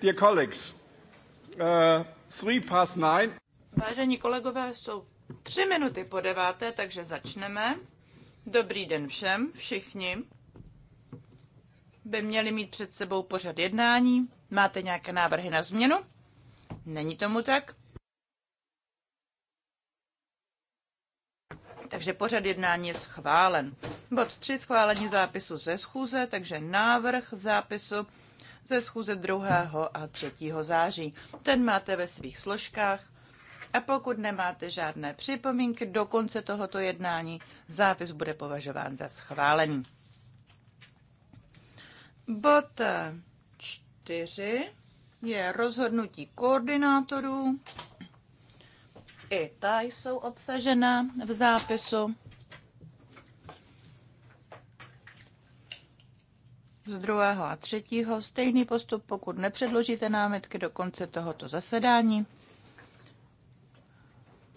dear colleagues, uh, three past nine. Vážení kolegové, jsou tři minuty po deváté, takže začneme. Dobrý den všem, všichni by měli mít před sebou pořad jednání. Máte nějaké návrhy na změnu? Není tomu tak? Takže pořad jednání je schválen. Bod 3 schválení zápisu ze schůze, takže návrh zápisu ze schůze 2. a 3. září. Ten máte ve svých složkách. A pokud nemáte žádné připomínky do konce tohoto jednání, zápis bude považován za schválený. Bod 4 eh, je rozhodnutí koordinátorů. I ta jsou obsažena v zápisu. z druhého a třetího. Stejný postup, pokud nepředložíte námitky do konce tohoto zasedání,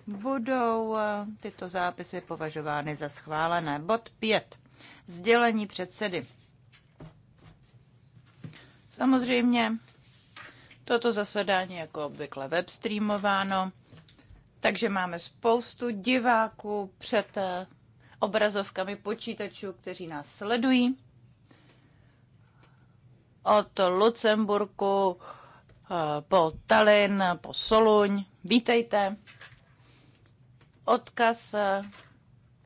budou eh, tyto zápisy považovány za schválené. Bod 5. Sdělení předsedy. Samozřejmě toto zasedání jako obvykle webstreamováno, takže máme spoustu diváků před eh, obrazovkami počítačů, kteří nás sledují od Lucemburku eh, po Tallinn, po Soluň. Vítejte. Odkaz eh,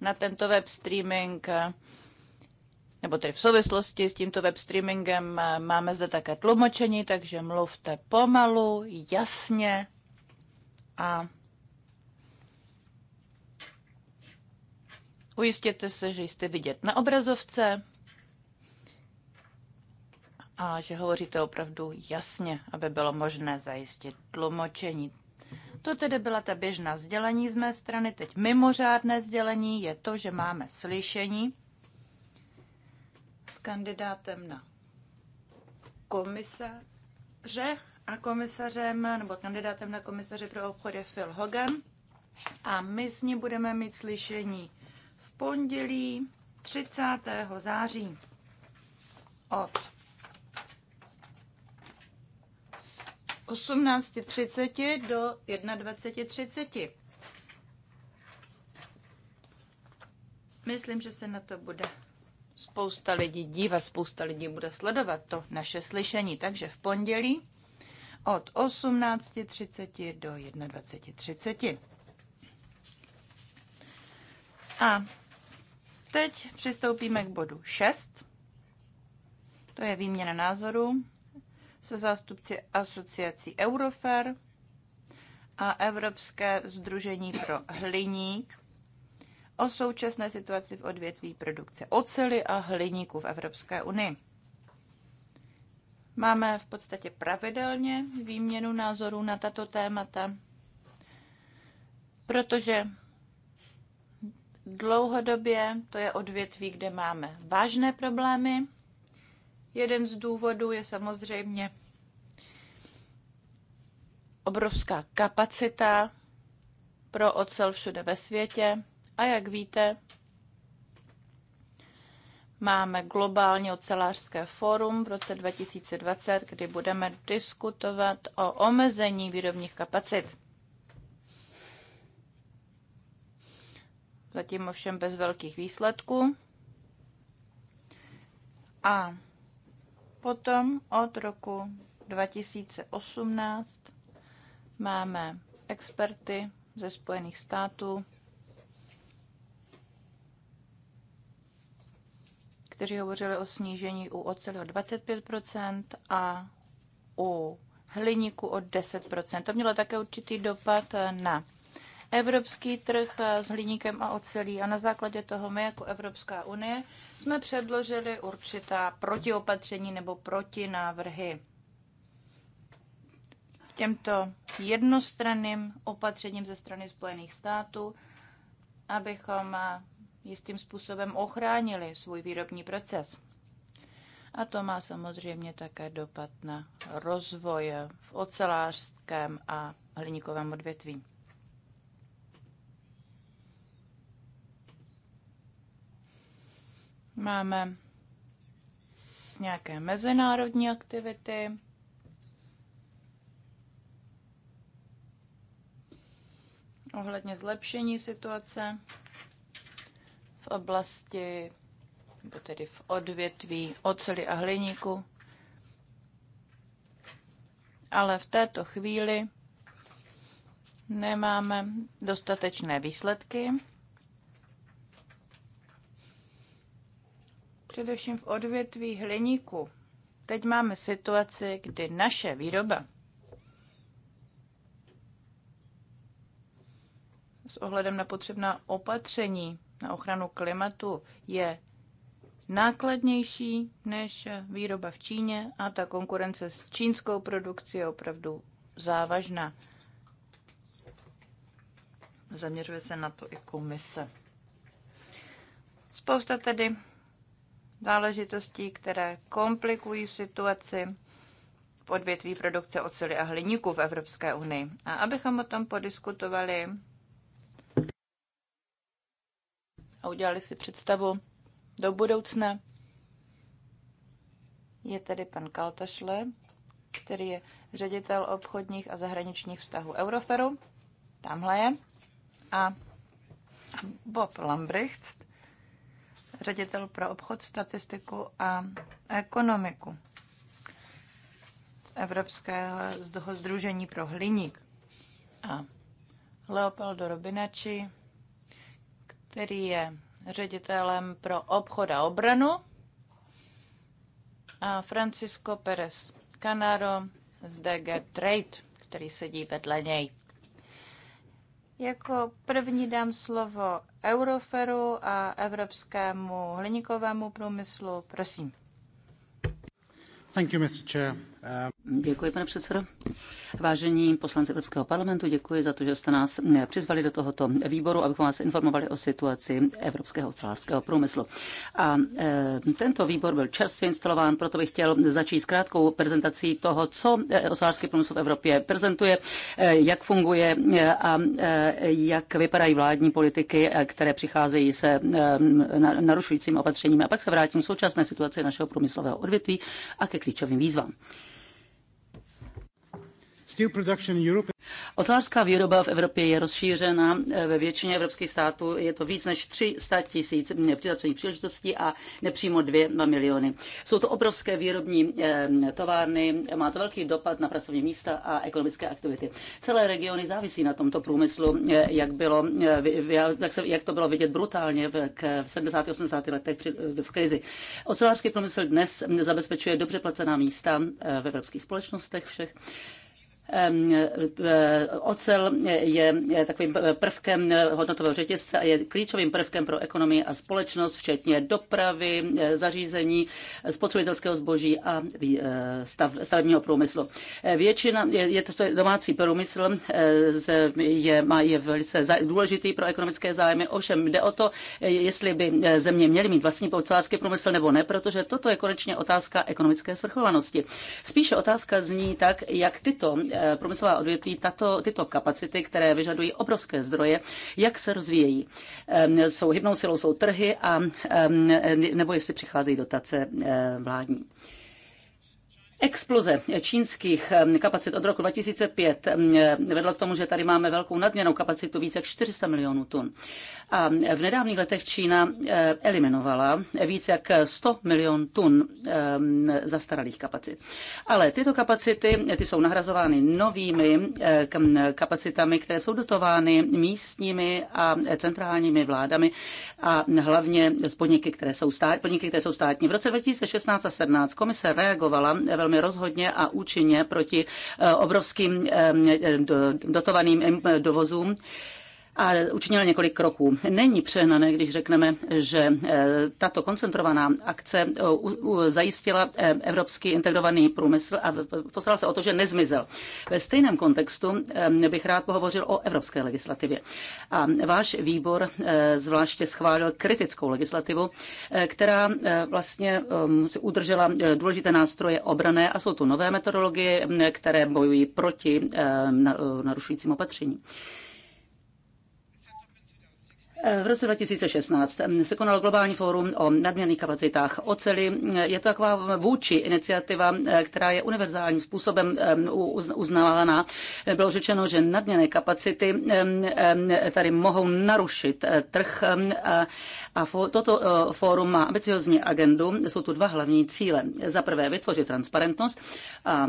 na tento web streaming, eh, nebo tedy v souvislosti s tímto web streamingem máme zde také tlumočení, takže mluvte pomalu, jasně a ujistěte se, že jste vidět na obrazovce a že hovoříte opravdu jasně, aby bylo možné zajistit tlumočení. To tedy byla ta běžná sdělení z mé strany. Teď mimořádné sdělení je to, že máme slyšení s kandidátem na komisaře a komisařem, nebo kandidátem na komisaře pro obchod je Phil Hogan. A my s ní budeme mít slyšení v pondělí 30. září od 18.30 do 21.30. Myslím, že se na to bude spousta lidí dívat, spousta lidí bude sledovat to naše slyšení. Takže v pondělí od 18.30 do 21.30. A teď přistoupíme k bodu 6. To je výměna názorů se zástupci asociací Eurofer a Evropské združení pro hliník o současné situaci v odvětví produkce ocely a hliníku v Evropské unii. Máme v podstatě pravidelně výměnu názorů na tato témata, protože dlouhodobě to je odvětví, kde máme vážné problémy Jeden z důvodů je samozřejmě obrovská kapacita pro ocel všude ve světě. A jak víte, máme globální ocelářské fórum v roce 2020, kdy budeme diskutovat o omezení výrobních kapacit. Zatím ovšem bez velkých výsledků. A Potom od roku 2018 máme experty ze Spojených států, kteří hovořili o snížení u oceli o 25 a u hliníku o 10 To mělo také určitý dopad na evropský trh eh, s hliníkem a ocelí. A na základě toho my jako Evropská unie jsme předložili určitá protiopatření nebo protinávrhy těmto jednostranným opatřením ze strany Spojených států, abychom eh, jistým způsobem ochránili svůj výrobní proces. A to má samozřejmě také dopad na rozvoj v ocelářském a hliníkovém odvětví. Máme nějaké mezinárodní aktivity. Ohledně zlepšení situace v oblasti, nebo tedy v odvětví oceli a hliníku. Ale v této chvíli nemáme dostatečné výsledky. především v odvětví hliníku. Teď máme situaci, kdy naše výroba s ohledem na potřebná opatření na ochranu klimatu je nákladnější než výroba v Číně a ta konkurence s čínskou produkcí je opravdu závažná. Zaměřuje se na to i komise. Spousta tedy záležitostí, které komplikují situaci v odvětví produkce oceli a hliníku v Evropské unii. A abychom o tom podiskutovali a udělali si představu do budoucna, je tedy pan Kaltašle, který je ředitel obchodních a zahraničních vztahů Euroferu. Tamhle je. A Bob Lambricht, ředitel pro obchod, statistiku a ekonomiku z Evropského združení pro hliník a Leopoldo Robinači, který je ředitelem pro obchod a obranu a Francisco Perez Canaro z DG Trade, který sedí vedle něj. Jako první dám slovo Euroferu a evropskému hliníkovému průmyslu. Prosím. Thank you, Mr. Chair. Děkuji, pane předsedo. Vážení poslanci Evropského parlamentu, děkuji za to, že jste nás přizvali do tohoto výboru, abychom vás informovali o situaci evropského ocelářského průmyslu. A e, tento výbor byl čerstvě instalován, proto bych chtěl začít s krátkou prezentací toho, co e, ocelářský průmysl v Evropě prezentuje, e, jak funguje e, a jak vypadají vládní politiky, které přicházejí se narušujícím opatřeními. A pak se vrátím k současné situaci našeho průmyslového odvětví a ke klíčovým výzvám. Ocelářská výroba v Evropě je rozšířena. Eh, ve většině evropských států je to víc než 300 tisíc mm, přitačených příležitostí a nepřímo 2 miliony. Jsou to obrovské výrobní eh, továrny, má to velký dopad na pracovní místa a ekonomické aktivity. Celé regiony závisí na tomto průmyslu, eh, jak, bylo, jak, se, jak to bylo vidět brutálně v, v 70. a 80. letech v krizi. Ocelářský průmysl dnes mm, zabezpečuje dobře placená místa v evropských společnostech všech. Eh, ocel je takovým prvkem hodnotového řetězce a je klíčovým prvkem pro ekonomii a společnost, včetně dopravy, eh, zařízení, eh, spotřebitelského zboží a stav, stavebního průmyslu. Většina, je, je to domácí průmysl, je, má, je velice důležitý pro ekonomické zájmy, ovšem jde o to, jestli by země měly mít vlastní ocelářský průmysl nebo ne, protože toto je konečně otázka ekonomické svrchovanosti. Spíše otázka zní tak, jak tyto Eh, průmyslová odvětví tato, tyto kapacity, které vyžadují obrovské zdroje, jak se rozvíjejí. Ehm, jsou hybnou silou, jsou trhy a ehm, nebo jestli přicházejí dotace eh, vládní. Exploze čínských kapacit od roku 2005 vedlo k tomu, že tady máme velkou nadměrnou kapacitu více jak 400 milionů tun. A v nedávných letech Čína eh, eliminovala více jak 100 milion tun zastaralých kapacit. Ale tyto kapacity eh, ty jsou nahrazovány novými eh, kapacitami, které jsou dotovány místními a centrálními vládami a hlavně z podniky, které jsou, stát, podniky, které jsou státní. V roce 2016 a 2017 komise reagovala velmi velmi rozhodně a účinně proti eh, obrovským eh, dotovaným eh, dovozům a učinila několik kroků. Není přehnané, když řekneme, že eh, tato koncentrovaná akce eh, zajistila eh, evropský integrovaný průmysl a postaral se o to, že nezmizel. Ve stejném kontextu bych rád pohovořil o evropské legislativě. A váš výbor zvláště schválil kritickou legislativu, která vlastně si udržela důležité nástroje obrané a jsou tu nové metodologie, které bojují proti narušujícím opatřením. Eh, v roce 2016 eh, se konalo globální fórum o nadměrných kapacitách oceli. Eh, je to taková vůči iniciativa, která je univerzálním způsobem uznávána. Bylo řečeno, že nadměrné kapacity tady mohou narušit trh a toto fórum má ambiciozní agendu. Jsou tu dva hlavní cíle. Za prvé vytvořit transparentnost a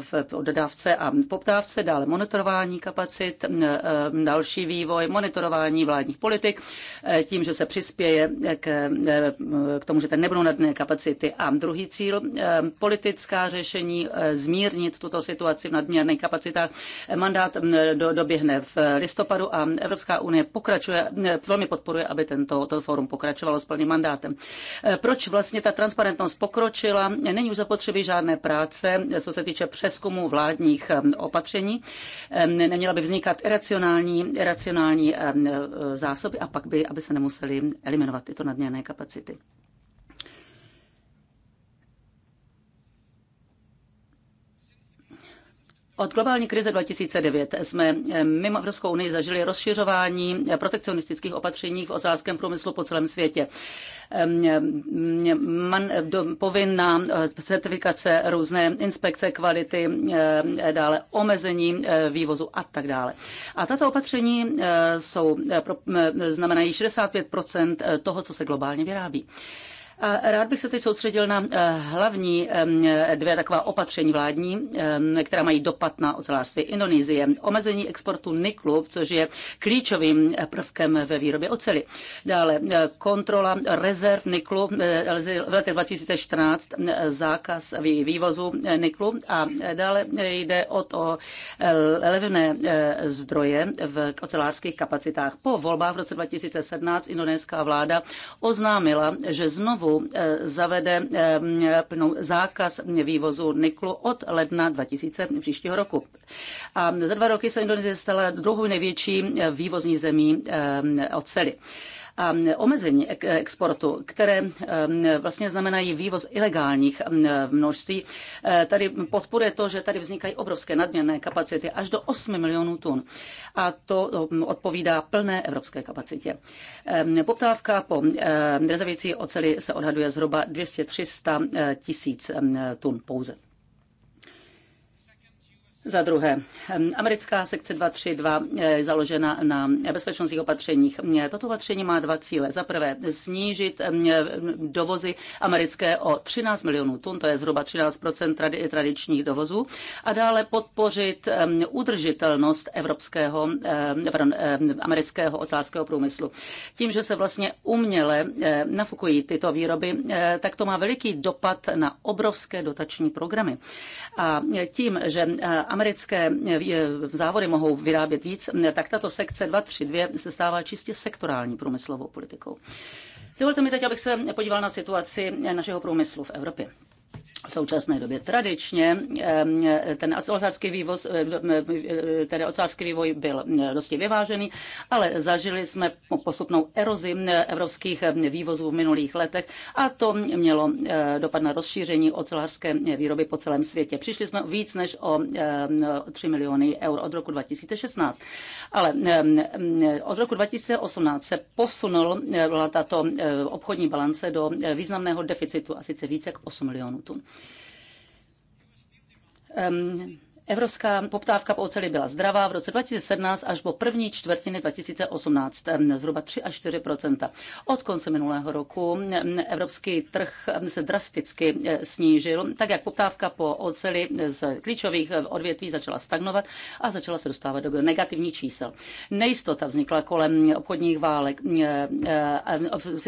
v dodávce a poptávce, dále monitorování kapacit, další vývoj, monitorování vládních politik kapacity, eh, tím, že se přispěje k, eh, k tomu, že tady nebudou nadné kapacity. A druhý cíl, eh, politická řešení, zmírnit tuto situaci v nadměrných kapacitách. Mandát mm, do, doběhne v listopadu a Evropská unie pokračuje, velmi podporuje, aby tento to fórum pokračovalo s plným mandátem. Proč vlastně ta transparentnost pokročila? Není už zapotřebí žádné práce, co se týče přeskumu vládních opatření. Neměla by vznikat iracionální, iracionální zásoby a pak by, aby se nemuseli eliminovat tyto nadměrné kapacity. Od globální krize 2009 jsme eh, mimo Evropskou unii zažili rozšiřování eh, protekcionistických opatření v ozářském průmyslu po celém světě. Ehm, ehm, man, do, povinná eh, certifikace, různé inspekce kvality, dále omezení vývozu a tak dále. A tato opatření jsou, znamenají 65 toho, co se globálně vyrábí. A rád bych se teď soustředil na eh, hlavní dvě taková opatření vládní, která mají dopad na ocelářství Indonésie. Omezení exportu niklu, což je klíčovým eh, prvkem ve výrobě oceli. Dále eh, kontrola rezerv niklu v letech 2014, zákaz vývozu niklu a dále jde o to levné zdroje v ocelářských kapacitách. Po volbách v roce 2017 indonéská vláda oznámila, že znovu EU eh, zavede eh, zákaz vývozu niklu od ledna 2000 příštího roku. A za dva roky se Indonésie stala druhou největší eh, vývozní zemí oceli a omezení exportu, které e, vlastně znamenají vývoz ilegálních e, množství, e, tady podporuje to, že tady vznikají obrovské nadměrné kapacity až do 8 milionů tun. A to odpovídá plné evropské kapacitě. Poptávka po rezavici oceli se odhaduje zhruba 200-300 tisíc tun pouze. Za druhé, americká sekce 232 je založena na bezpečnostních opatřeních. Toto opatření má dva cíle. Za prvé, snížit e, dovozy americké o 13 milionů tun, to je zhruba 13 tradičních dovozů, a dále podpořit udržitelnost evropského, pardon, amerického ocářského průmyslu. Tím, že se vlastně uměle e, nafukují tyto výroby, e, tak to má veliký dopad na obrovské dotační programy. A tím, že americké eh, eh, závody mohou vyrábět víc, eh, tak tato sekce 232 se stává čistě sektorální průmyslovou politikou. Dovolte mi teď, abych se podíval na situaci našeho průmyslu v Evropě v současné době. Tradičně ten ocelářský vývoz, tedy ocelářský vývoj byl dosti vyvážený, ale zažili jsme postupnou erozi evropských vývozů v minulých letech a to mělo e, dopad na rozšíření ocelářské výroby po celém světě. Přišli jsme víc než o 3 miliony eur od roku 2016, ale od roku 2018 se posunul e, tato e, obchodní balance do významného deficitu, a sice více jak 8 milionů tun. Um, Evropská poptávka po oceli byla zdravá v roce 2017 až po první čtvrtiny 2018, eh, zhruba 3 až 4 Od konce minulého roku eh, evropský trh eh, se drasticky snížil, tak jak poptávka po oceli z klíčových odvětví začala stagnovat a začala se dostávat do negativních čísel. Nejistota vznikla kolem obchodních válek,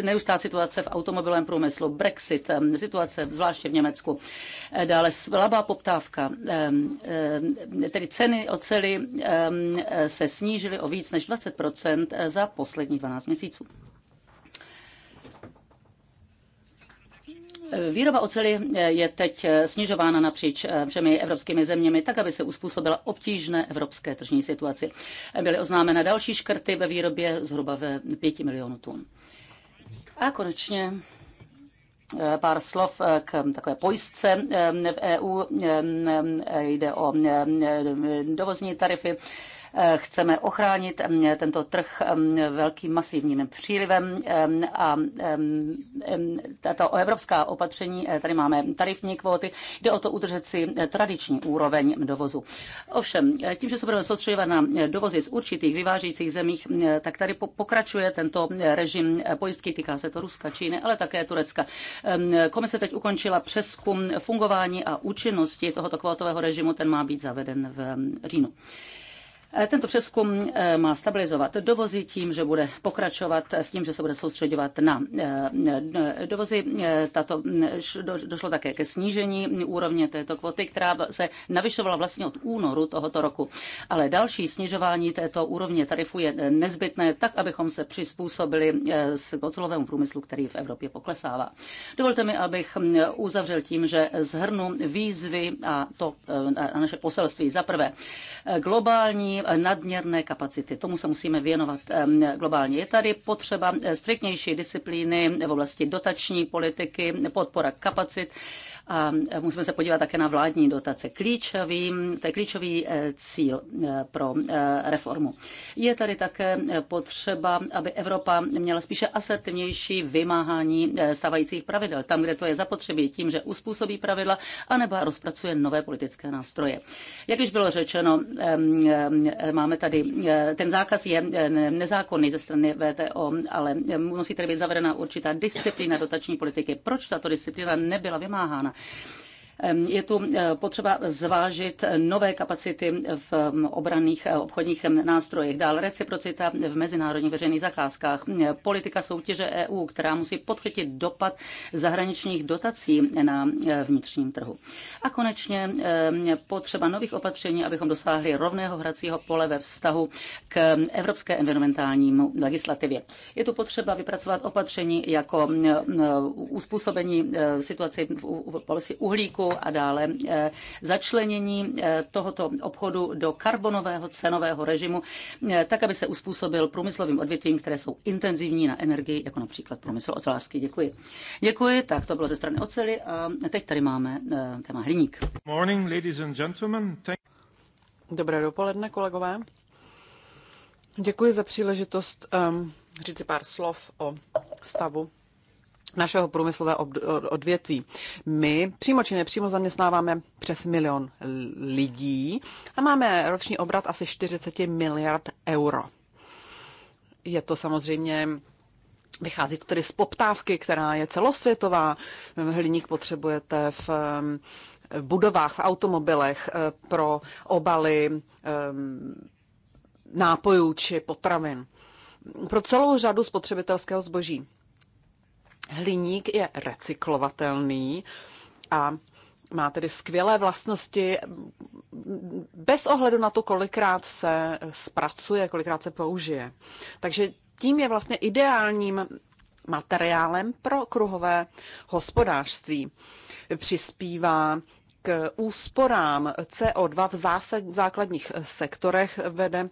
neustá situace v automobilovém průmyslu, Brexit, situace zvláště v Německu, dále slabá poptávka, Ehm, tedy ceny oceli ehm, se snížily o víc než 20 eh, za poslední 12 měsíců. Výroba oceli eh, je teď eh, snižována napříč všemi evropskými zeměmi, tak aby se uspůsobila obtížné evropské tržní situaci. Byly oznámena další škrty ve výrobě zhruba ve 5 milionů tun. A konečně pár slov eh, k takové pojistce eh, v EU. Eh, jde o dovozní tarify. Chceme ochránit mm, tento trh mm, velkým masivním přílivem mm, a tato evropská opatření, eh, tady máme tarifní kvóty, jde o to udržet si eh, tradiční úroveň dovozu. Ovšem, eh, tím, že se budeme soustředovat na dovozy z určitých vyvážících zemích, tak tady pokračuje tento režim pojistky, týká se to Ruska, Číny, ale také Turecka. Ehm, komise teď ukončila přeskum fungování a účinnosti tohoto kvótového režimu, ten má být zaveden v říjnu. Eh, tento přeskum eh, má stabilizovat dovozy tím, že bude pokračovat v tím, že se bude soustředovat na eh, dovozy. Tato, došlo také ke snížení úrovně této kvoty, která se navyšovala vlastně od únoru tohoto roku. Ale další snižování této úrovně tarifu je nezbytné, tak abychom se přizpůsobili s ocelovému průmyslu, který v Evropě poklesává. Dovolte mi, abych hm, uzavřel tím, že zhrnu výzvy a to a naše poselství. Za prvé, globální nadměrné kapacity. Tomu se musíme věnovat globálně. Je tady potřeba eh, striktnější disciplíny v oblasti dotační politiky, podpora kapacit a eh, musíme se podívat také na vládní dotace. Klíčový, to je klíčový eh, cíl pro reformu. Je tady také potřeba, aby Evropa měla spíše asertivnější vymáhání stávajících pravidel, tam, kde to je zapotřebí, tím, že uspůsobí pravidla anebo rozpracuje nové politické nástroje. Jak již bylo řečeno, Eh, máme tady, eh, ten zákaz je eh, nezákonný ze strany VTO, ale musí tady být zavedena určitá disciplína dotační politiky. Proč tato disciplína nebyla vymáhána? Je tu eh, potřeba zvážit nové kapacity v obranných eh, obchodních nástrojích, dál reciprocita v mezinárodních veřejných zakázkách, politika soutěže EU, která musí podchytit dopad zahraničních dotací na eh, vnitřním trhu. A konečně potřeba nových opatření, abychom dosáhli rovného hracího pole ve vztahu k evropské environmentální legislativě. Je tu potřeba vypracovat opatření jako uspůsobení situaci v oblasti uhlíku, a dále eh, začlenění eh, tohoto obchodu do karbonového cenového režimu, eh, tak, aby se uspůsobil průmyslovým odvětvím, které jsou intenzivní na energii, jako například průmysl ocelářský. Děkuji. Děkuji, tak to bylo ze strany ocely a teď tady máme téma hliník. Morning, ladies and gentlemen. Thank... Dobré dopoledne, kolegové. Děkuji za příležitost um, říct si pár slov o stavu našeho průmyslové odvětví. My přímo či nepřímo zaměstnáváme přes milion lidí a máme roční obrat asi 40 miliard euro. Je to samozřejmě Vychází to tedy z poptávky, která je celosvětová. Hliník potřebujete v budovách, v automobilech eh, pro obaly eh, nápojů či potravin. Pro celou řadu spotřebitelského zboží. Hliník je recyklovatelný a má tedy skvělé vlastnosti bez ohledu na to, kolikrát se zpracuje, kolikrát se použije. Takže tím je vlastně ideálním materiálem pro kruhové hospodářství. Přispívá k úsporám CO2 v zásad, základních sektorech, vede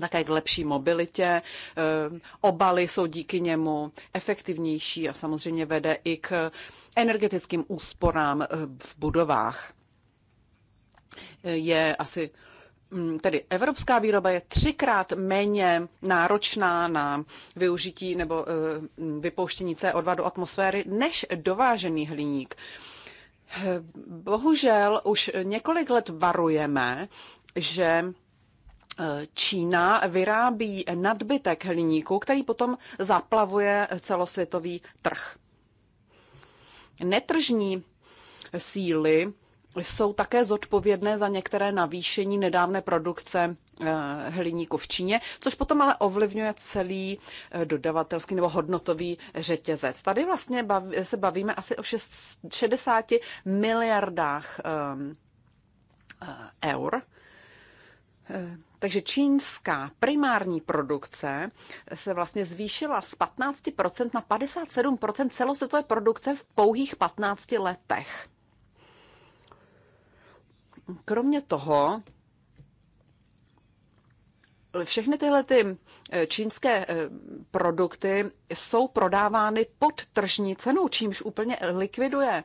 také k lepší mobilitě. Ehm, obaly jsou díky němu efektivnější a samozřejmě vede i k energetickým úsporám eh, v budovách. Je asi hm, tedy evropská výroba je třikrát méně náročná na využití nebo eh, hm, vypouštění CO2 do atmosféry než dovážený hliník. Ehm, bohužel už několik let varujeme, že Eh, Čína vyrábí nadbytek hliníku, který potom zaplavuje celosvětový trh. Netržní síly jsou také zodpovědné za některé navýšení nedávné produkce eh, hliníku v Číně, což potom ale ovlivňuje celý eh, dodavatelský nebo hodnotový řetězec. Tady vlastně se bavíme asi o 60 miliardách ehm, eur. Takže čínská primární produkce se vlastně zvýšila z 15% na 57% celosvětové produkce v pouhých 15 letech. Kromě toho, všechny tyhle ty eh, čínské eh, produkty jsou prodávány pod tržní cenou, čímž úplně likviduje eh,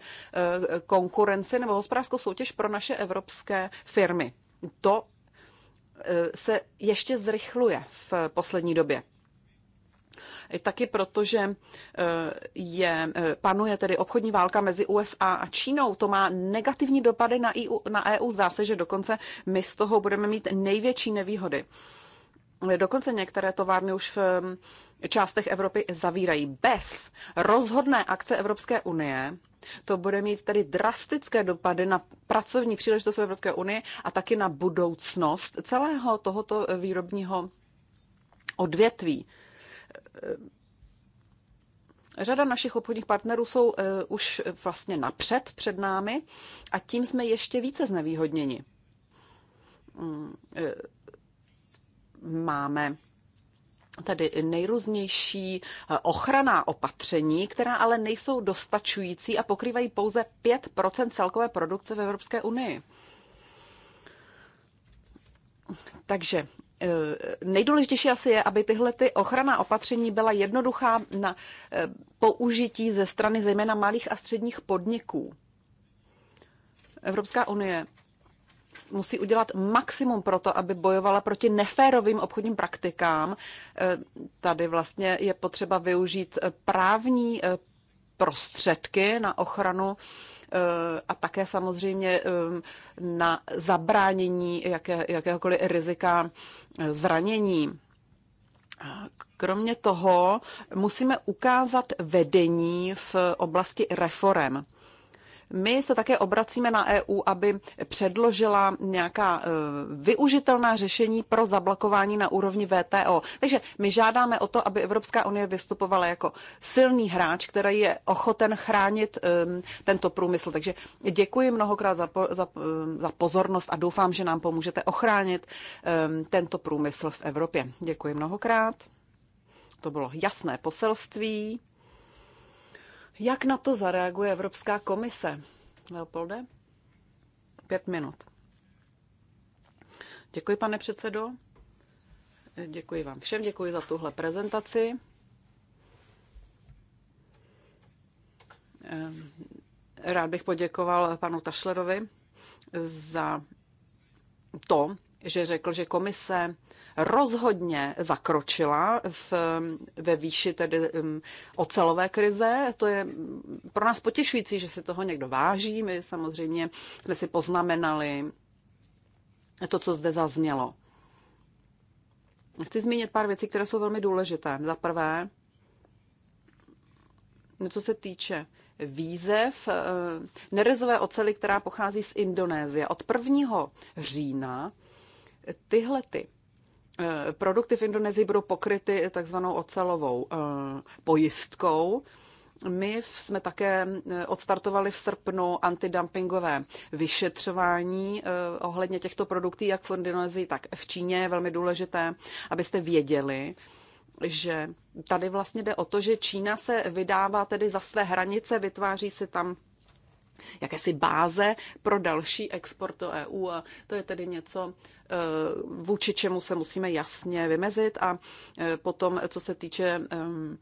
konkurenci nebo hospodářskou soutěž pro naše evropské firmy. To E, se ještě zrychluje v poslední době. Taky proto, že e, je, e, panuje tedy obchodní válka mezi USA a Čínou. To má negativní dopady na EU. Na EU. Zdá se, že dokonce my z toho budeme mít největší nevýhody. Dokonce některé továrny už v částech Evropy zavírají. Bez rozhodné akce Evropské unie to bude mít tedy drastické dopady na pracovní příležitost Evropské unie a taky na budoucnost celého tohoto výrobního odvětví. Řada našich obchodních partnerů jsou eh, už vlastně napřed před námi a tím jsme ještě více znevýhodněni. Mm, eh, máme tedy nejrůznější eh, ochranná opatření, která ale nejsou dostačující a pokrývají pouze 5 celkové produkce v Evropské unii. Takže eh, nejdůležitější asi je, aby tyhle ty ochrana opatření byla jednoduchá na eh, použití ze strany zejména malých a středních podniků. Evropská unie musí udělat maximum pro to, aby bojovala proti neférovým obchodním praktikám. E, tady vlastně je potřeba využít e, právní e, prostředky na ochranu a také samozřejmě na zabránění jaké, jakéhokoliv rizika zranění. Kromě toho musíme ukázat vedení v oblasti reform. My se také obracíme na EU, aby předložila nějaká e, využitelná řešení pro zablokování na úrovni VTO. Takže my žádáme o to, aby Evropská unie vystupovala jako silný hráč, který je ochoten chránit e, tento průmysl. Takže děkuji mnohokrát za, po, za, e, za pozornost a doufám, že nám pomůžete ochránit tento průmysl v Evropě. Děkuji mnohokrát. To bylo jasné poselství. Jak na to zareaguje Evropská komise? Leopolde? Pět minut. Děkuji, pane předsedo. Děkuji vám všem, děkuji za tuhle prezentaci. Ehm, rád bych poděkoval panu Tašlerovi za to, že řekl, že komise rozhodně zakročila v, ve výši tedy um, ocelové krize. To je pro nás potěšující, že se toho někdo váží. My samozřejmě jsme si poznamenali to, co zde zaznělo. Chci zmínit pár věcí, které jsou velmi důležité. Za prvé, no, co se týče výzev eh, nerezové ocely, která pochází z Indonésie. Od 1. října Tyhle ty eh, produkty v Indonésii budou pokryty takzvanou ocelovou eh, pojistkou. My jsme také eh, odstartovali v srpnu antidumpingové vyšetřování ohledně těchto produktů, jak v Indonésii, tak v Číně. Je velmi důležité, abyste věděli, že tady vlastně jde o to, že Čína se vydává tedy za své hranice, vytváří si tam jakési báze pro další export do EU a to je tedy něco, eh, vůči čemu se musíme jasně vymezit a eh, potom, co se týče ehm,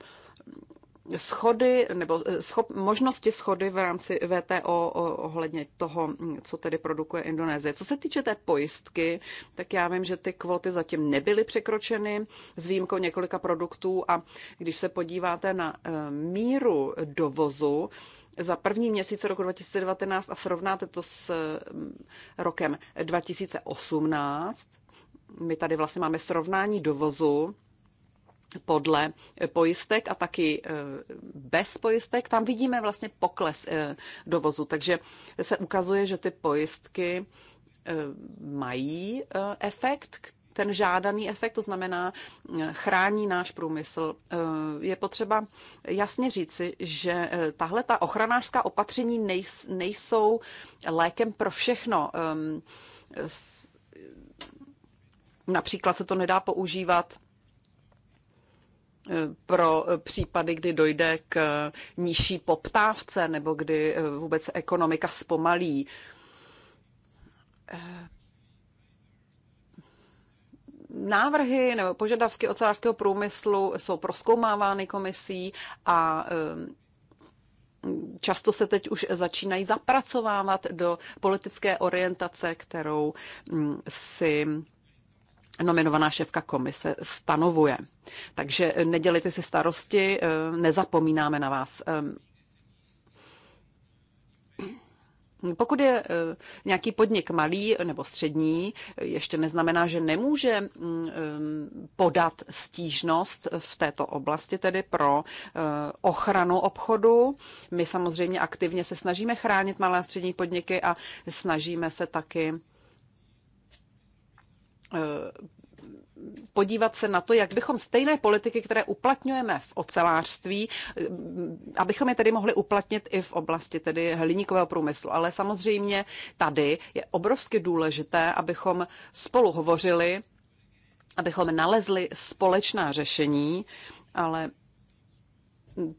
schody nebo eh, schop, možnosti schody v rámci VTO ohledně toho, hm, co tedy produkuje Indonésie. Co se týče té pojistky, tak já vím, že ty kvóty zatím nebyly překročeny s výjimkou několika produktů a když se podíváte na eh, míru dovozu za první měsíc roku 2019 a srovnáte to s hm, rokem 2018, my tady vlastně máme srovnání dovozu podle pojistek a taky e, bez pojistek, tam vidíme vlastně pokles e, dovozu. Takže se ukazuje, že ty pojistky e, mají efekt, ten žádaný efekt, to znamená chrání náš průmysl. Je potřeba jasně říci, že tahle ta ochranářská opatření nejsou lékem pro všechno. Například se to nedá používat pro případy, kdy dojde k nižší poptávce nebo kdy eh, vůbec ekonomika zpomalí. Eh, návrhy nebo požadavky ocelářského průmyslu jsou proskoumávány komisí a eh, často se teď už začínají zapracovávat do politické orientace, kterou mm, si nominovaná šéfka komise stanovuje. Takže eh, nedělejte si starosti, eh, nezapomínáme na vás. Ehm, Pokud je eh, nějaký podnik malý nebo střední, ještě neznamená, že nemůže mm, ehm, podat stížnost v této oblasti, tedy pro ochranu obchodu. My samozřejmě aktivně se snažíme chránit malé a střední podniky a snažíme se taky podívat se na to, jak bychom stejné politiky, které uplatňujeme v ocelářství, abychom je tedy mohli uplatnit i v oblasti tedy hliníkového průmyslu. Ale samozřejmě tady je obrovsky důležité, abychom spolu hovořili, abychom nalezli společná řešení, ale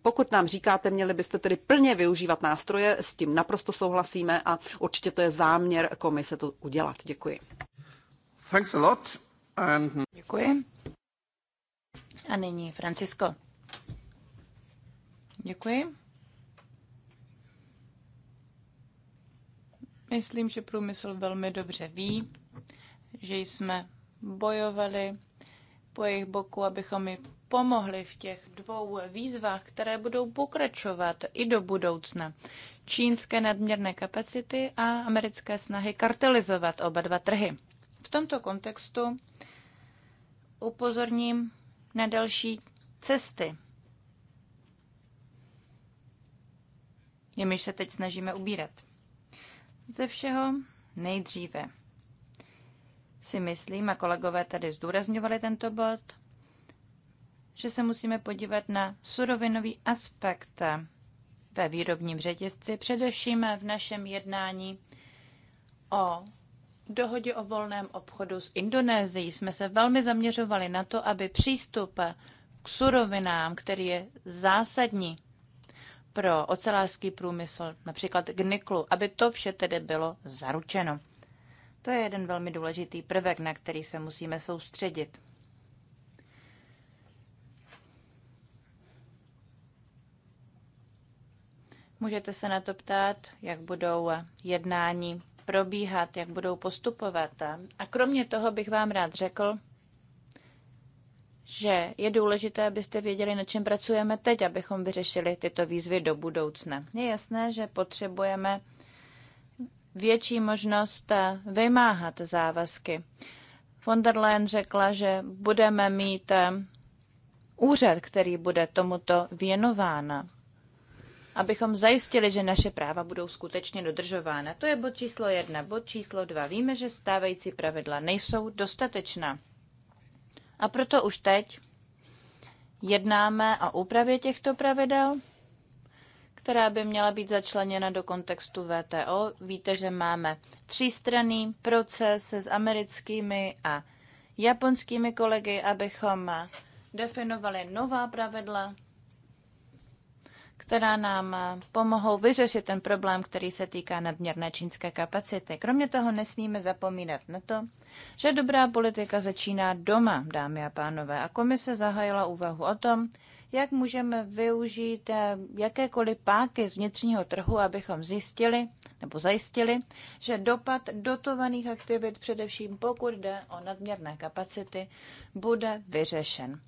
pokud nám říkáte, měli byste tedy plně využívat nástroje, s tím naprosto souhlasíme a určitě to je záměr komise to udělat. Děkuji. Děkuji. A nyní Francisco. Děkuji. Myslím, že průmysl velmi dobře ví, že jsme bojovali po jejich boku, abychom jim pomohli v těch dvou výzvách, které budou pokračovat i do budoucna. Čínské nadměrné kapacity a americké snahy kartelizovat oba dva trhy. V tomto kontextu upozorním na další cesty, jimiž se teď snažíme ubírat. Ze všeho nejdříve si myslím, a kolegové tady zdůrazňovali tento bod, že se musíme podívat na surovinový aspekt ve výrobním řetězci, především v našem jednání o dohodě o volném obchodu s Indonésií jsme se velmi zaměřovali na to, aby přístup k surovinám, který je zásadní pro ocelářský průmysl, například k niklu, aby to vše tedy bylo zaručeno. To je jeden velmi důležitý prvek, na který se musíme soustředit. Můžete se na to ptát, jak budou jednání probíhat, jak budou postupovat. A kromě toho bych vám rád řekl, že je důležité, abyste věděli, na čem pracujeme teď, abychom vyřešili tyto výzvy do budoucna. Je jasné, že potřebujeme větší možnost vymáhat závazky. Von der Leyen řekla, že budeme mít úřad, který bude tomuto věnován abychom zajistili, že naše práva budou skutečně dodržována. To je bod číslo jedna. Bod číslo dva. Víme, že stávající pravidla nejsou dostatečná. A proto už teď jednáme o úpravě těchto pravidel, která by měla být začleněna do kontextu VTO. Víte, že máme třístranný proces s americkými a japonskými kolegy, abychom definovali nová pravidla která nám pomohou vyřešit ten problém, který se týká nadměrné čínské kapacity. Kromě toho nesmíme zapomínat na to, že dobrá politika začíná doma, dámy a pánové, a komise zahájila úvahu o tom, jak můžeme využít eh, jakékoliv páky z vnitřního trhu, abychom zjistili nebo zajistili, že dopad dotovaných aktivit, především pokud jde o nadměrné kapacity, bude vyřešen.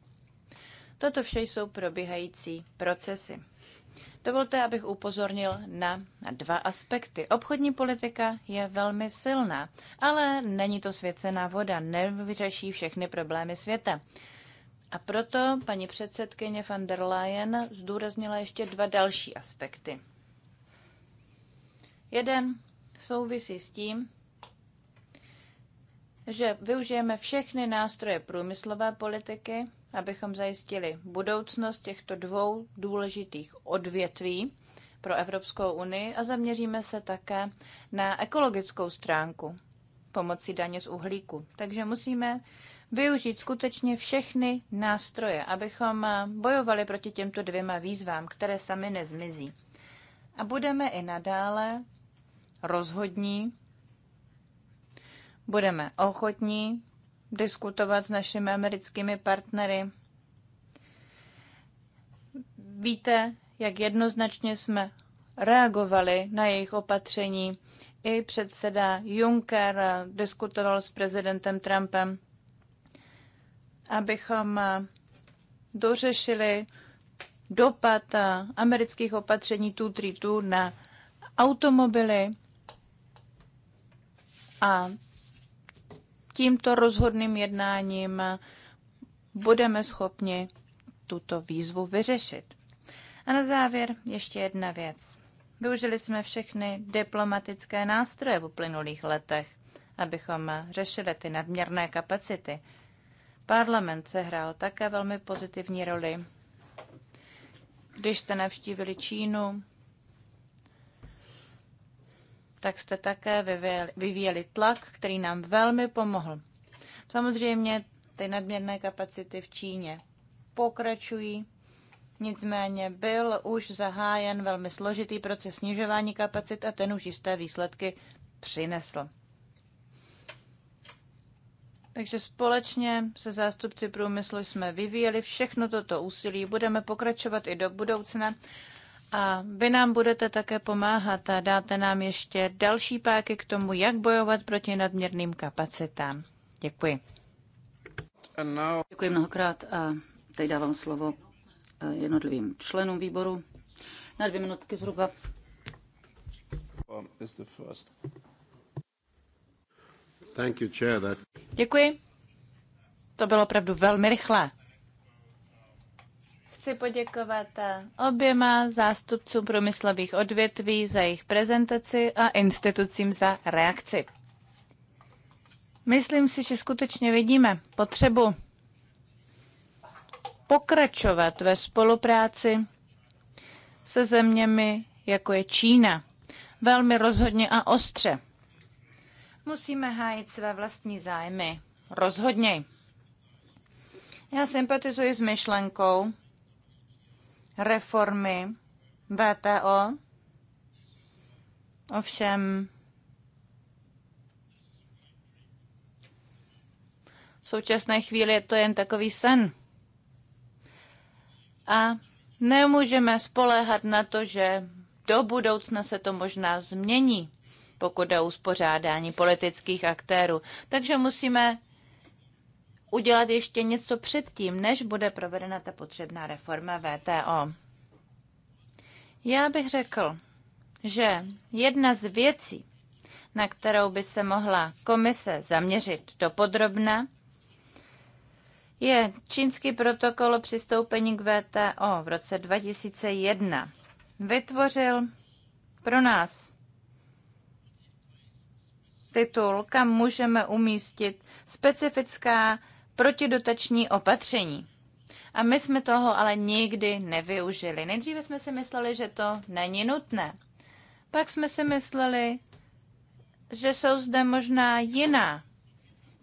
Toto vše jsou probíhající procesy. Dovolte, abych upozornil na dva aspekty. Obchodní politika je velmi silná, ale není to svěcená voda, nevyřeší všechny problémy světa. A proto paní předsedkyně van der Leyen zdůraznila ještě dva další aspekty. Jeden souvisí s tím, že využijeme všechny nástroje průmyslové politiky abychom zajistili budoucnost těchto dvou důležitých odvětví pro Evropskou unii a zaměříme se také na ekologickou stránku pomocí daně z uhlíku. Takže musíme využít skutečně všechny nástroje, abychom bojovali proti těmto dvěma výzvám, které sami nezmizí. A budeme i nadále rozhodní, budeme ochotní diskutovat s našimi americkými partnery. Víte, jak jednoznačně jsme reagovali na jejich opatření. I předseda Juncker diskutoval s prezidentem Trumpem, abychom dořešili dopad amerických opatření 232 na automobily a tímto rozhodným jednáním budeme schopni tuto výzvu vyřešit. A na závěr ještě jedna věc. Využili jsme všechny diplomatické nástroje v uplynulých letech, abychom řešili ty nadměrné kapacity. Parlament se hrál také velmi pozitivní roli. Když jste navštívili Čínu, tak jste také vyvíjeli, vyvíjeli tlak, který nám velmi pomohl. Samozřejmě ty nadměrné kapacity v Číně pokračují, nicméně byl už zahájen velmi složitý proces snižování kapacit a ten už jisté výsledky přinesl. Takže společně se zástupci průmyslu jsme vyvíjeli všechno toto úsilí, budeme pokračovat i do budoucna a vy nám budete také pomáhat a dáte nám ještě další páky k tomu, jak bojovat proti nadměrným kapacitám. Děkuji. Děkuji mnohokrát a teď dávám slovo eh, jednotlivým členům výboru. Na dvě minutky zhruba. Um, Děkuji. To bylo opravdu velmi rychlé. Chci poděkovat oběma zástupcům průmyslových odvětví za jejich prezentaci a institucím za reakci. Myslím si, že skutečně vidíme potřebu pokračovat ve spolupráci se zeměmi, jako je Čína, velmi rozhodně a ostře. Musíme hájit své vlastní zájmy. Rozhodněji. Já sympatizuji s myšlenkou, reformy VTO. Ovšem v současné chvíli je to jen takový sen. A nemůžeme spoléhat na to, že do budoucna se to možná změní, pokud jde o uspořádání politických aktérů. Takže musíme udělat ještě něco předtím, než bude provedena ta potřebná reforma VTO. Já bych řekl, že jedna z věcí, na kterou by se mohla komise zaměřit do podrobna, je čínský protokol o přistoupení k VTO v roce 2001. Vytvořil pro nás titul, kam můžeme umístit specifická protidotační opatření. A my jsme toho ale nikdy nevyužili. Nejdříve jsme si mysleli, že to není nutné. Pak jsme si mysleli, že jsou zde možná jiná,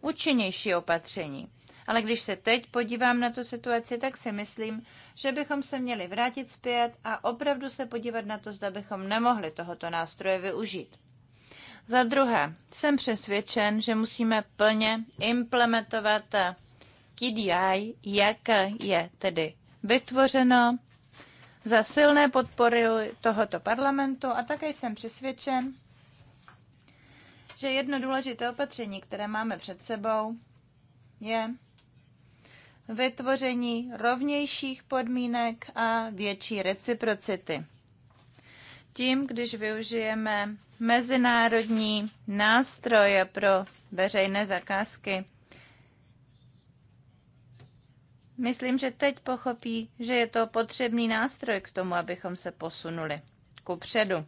účinnější opatření. Ale když se teď podívám na tu situaci, tak si myslím, že bychom se měli vrátit zpět a opravdu se podívat na to, zda bychom nemohli tohoto nástroje využít. Za druhé, jsem přesvědčen, že musíme plně implementovat KDI, jak je tedy vytvořeno za silné podpory tohoto parlamentu a také jsem přesvědčen, že jedno důležité opatření, které máme před sebou, je vytvoření rovnějších podmínek a větší reciprocity tím, když využijeme mezinárodní nástroje pro veřejné zakázky. Myslím, že teď pochopí, že je to potřebný nástroj k tomu, abychom se posunuli ku předu.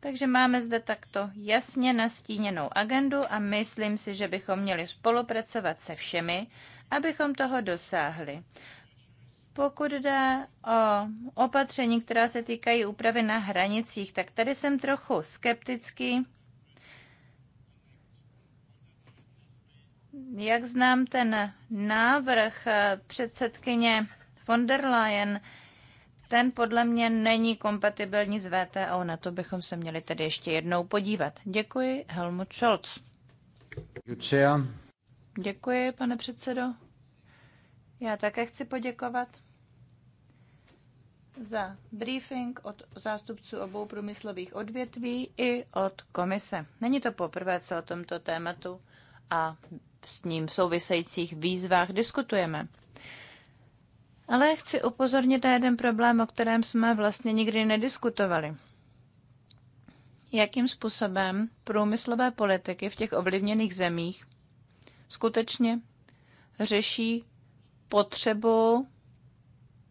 Takže máme zde takto jasně nastíněnou agendu a myslím si, že bychom měli spolupracovat se všemi, abychom toho dosáhli. Pokud jde o opatření, která se týkají úpravy na hranicích, tak tady jsem trochu skeptický. Jak znám ten návrh předsedkyně von der Leyen, ten podle mě není kompatibilní s VTO. Na to bychom se měli tedy ještě jednou podívat. Děkuji, Helmut Scholz. Děkuji, pane předsedo. Já také chci poděkovat za briefing od zástupců obou průmyslových odvětví i od komise. Není to poprvé, co o tomto tématu a s ním souvisejících výzvách diskutujeme. Ale chci upozornit na jeden problém, o kterém jsme vlastně nikdy nediskutovali. Jakým způsobem průmyslové politiky v těch ovlivněných zemích skutečně řeší potřebu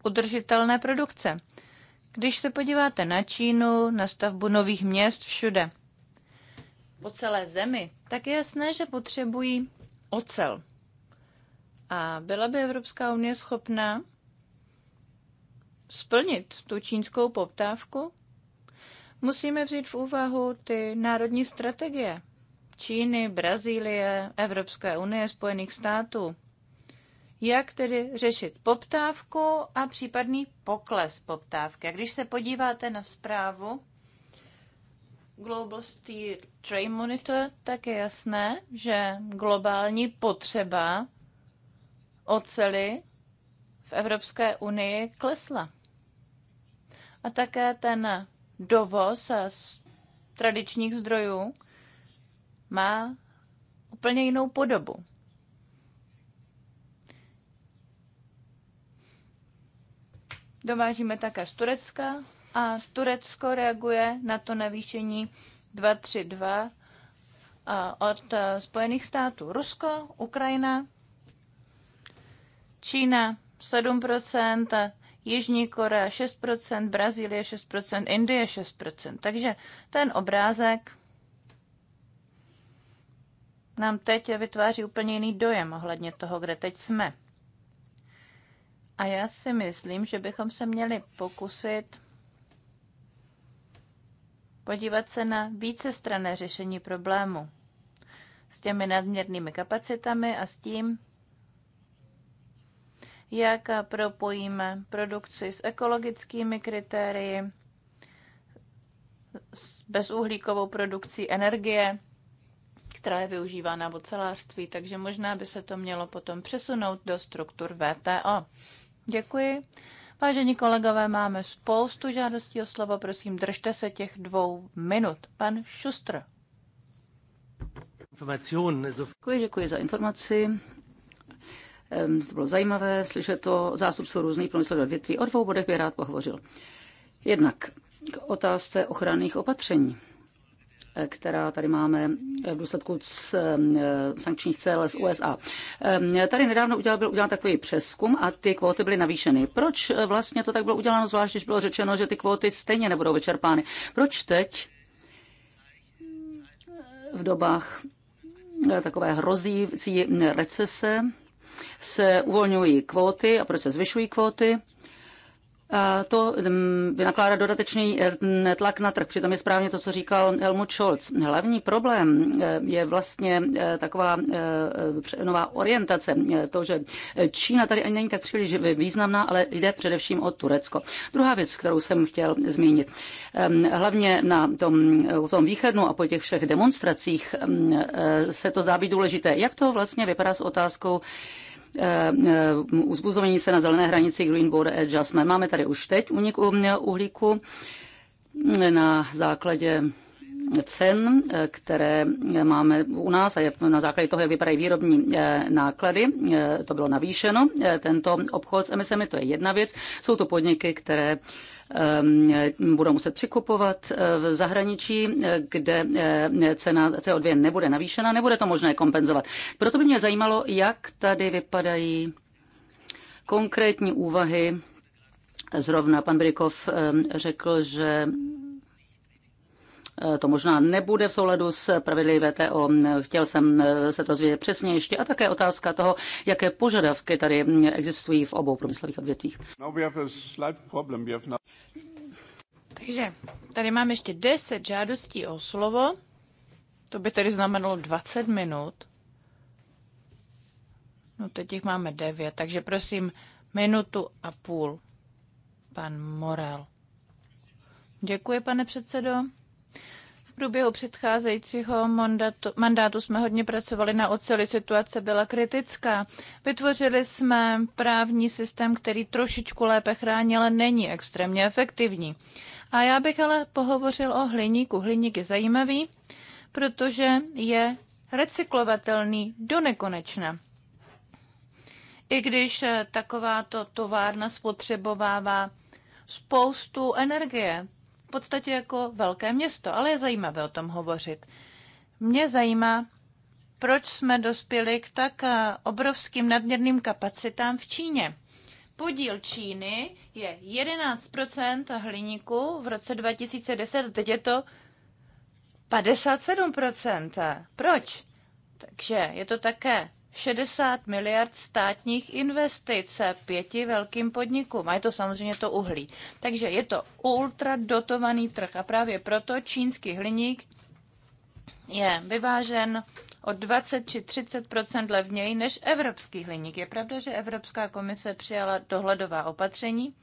udržitelné produkce. Když se podíváte na Čínu, na stavbu nových měst všude, po celé zemi, tak je jasné, že potřebují ocel. A byla by Evropská unie schopná splnit tu čínskou poptávku? Musíme vzít v úvahu ty národní strategie Číny, Brazílie, Evropské unie, Spojených států jak tedy řešit poptávku a případný pokles poptávky. A když se podíváte na zprávu Global Steel Trade Monitor, tak je jasné, že globální potřeba oceli v Evropské unii klesla. A také ten dovoz z tradičních zdrojů má úplně jinou podobu. Dovážíme také z Turecka a Turecko reaguje na to navýšení 232 od e, Spojených států. Rusko, Ukrajina, Čína 7%, Jižní Korea 6%, Brazílie 6%, Indie 6%. Takže ten obrázek nám teď vytváří úplně jiný dojem ohledně toho, kde teď jsme. A já si myslím, že bychom se měli pokusit podívat se na strané řešení problému s těmi nadměrnými kapacitami a s tím, jak propojíme produkci s ekologickými kritérii, s bezuhlíkovou produkcí energie, která je využívána v ocelářství, takže možná by se to mělo potom přesunout do struktur VTO. Děkuji. Vážení kolegové, máme spoustu žádostí o slovo. Prosím, držte se těch dvou minut. Pan Šustr. Děkuji, děkuji za informaci. Ehm, to bylo zajímavé slyšet to zástupců různých průmyslových větví O dvou bodech bych rád pohovořil. Jednak k otázce ochranných opatření která tady máme v důsledku z eh, sankčních cel z USA. Eh, tady nedávno udělal, byl udělán takový přeskum a ty kvóty byly navýšeny. Proč eh, vlastně to tak bylo uděláno, zvlášť když bylo řečeno, že ty kvóty stejně nebudou vyčerpány? Proč teď v dobách takové hrozící recese se uvolňují kvóty a proč se zvyšují kvóty? to mm, vynakládá dodatečný eh, mm, tlak na trh. Přitom je správně to, co říkal Helmut Scholz. Hlavní problém eh, je vlastně eh, taková nová orientace. To, že Čína tady ani není tak příliš významná, ale jde především o Turecko. Druhá věc, kterou jsem chtěl zmínit. Ehm, hlavně na tom, tom východnu a po těch všech demonstracích mm, se to zdá být důležité. Jak to vlastně vypadá s otázkou, Eh, eh, uzbuzování se na zelené hranici Green Border Adjustment. Máme tady už teď únik uhlíku na základě cen, eh, které máme u nás a je na základě toho, jak vypadají výrobní eh, náklady, eh, to bylo navýšeno, tento obchod s emisemi, to je jedna věc. Jsou to podniky, které ehm, budou muset přikupovat v zahraničí, kde cena CO2 nebude navýšena, nebude to možné kompenzovat. Proto by mě zajímalo, jak tady vypadají konkrétní úvahy. Zrovna pan Brikov ehm, řekl, že Eh, to možná nebude v souladu s pravidly VTO. Chtěl jsem eh, se to zvědět přesně ještě. A také otázka toho, jaké požadavky tady mm, existují v obou průmyslových odvětvích. Takže tady mám ještě 10 žádostí o slovo. To by tedy znamenalo 20 minut. No teď jich máme 9, takže prosím minutu a půl. Pan Morel. Děkuji, pane předsedo průběhu předcházejícího mandatu, mandátu jsme hodně pracovali na oceli, situace byla kritická. Vytvořili jsme právní systém, který trošičku lépe chrání, ale není extrémně efektivní. A já bych ale pohovořil o hliníku. Hliník je zajímavý, protože je recyklovatelný do nekonečna. I když eh, takováto továrna spotřebovává spoustu energie, v podstatě jako velké město, ale je zajímavé o tom hovořit. Mě zajímá, proč jsme dospěli k tak eh, obrovským nadměrným kapacitám v Číně. Podíl Číny je 11 hliníku v roce 2010, teď je to 57 Proč? Takže je to také 60 miliard státních investic pěti velkým podnikům. A je to samozřejmě to uhlí. Takže je to ultradotovaný trh a právě proto čínský hliník je vyvážen o 20 či 30 levněji než evropský hliník. Je pravda, že Evropská komise přijala dohledová opatření,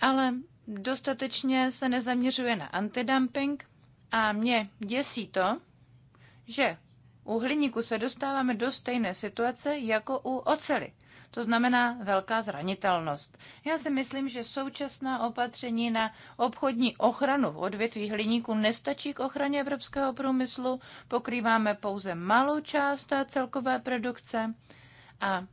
ale dostatečně se nezaměřuje na antidumping a mě děsí to, že u hliníku se dostáváme do stejné situace jako u ocely. To znamená velká zranitelnost. Já si myslím, že současná opatření na obchodní ochranu v odvětví hliníku nestačí k ochraně evropského průmyslu. Pokrýváme pouze malou část celkové produkce a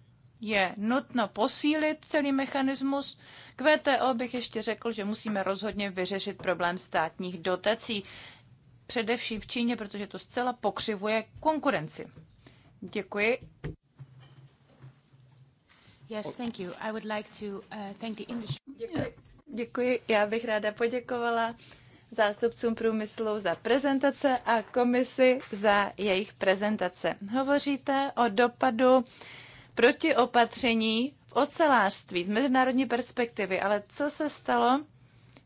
je nutno posílit celý mechanismus. K VTO bych ještě řekl, že musíme rozhodně vyřešit problém státních dotací především v Číně, protože to zcela pokřivuje konkurenci. Děkuji. Yes, thank you. I would like to uh, thank the industry. Děkuji. Děkuji. Já bych ráda poděkovala zástupcům průmyslu za prezentace a komisi za jejich prezentace. Hovoříte o dopadu protiopatření v ocelářství z mezinárodní perspektivy, ale co se stalo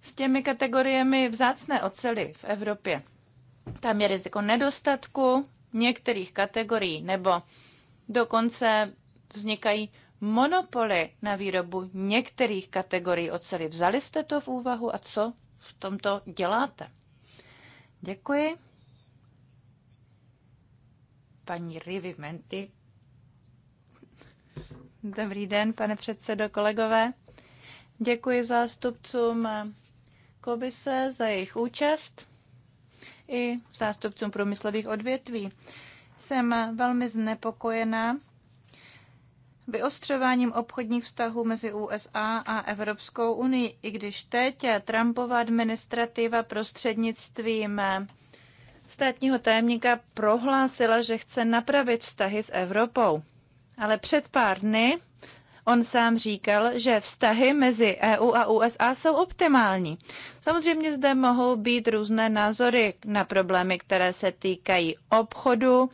s těmi kategoriemi vzácné ocely v Evropě? Tam je riziko nedostatku některých kategorií nebo dokonce vznikají monopoly na výrobu některých kategorií oceli. Vzali jste to v úvahu a co v tomto děláte? Děkuji. Paní Rivimenti. Dobrý den, pane předsedo, kolegové. Děkuji zástupcům komise za jejich účast i zástupcům průmyslových odvětví. Jsem velmi znepokojená vyostřováním obchodních vztahů mezi USA a Evropskou unii, i když teď Trumpova administrativa prostřednictvím státního tajemníka prohlásila, že chce napravit vztahy s Evropou. Ale před pár dny On sám říkal, že vztahy mezi EU a USA jsou optimální. Samozřejmě zde mohou být různé názory na problémy, které se týkají obchodu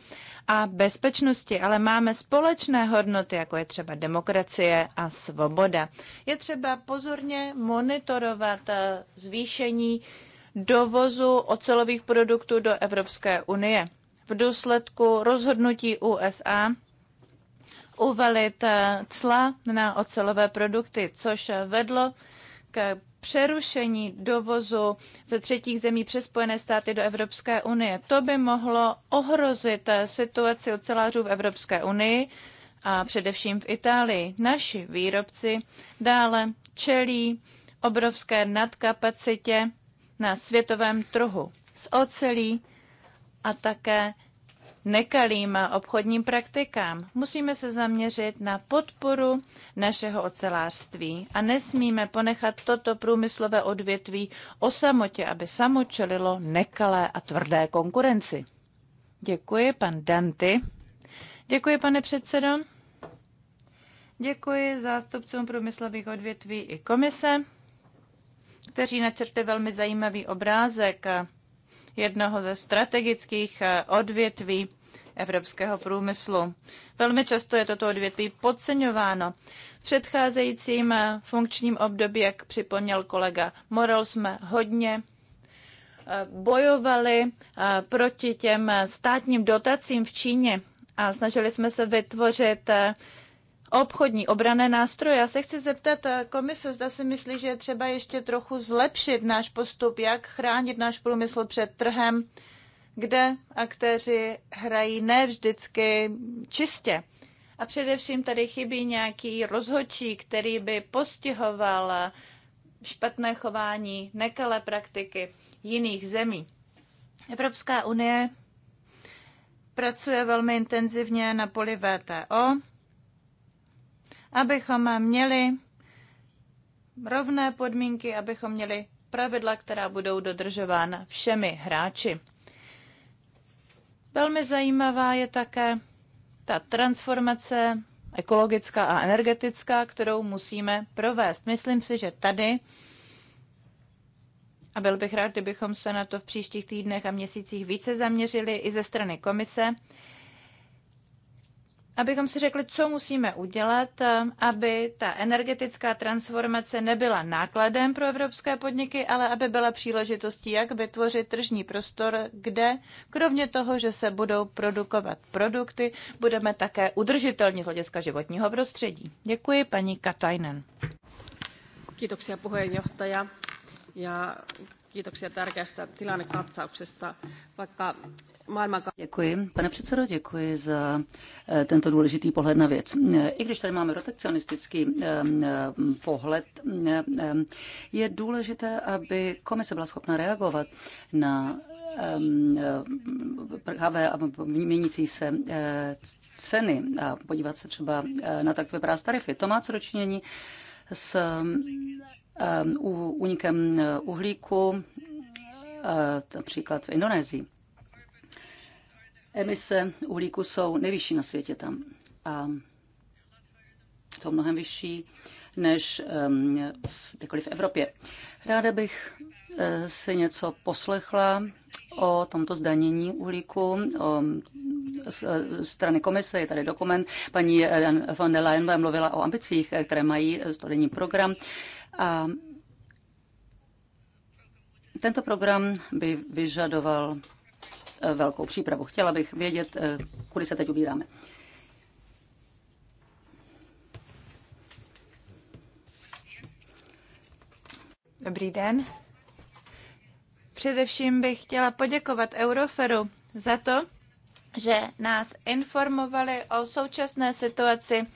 a bezpečnosti, ale máme společné hodnoty, jako je třeba demokracie a svoboda. Je třeba pozorně monitorovat eh, zvýšení dovozu ocelových produktů do Evropské unie. V důsledku rozhodnutí USA uvalit eh, cla na ocelové produkty, což vedlo k přerušení dovozu ze třetích zemí přes Spojené státy do Evropské unie. To by mohlo ohrozit eh, situaci ocelářů v Evropské unii a především v Itálii. Naši výrobci dále čelí obrovské nadkapacitě na světovém trhu s ocelí a také nekalým obchodním praktikám. Musíme se zaměřit na podporu našeho ocelářství a nesmíme ponechat toto průmyslové odvětví o samotě, aby samočelilo nekalé a tvrdé konkurenci. Děkuji, pan Danty. Děkuji, pane předsedo. Děkuji zástupcům průmyslových odvětví i komise, kteří načrte velmi zajímavý obrázek jednoho ze strategických eh, odvětví evropského průmyslu. Velmi často je toto odvětví podceňováno. V předcházejícím eh, funkčním období, jak připomněl kolega Morel, jsme hodně eh, bojovali proti těm státním dotacím v Číně a snažili jsme se vytvořit obchodní obrané nástroje. Já se chci zeptat eh, komise, zda si myslí, že je třeba ještě trochu zlepšit náš postup, jak chránit náš průmysl před trhem, kde aktéři hrají ne vždycky čistě. A především tady chybí nějaký rozhodčí, který by postihoval špatné chování, nekalé praktiky jiných zemí. Evropská unie pracuje velmi intenzivně na poli VTO abychom měli rovné podmínky, abychom měli pravidla, která budou dodržována všemi hráči. Velmi zajímavá je také ta transformace ekologická a energetická, kterou musíme provést. Myslím si, že tady, a byl bych rád, kdybychom se na to v příštích týdnech a měsících více zaměřili i ze strany komise, abychom si řekli, co musíme udělat, aby ta energetická transformace nebyla nákladem pro evropské podniky, ale aby byla příležitostí, jak vytvořit tržní prostor, kde kromě toho, že se budou produkovat produkty, budeme také udržitelní z hlediska životního prostředí. Děkuji, paní Katainen. Kiitoksia puheenjohtaja ja kiitoksia tärkeästä tilannekatsauksesta. Vaikka Děkuji, pane předsedo, děkuji za eh, tento důležitý pohled na věc. Eh, I když tady máme protekcionistický eh, pohled, je důležité, aby komise byla schopna reagovat na a měnící se ceny a podívat se třeba na tak, vypadá z tarify. To má co dočinění s únikem uhlíku, například v Indonésii. Emise uhlíku jsou nejvyšší na světě tam a jsou mnohem vyšší než um, v Evropě. Ráda bych eh, si něco poslechla o tomto zdanění uhlíku. O, eh, z, strany komise je tady dokument. Paní eh, von der Leyen mluvila o ambicích, které mají studijní program. A tento program by vyžadoval Eh, velkou přípravu. Chtěla bych vědět, eh, kudy se teď ubíráme. Dobrý den. Především bych chtěla poděkovat Euroferu za to, že nás informovali o současné situaci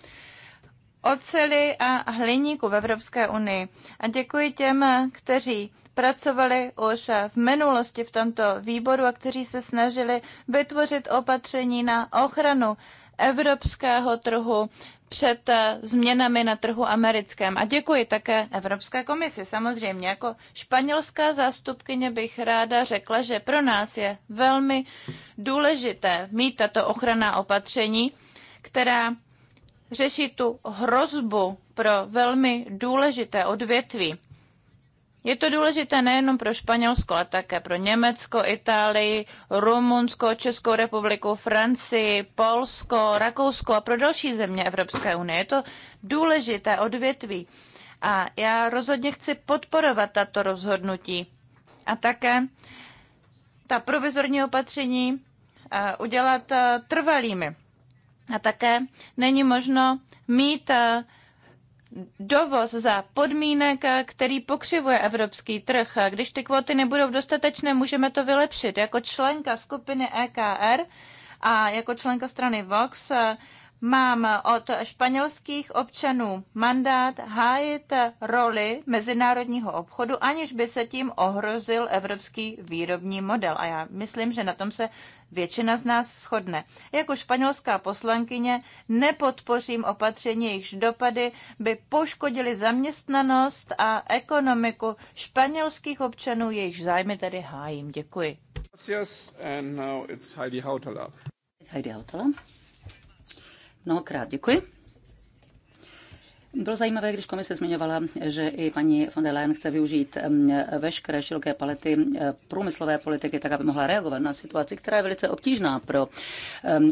oceli a hliníku v Evropské unii. A děkuji těm, kteří pracovali už v minulosti v tomto výboru a kteří se snažili vytvořit opatření na ochranu evropského trhu před změnami na trhu americkém. A děkuji také Evropské komisi. Samozřejmě jako španělská zástupkyně bych ráda řekla, že pro nás je velmi důležité mít tato ochranná opatření, která řeší tu hrozbu pro velmi důležité odvětví. Je to důležité nejenom pro Španělsko, ale také pro Německo, Itálii, Rumunsko, Českou republiku, Francii, Polsko, Rakousko a pro další země Evropské unie. Je to důležité odvětví. A já rozhodně chci podporovat tato rozhodnutí. A také ta provizorní opatření udělat trvalými. A také není možno mít eh, dovoz za podmínek, eh, který pokřivuje evropský trh. Když ty kvóty nebudou dostatečné, můžeme to vylepšit. Jako členka skupiny EKR a jako členka strany Vox eh, Mám od španělských občanů mandát hájit roli mezinárodního obchodu, aniž by se tím ohrozil evropský výrobní model. A já myslím, že na tom se většina z nás shodne. Jako španělská poslankyně nepodpořím opatření, jejichž dopady by poškodili zaměstnanost a ekonomiku španělských občanů, jejichž zájmy tady hájím. Děkuji. Heidi Hautala. Heidi Hautala. Mnohokrát děkuji. Bylo zajímavé, když komise zmiňovala, že i paní von der Leyen chce využít veškeré široké palety průmyslové politiky, tak aby mohla reagovat na situaci, která je velice obtížná pro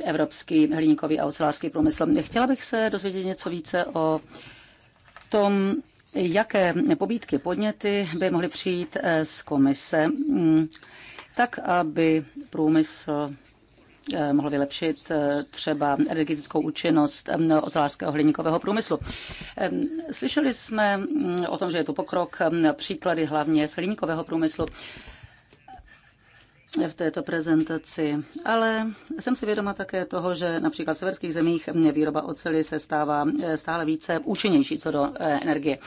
evropský hliníkový a ocelářský průmysl. Chtěla bych se dozvědět něco více o tom, jaké pobídky, podněty by mohly přijít eh, z komise, mm, tak aby průmysl Eh, mohl vylepšit eh, třeba energetickou účinnost eh, ocelářského hliníkového průmyslu. Slyšeli jsme mm, o tom, že je to pokrok, příklady hlavně z hliníkového průmyslu v této prezentaci, ale jsem si vědoma také toho, že například v severských zemích výroba oceli se stává stále více účinnější co do energie.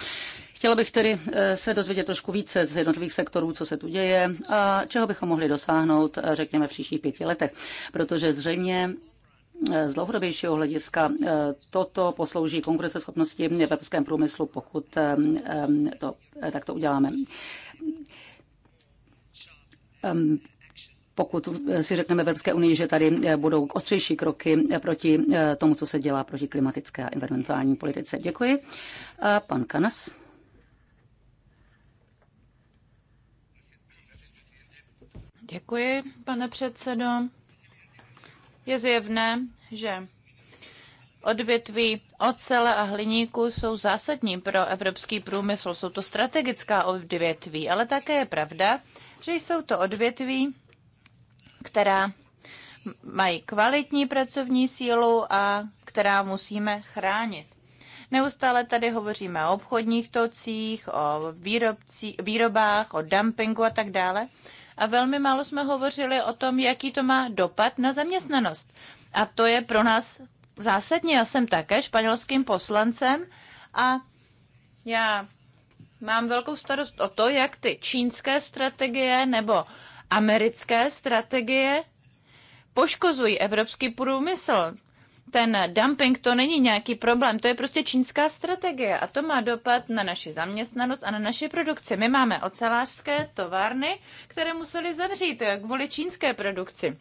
Chtěla bych tedy eh, se dozvědět trošku více z jednotlivých sektorů, co se tu děje a čeho bychom mohli dosáhnout, eh, řekněme, v příštích pěti letech, protože zřejmě eh, z dlouhodobějšího hlediska toto poslouží konkurenceschopnosti v evropském průmyslu, pokud to takto uděláme. Ehm, pokud si řekneme v Evropské unii, že tady budou ostřejší kroky proti tomu, co se dělá proti klimatické a environmentální politice. Děkuji. A pan Kanas. Děkuji, pane předsedo. Je zjevné, že odvětví ocele a hliníku jsou zásadní pro evropský průmysl. Jsou to strategická odvětví, ale také je pravda, že jsou to odvětví, která mají kvalitní pracovní sílu a která musíme chránit. Neustále tady hovoříme o obchodních tocích, o výrobcí, výrobách, o dumpingu a tak dále, a velmi málo jsme hovořili o tom, jaký to má dopad na zaměstnanost. A to je pro nás zásadní. Já jsem také španělským poslancem a já mám velkou starost o to, jak ty čínské strategie nebo americké strategie poškozují evropský průmysl ten dumping to není nějaký problém, to je prostě čínská strategie a to má dopad na naši zaměstnanost a na naši produkci. My máme ocelářské továrny, které museli zavřít kvůli čínské produkci.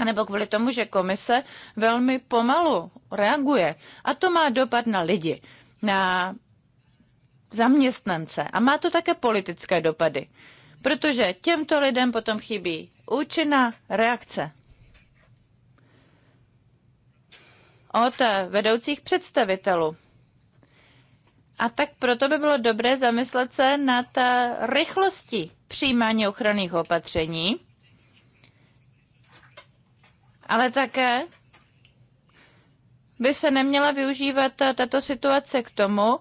A nebo kvůli tomu, že komise velmi pomalu reaguje. A to má dopad na lidi, na zaměstnance. A má to také politické dopady, protože těmto lidem potom chybí účinná reakce. od vedoucích představitelů. A tak proto by bylo dobré zamyslet se nad rychlostí přijímání ochranných opatření, ale také by se neměla využívat tato situace k tomu,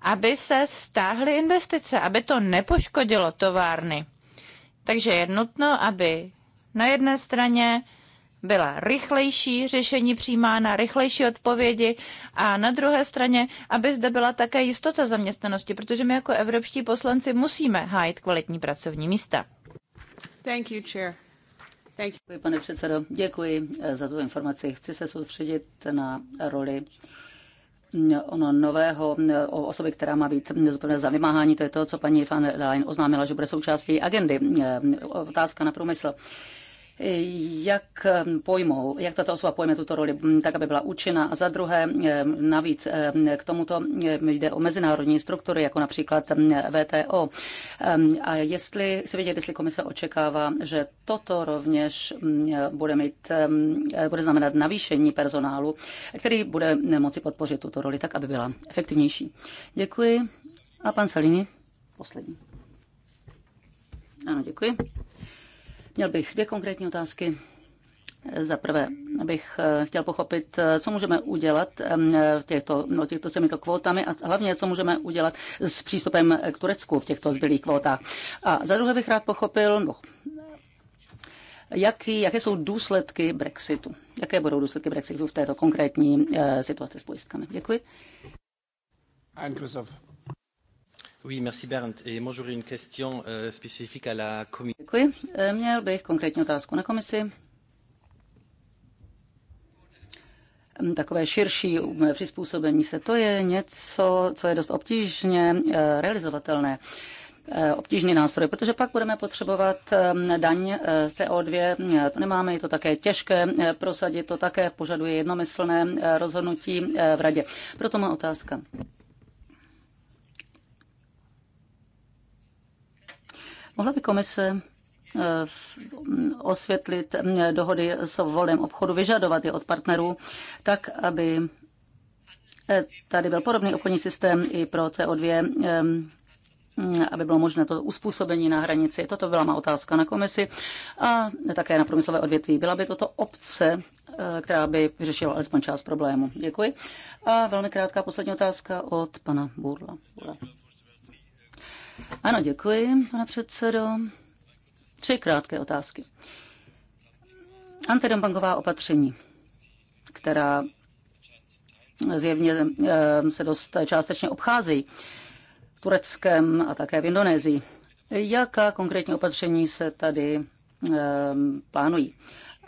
aby se stáhly investice, aby to nepoškodilo továrny. Takže je nutno, aby na jedné straně byla rychlejší řešení přijímána, rychlejší odpovědi a na druhé straně, aby zde byla také jistota zaměstnanosti, protože my jako evropští poslanci musíme hájit kvalitní pracovní místa. Thank you, chair. Thank you. Děkuji, pane předsedo. Děkuji eh, za tu informaci. Chci se soustředit na roli mm, ono nového eh, osoby, která má být mm, zodpovědná za vymáhání, to je to, co paní van Leyen oznámila, že bude součástí agendy. Eh, otázka na průmysl jak ehm, pojmou, jak tato osoba pojme tuto roli, tak aby byla účinná. A za druhé, ehm, navíc ehm, k tomuto jde o mezinárodní struktury, jako například VTO. A jestli si vědět, jestli komise očekává, že toto rovněž bude, mít, bude znamenat navýšení personálu, který bude moci podpořit tuto roli tak, aby byla efektivnější. Děkuji. A pan Salini, poslední. Ano, děkuji. Měl bych dvě konkrétní otázky. Za prvé bych eh, chtěl pochopit, eh, co můžeme udělat v těchto, no, těchto s těmito kvótami a hlavně, co můžeme udělat s přístupem k Turecku v těchto zbylých kvótách. A za druhé bych rád pochopil, no, jaký, jaké jsou důsledky Brexitu. Jaké budou důsledky Brexitu v této konkrétní uh, situaci s pojistkami. Děkuji. And Christoph Euh, Děkuji. Eh, měl bych konkrétní otázku na komisi. Hm, takové širší hm, přizpůsobení se, to je něco, co je dost obtížně eh, realizovatelné eh, obtížný nástroj, protože pak budeme potřebovat hm, daň CO2, to nemáme, je to také těžké prosadit, to také požaduje jednomyslné rozhodnutí v radě. Proto má otázka. Mohla by komise eh, osvětlit mm, dohody s volném obchodu, vyžadovat je od partnerů, tak aby eh, tady byl podobný obchodní systém i pro CO2, eh, mm, aby bylo možné to uspůsobení na hranici. Toto byla má otázka na komisi a také na průmyslové odvětví. Byla by toto obce, která by vyřešila alespoň část problému. Děkuji. A velmi krátká poslední otázka od pana Burla. Burla. Ano, děkuji, pane předsedo. Tři krátké otázky. Antidumpingová opatření, která zjevně eh, se dost částečně obcházejí v Tureckém a také v Indonésii. Jaká konkrétní opatření se tady eh, plánují?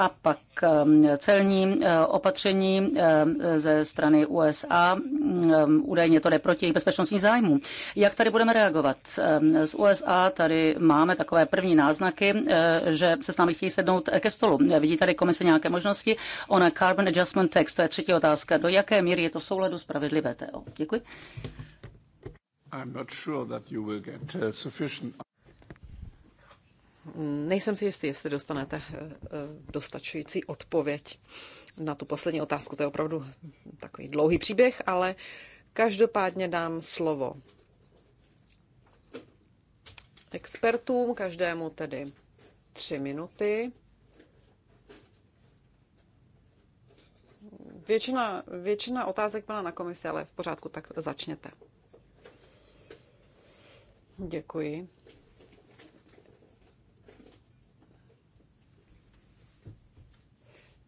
a pak um, celní uh, opatření uh, ze strany USA. Um, údajně to jde proti jejich bezpečnostním zájmům. Jak tady budeme reagovat? Um, z USA tady máme takové první náznaky, uh, že se s námi chtějí sednout ke stolu. Vidí tady komise nějaké možnosti? Ona Carbon Adjustment Text, to je třetí otázka. Do jaké míry je to v souladu s pravidly VTO? Děkuji. I'm not sure that you will get sufficient Nejsem si jistý, jestli dostanete eh, eh, dostačující odpověď na tu poslední otázku. To je opravdu takový dlouhý příběh, ale každopádně dám slovo expertům, každému tedy tři minuty. Většina, většina otázek byla na komisi, ale v pořádku, tak začněte. Děkuji.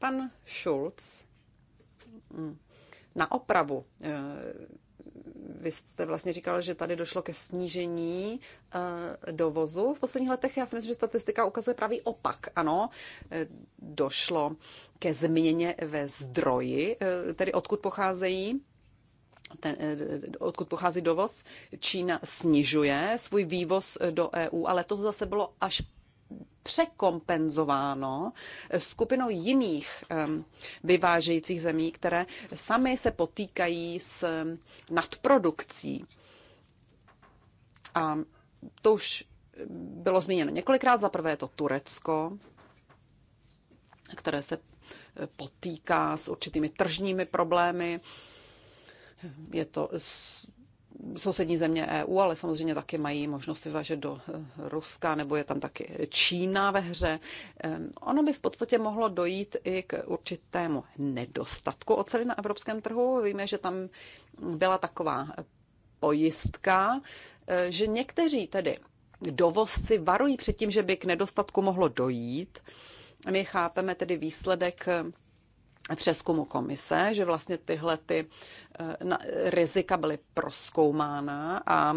Pan Schulz mm, na opravu. Eh, vy jste vlastně říkal, že tady došlo ke snížení eh, dovozu v posledních letech. Já si myslím, že statistika ukazuje pravý opak. Ano, eh, došlo ke změně ve zdroji, tedy odkud pocházejí ten, odkud pochází dovoz, Čína snižuje svůj vývoz do EU, ale to zase bylo až překompenzováno skupinou jiných vyvážejících zemí, které sami se potýkají s nadprodukcí. A to už bylo zmíněno několikrát. Za prvé je to Turecko, které se e, potýká s určitými tržními problémy. Je to sousední země EU, ale samozřejmě taky mají možnost vyvážet do eh, Ruska, nebo je tam taky Čína ve hře. Eh, ono by v podstatě mohlo dojít i k určitému nedostatku oceli na evropském trhu. Víme, že tam byla taková pojistka, eh, že někteří tedy dovozci varují před tím, že by k nedostatku mohlo dojít. My chápeme tedy výsledek přeskumu komise, že vlastně tyhle ty eh, rizika byly proskoumána a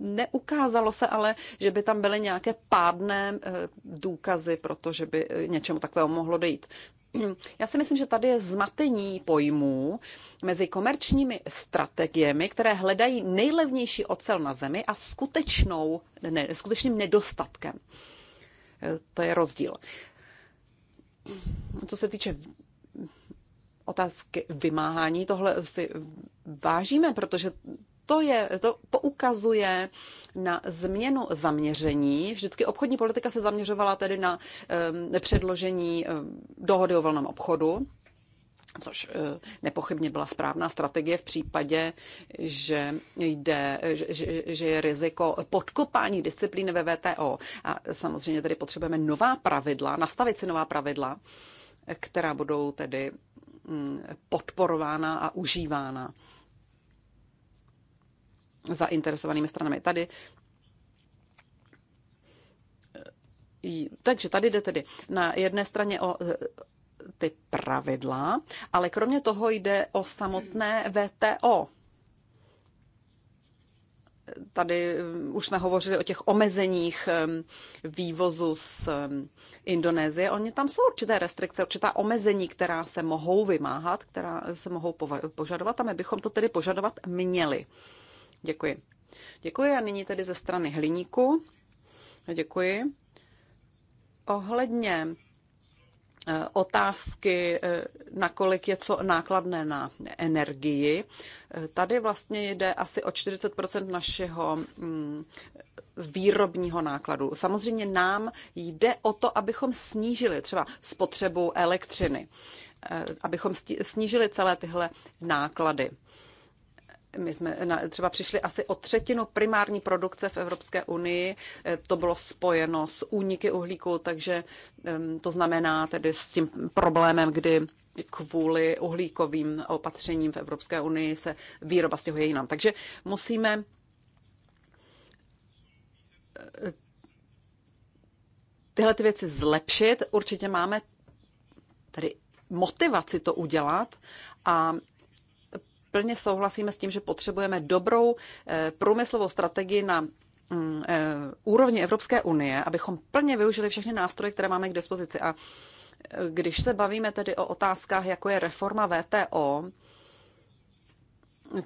neukázalo se ale, že by tam byly nějaké pádné eh, důkazy, protože by eh, něčemu takového mohlo dojít. Já si myslím, že tady je zmatení pojmů mezi komerčními strategiemi, které hledají nejlevnější ocel na zemi a skutečnou, ne, skutečným nedostatkem. To je rozdíl co se týče otázky vymáhání, tohle si vážíme, protože to, je, to poukazuje na změnu zaměření. Vždycky obchodní politika se zaměřovala tedy na um, předložení um, dohody o volném obchodu což eh, nepochybně byla správná strategie v případě, že, jde, že, že je riziko podkopání disciplíny ve VTO. A samozřejmě tady potřebujeme nová pravidla, nastavit si nová pravidla, která budou tedy mm, podporována a užívána zainteresovanými stranami. Tady eh, takže tady jde tedy na jedné straně o eh, ty pravidla, ale kromě toho jde o samotné VTO. Tady um, už jsme hovořili o těch omezeních um, vývozu z um, Indonésie. Oni tam jsou určité restrikce, určitá omezení, která se mohou vymáhat, která se mohou požadovat a my bychom to tedy požadovat měli. Děkuji. Děkuji a nyní tedy ze strany hliníku. Děkuji. Ohledně Eh, otázky, eh, nakolik je co nákladné na energii. Eh, tady vlastně jde asi o 40 našeho mm, výrobního nákladu. Samozřejmě nám jde o to, abychom snížili třeba spotřebu elektřiny, abychom snížili celé tyhle náklady my jsme na, třeba přišli asi o třetinu primární produkce v Evropské unii. Eh, to bylo spojeno s úniky uhlíku, takže to znamená tedy s tím problémem, kdy kvůli uhlíkovým opatřením v Evropské unii se výroba stěhuje jinam. Takže musíme eh, tyhle ty věci zlepšit. Určitě máme tady motivaci to udělat a plně souhlasíme s tím, že potřebujeme dobrou eh, průmyslovou strategii na mm, eh, úrovni Evropské unie, abychom plně využili všechny nástroje, které máme k dispozici. A eh, když se bavíme tedy o otázkách, jako je reforma VTO,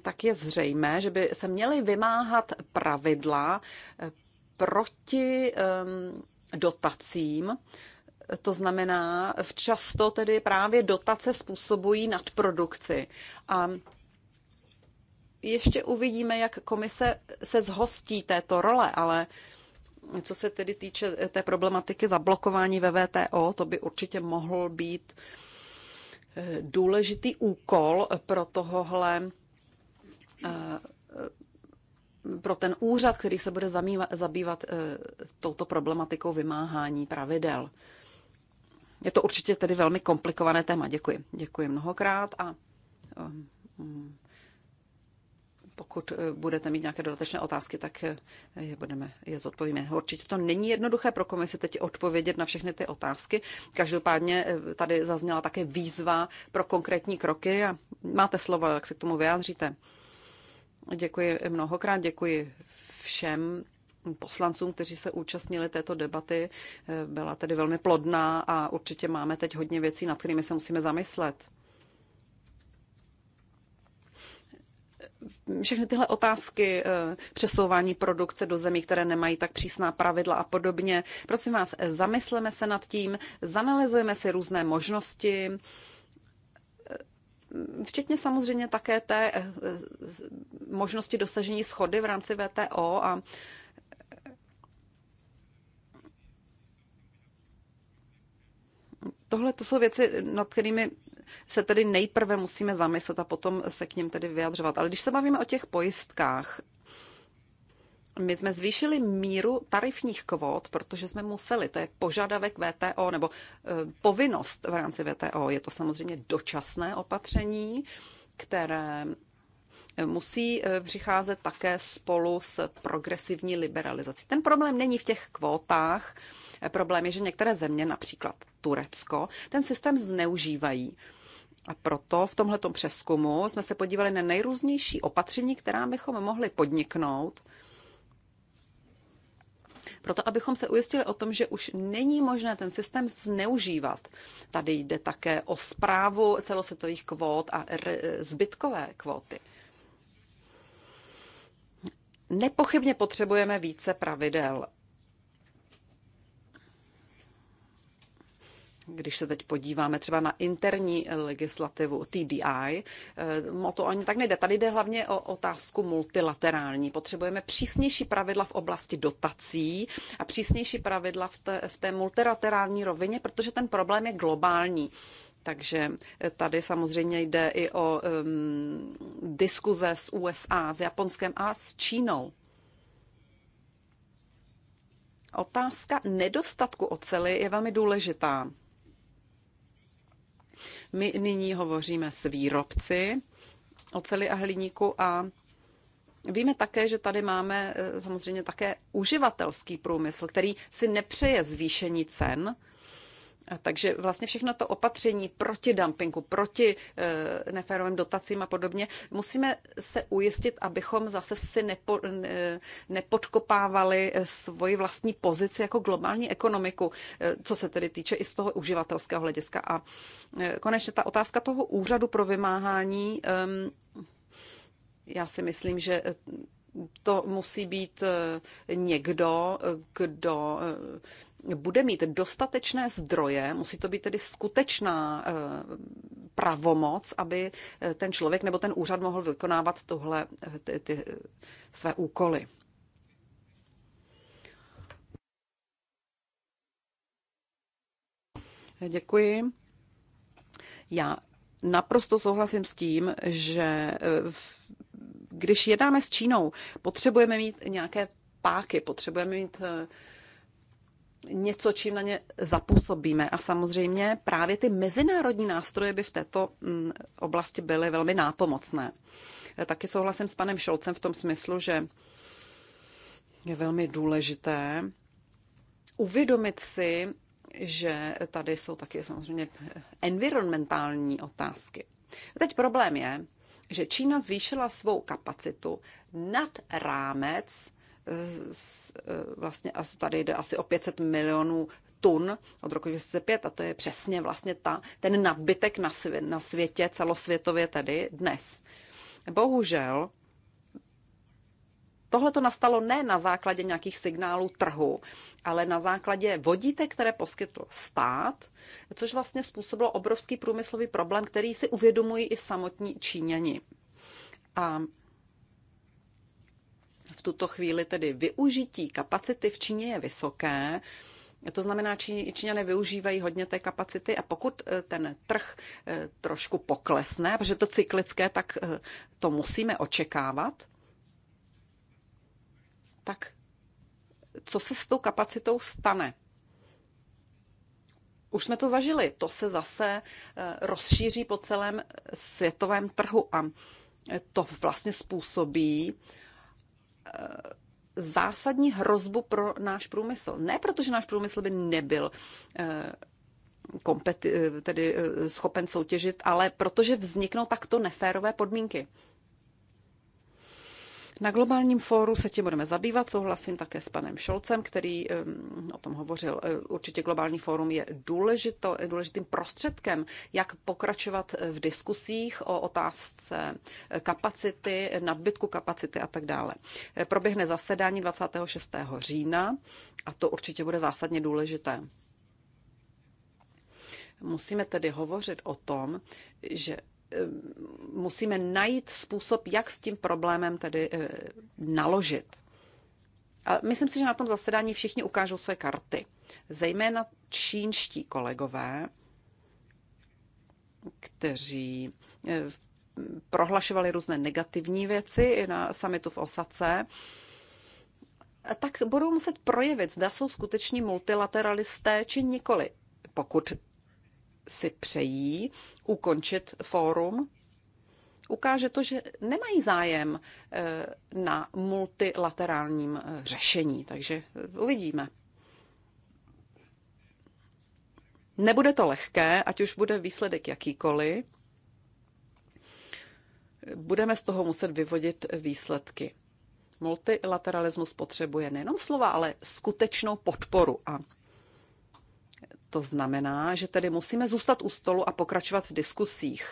tak je zřejmé, že by se měly vymáhat pravidla proti ehm, dotacím. To znamená, často tedy právě dotace způsobují nadprodukci. A ještě uvidíme, jak komise se zhostí této role, ale co se tedy týče té problematiky zablokování ve VTO, to by určitě mohl být eh, důležitý úkol pro tohohle eh, pro ten úřad, který se bude zamývat, zabývat eh, touto problematikou vymáhání pravidel. Je to určitě tedy velmi komplikované téma. Děkuji. Děkuji mnohokrát a um, pokud eh, budete mít nějaké dodatečné otázky, tak eh, je, budeme, je zodpovíme. Určitě to není jednoduché pro komisi teď odpovědět na všechny ty otázky. Každopádně eh, tady zazněla také výzva pro konkrétní kroky a máte slovo, jak se k tomu vyjádříte. Děkuji mnohokrát, děkuji všem poslancům, kteří se účastnili této debaty. Byla tedy velmi plodná a určitě máme teď hodně věcí, nad kterými se musíme zamyslet. všechny tyhle otázky eh, přesouvání produkce do zemí, které nemají tak přísná pravidla a podobně. Prosím vás, eh, zamysleme se nad tím, zanalizujeme si různé možnosti, eh, včetně samozřejmě také té možnosti dosažení schody v rámci VTO a Tohle to jsou věci, nad kterými se tedy nejprve musíme zamyslet a potom se k něm tedy vyjadřovat. Ale když se bavíme o těch pojistkách, my jsme zvýšili míru tarifních kvót, protože jsme museli, to je požadavek VTO nebo e, povinnost v rámci VTO. Je to samozřejmě dočasné opatření, které musí e, přicházet také spolu s progresivní liberalizací. Ten problém není v těch kvótách, e, problém je, že některé země, například Turecko, ten systém zneužívají. A proto v tomhletom přeskumu jsme se podívali na nejrůznější opatření, která bychom mohli podniknout, proto abychom se ujistili o tom, že už není možné ten systém zneužívat. Tady jde také o zprávu celosvětových kvót a zbytkové kvóty. Nepochybně potřebujeme více pravidel. když se teď podíváme třeba na interní legislativu TDI, eh, o to ani tak nejde. Tady jde hlavně o otázku multilaterální. Potřebujeme přísnější pravidla v oblasti dotací a přísnější pravidla v té, v té multilaterální rovině, protože ten problém je globální. Takže eh, tady samozřejmě jde i o um, diskuze s USA, s Japonskem a s Čínou. Otázka nedostatku ocely je velmi důležitá. My nyní hovoříme s výrobci oceli a hliníku a Víme také, že tady máme e, samozřejmě také uživatelský průmysl, který si nepřeje zvýšení cen, takže vlastně všechno to opatření proti dumpingu, proti eh, neférovým dotacím a podobně, musíme se ujistit, abychom zase si nepo, nepodkopávali svoji vlastní pozici jako globální ekonomiku, eh, co se tedy týče i z toho uživatelského hlediska. A eh, konečně ta otázka toho úřadu pro vymáhání, ehm, já si myslím, že to musí být někdo, kdo bude mít dostatečné zdroje, musí to být tedy skutečná eh, pravomoc, aby eh, ten člověk nebo ten úřad mohl vykonávat tohle, eh, ty, ty své úkoly. Děkuji. Já naprosto souhlasím s tím, že v, když jednáme s Čínou, potřebujeme mít nějaké páky, potřebujeme mít uh, něco, čím na ně zapůsobíme. A samozřejmě právě ty mezinárodní nástroje by v této mm, oblasti byly velmi nápomocné. Taky souhlasím s panem Šolcem v tom smyslu, že je velmi důležité uvědomit si, že tady jsou taky samozřejmě environmentální otázky. Teď problém je, že Čína zvýšila svou kapacitu nad rámec Eh, vlastně tady jde asi o 500 milionů tun od roku 2005 a to je přesně vlastně ta, ten nadbytek na, svě, na světě, celosvětově tedy dnes. Bohužel tohle to nastalo ne na základě nějakých signálů trhu, ale na základě vodítek, které poskytl stát, což vlastně způsobilo obrovský průmyslový problém, který si uvědomují i samotní Číňani. A v tuto chvíli tedy využití kapacity v Číně je vysoké, to znamená, že Číňané využívají hodně té kapacity a pokud eh, ten trh eh, trošku poklesne, protože to cyklické, tak eh, to musíme očekávat, tak co se s tou kapacitou stane? Už jsme to zažili, to se zase rozšíří po celém světovém trhu a to vlastně způsobí, Eh, zásadní hrozbu pro náš průmysl. Ne protože náš průmysl by nebyl eh, kompeti- eh, tedy schopen soutěžit, ale protože vzniknou takto neférové podmínky. Na globálním fóru se tím budeme zabývat, souhlasím také s panem Šolcem, který o tom hovořil. E, určitě globální fórum je důležito, důležitým prostředkem, jak pokračovat v diskusích o otázce e, kapacity, nadbytku kapacity a tak dále. E, proběhne zasedání 26. října a to určitě bude zásadně důležité. Musíme tedy hovořit o tom, že Eh, musíme najít způsob, jak s tím problémem tedy eh, naložit. A myslím si, že na tom zasedání všichni ukážou své karty, zejména čínští kolegové, kteří eh, prohlašovali různé negativní věci na samitu v Osace, tak budou muset projevit, zda jsou skuteční multilateralisté či nikoli. Pokud si přejí ukončit fórum, ukáže to, že nemají zájem eh, na multilaterálním eh, řešení. Takže eh, uvidíme. Nebude to lehké, ať už bude výsledek jakýkoliv. Budeme z toho muset vyvodit výsledky. Multilateralismus potřebuje nejenom slova, ale skutečnou podporu. A to znamená, že tedy musíme zůstat u stolu a pokračovat v diskusích.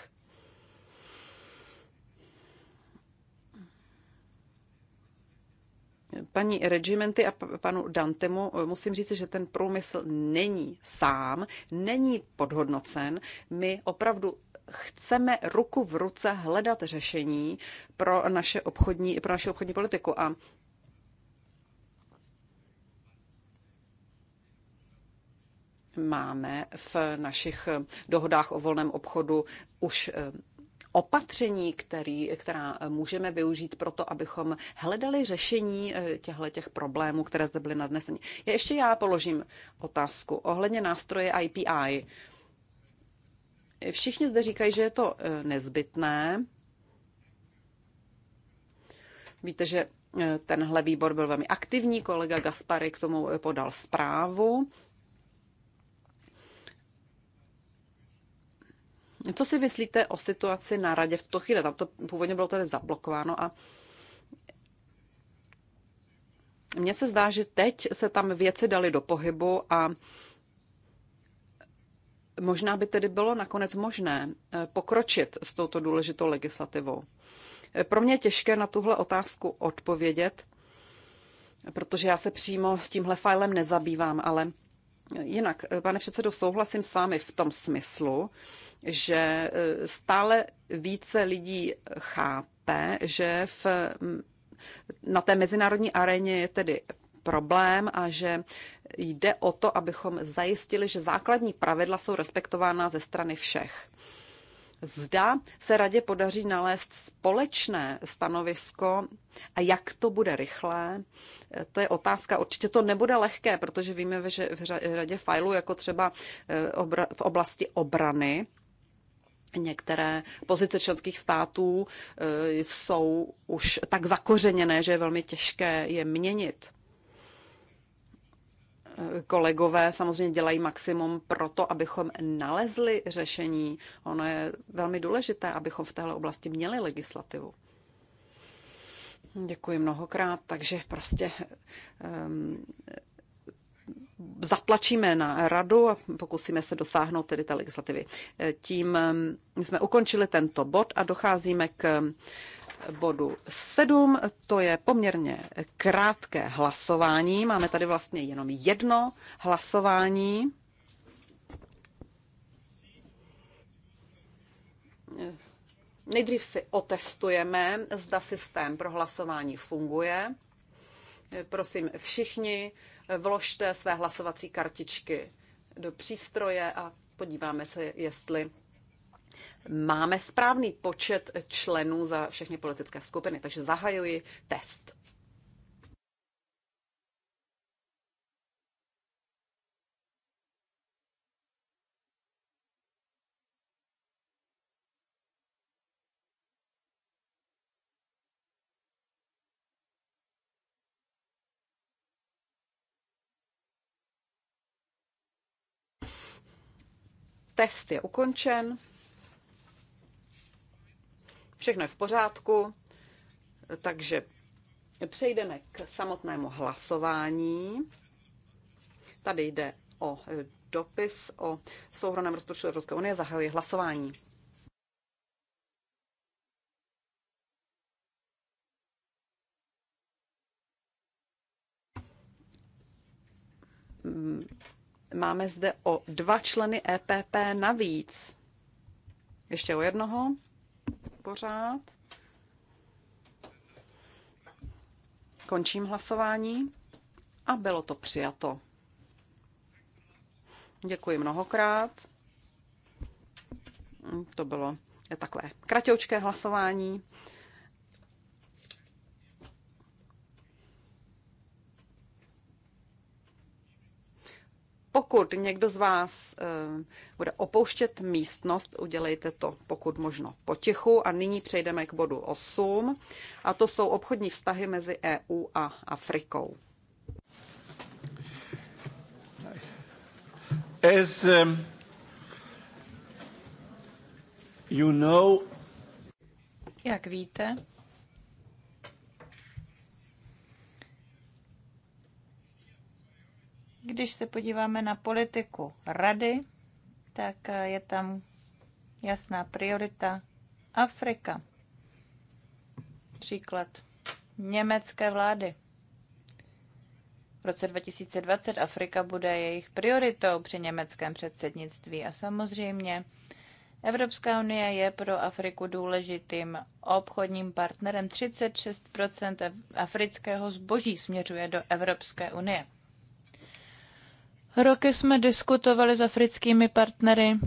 paní Regimenty a panu Dantemu eh, musím říct, že ten průmysl není sám, není podhodnocen. My opravdu chceme ruku v ruce hledat řešení pro naše obchodní, pro naše obchodní politiku. A máme v našich dohodách o volném obchodu už eh, opatření, který, která eh, můžeme využít pro to, abychom hledali řešení eh, těchto těch problémů, které zde byly nadneseny. Já ještě já položím otázku ohledně nástroje IPI. Všichni zde říkají, že je to nezbytné. Víte, že tenhle výbor byl velmi aktivní, kolega Gaspary k tomu podal zprávu Co si myslíte o situaci na radě v tuto chvíli? Tam to původně bylo tady zablokováno a mně se zdá, že teď se tam věci daly do pohybu a možná by tedy bylo nakonec možné eh, pokročit s touto důležitou legislativou. Eh, pro mě je těžké na tuhle otázku odpovědět, protože já se přímo tímhle filem nezabývám, ale Jinak, eh, pane předsedo, souhlasím s vámi v tom smyslu, že eh, stále více lidí chápe, že v, mm, na té mezinárodní aréně je tedy problém a že jde o to, abychom zajistili, že základní pravidla jsou respektována ze strany všech. Zda se radě podaří nalézt společné stanovisko a jak to bude rychlé, to je otázka. Určitě to nebude lehké, protože víme, že v řadě fajlů, jako třeba e, v oblasti obrany, některé pozice členských států e, jsou už tak zakořeněné, že je velmi těžké je měnit kolegové samozřejmě dělají maximum pro to, abychom nalezli řešení. Ono je velmi důležité, abychom v téhle oblasti měli legislativu. Děkuji mnohokrát, takže prostě um, zatlačíme na radu a pokusíme se dosáhnout tedy té legislativy. Tím ehm, jsme ukončili tento bod a docházíme k bodu 7. To je poměrně krátké hlasování. Máme tady vlastně jenom jedno hlasování. Nejdřív si otestujeme, zda systém pro hlasování funguje. Prosím, všichni vložte své hlasovací kartičky do přístroje a podíváme se, jestli máme správný počet členů za všechny politické skupiny. Takže zahajuji test. Test je ukončen všechno je v pořádku, takže přejdeme k samotnému hlasování. Tady jde o e, dopis o souhronném rozpočtu Evropské unie. Zahajuji hlasování. Mm, máme zde o dva členy EPP navíc. Ještě o jednoho pořád. Končím hlasování a bylo to přijato. Děkuji mnohokrát. To bylo takové kratoučké hlasování. Pokud někdo z vás eh, bude opouštět místnost, udělejte to pokud možno potichu. A nyní přejdeme k bodu 8, a to jsou obchodní vztahy mezi EU a Afrikou. As um, you know, jak víte, Když se podíváme na politiku rady, tak eh, je tam jasná priorita Afrika. Příklad německé vlády. V roce 2020 Afrika bude jejich prioritou při německém předsednictví a samozřejmě Evropská unie je pro Afriku důležitým obchodním partnerem. 36 afrického zboží směřuje do Evropské unie. Roky jsme diskutovali s africkými partnery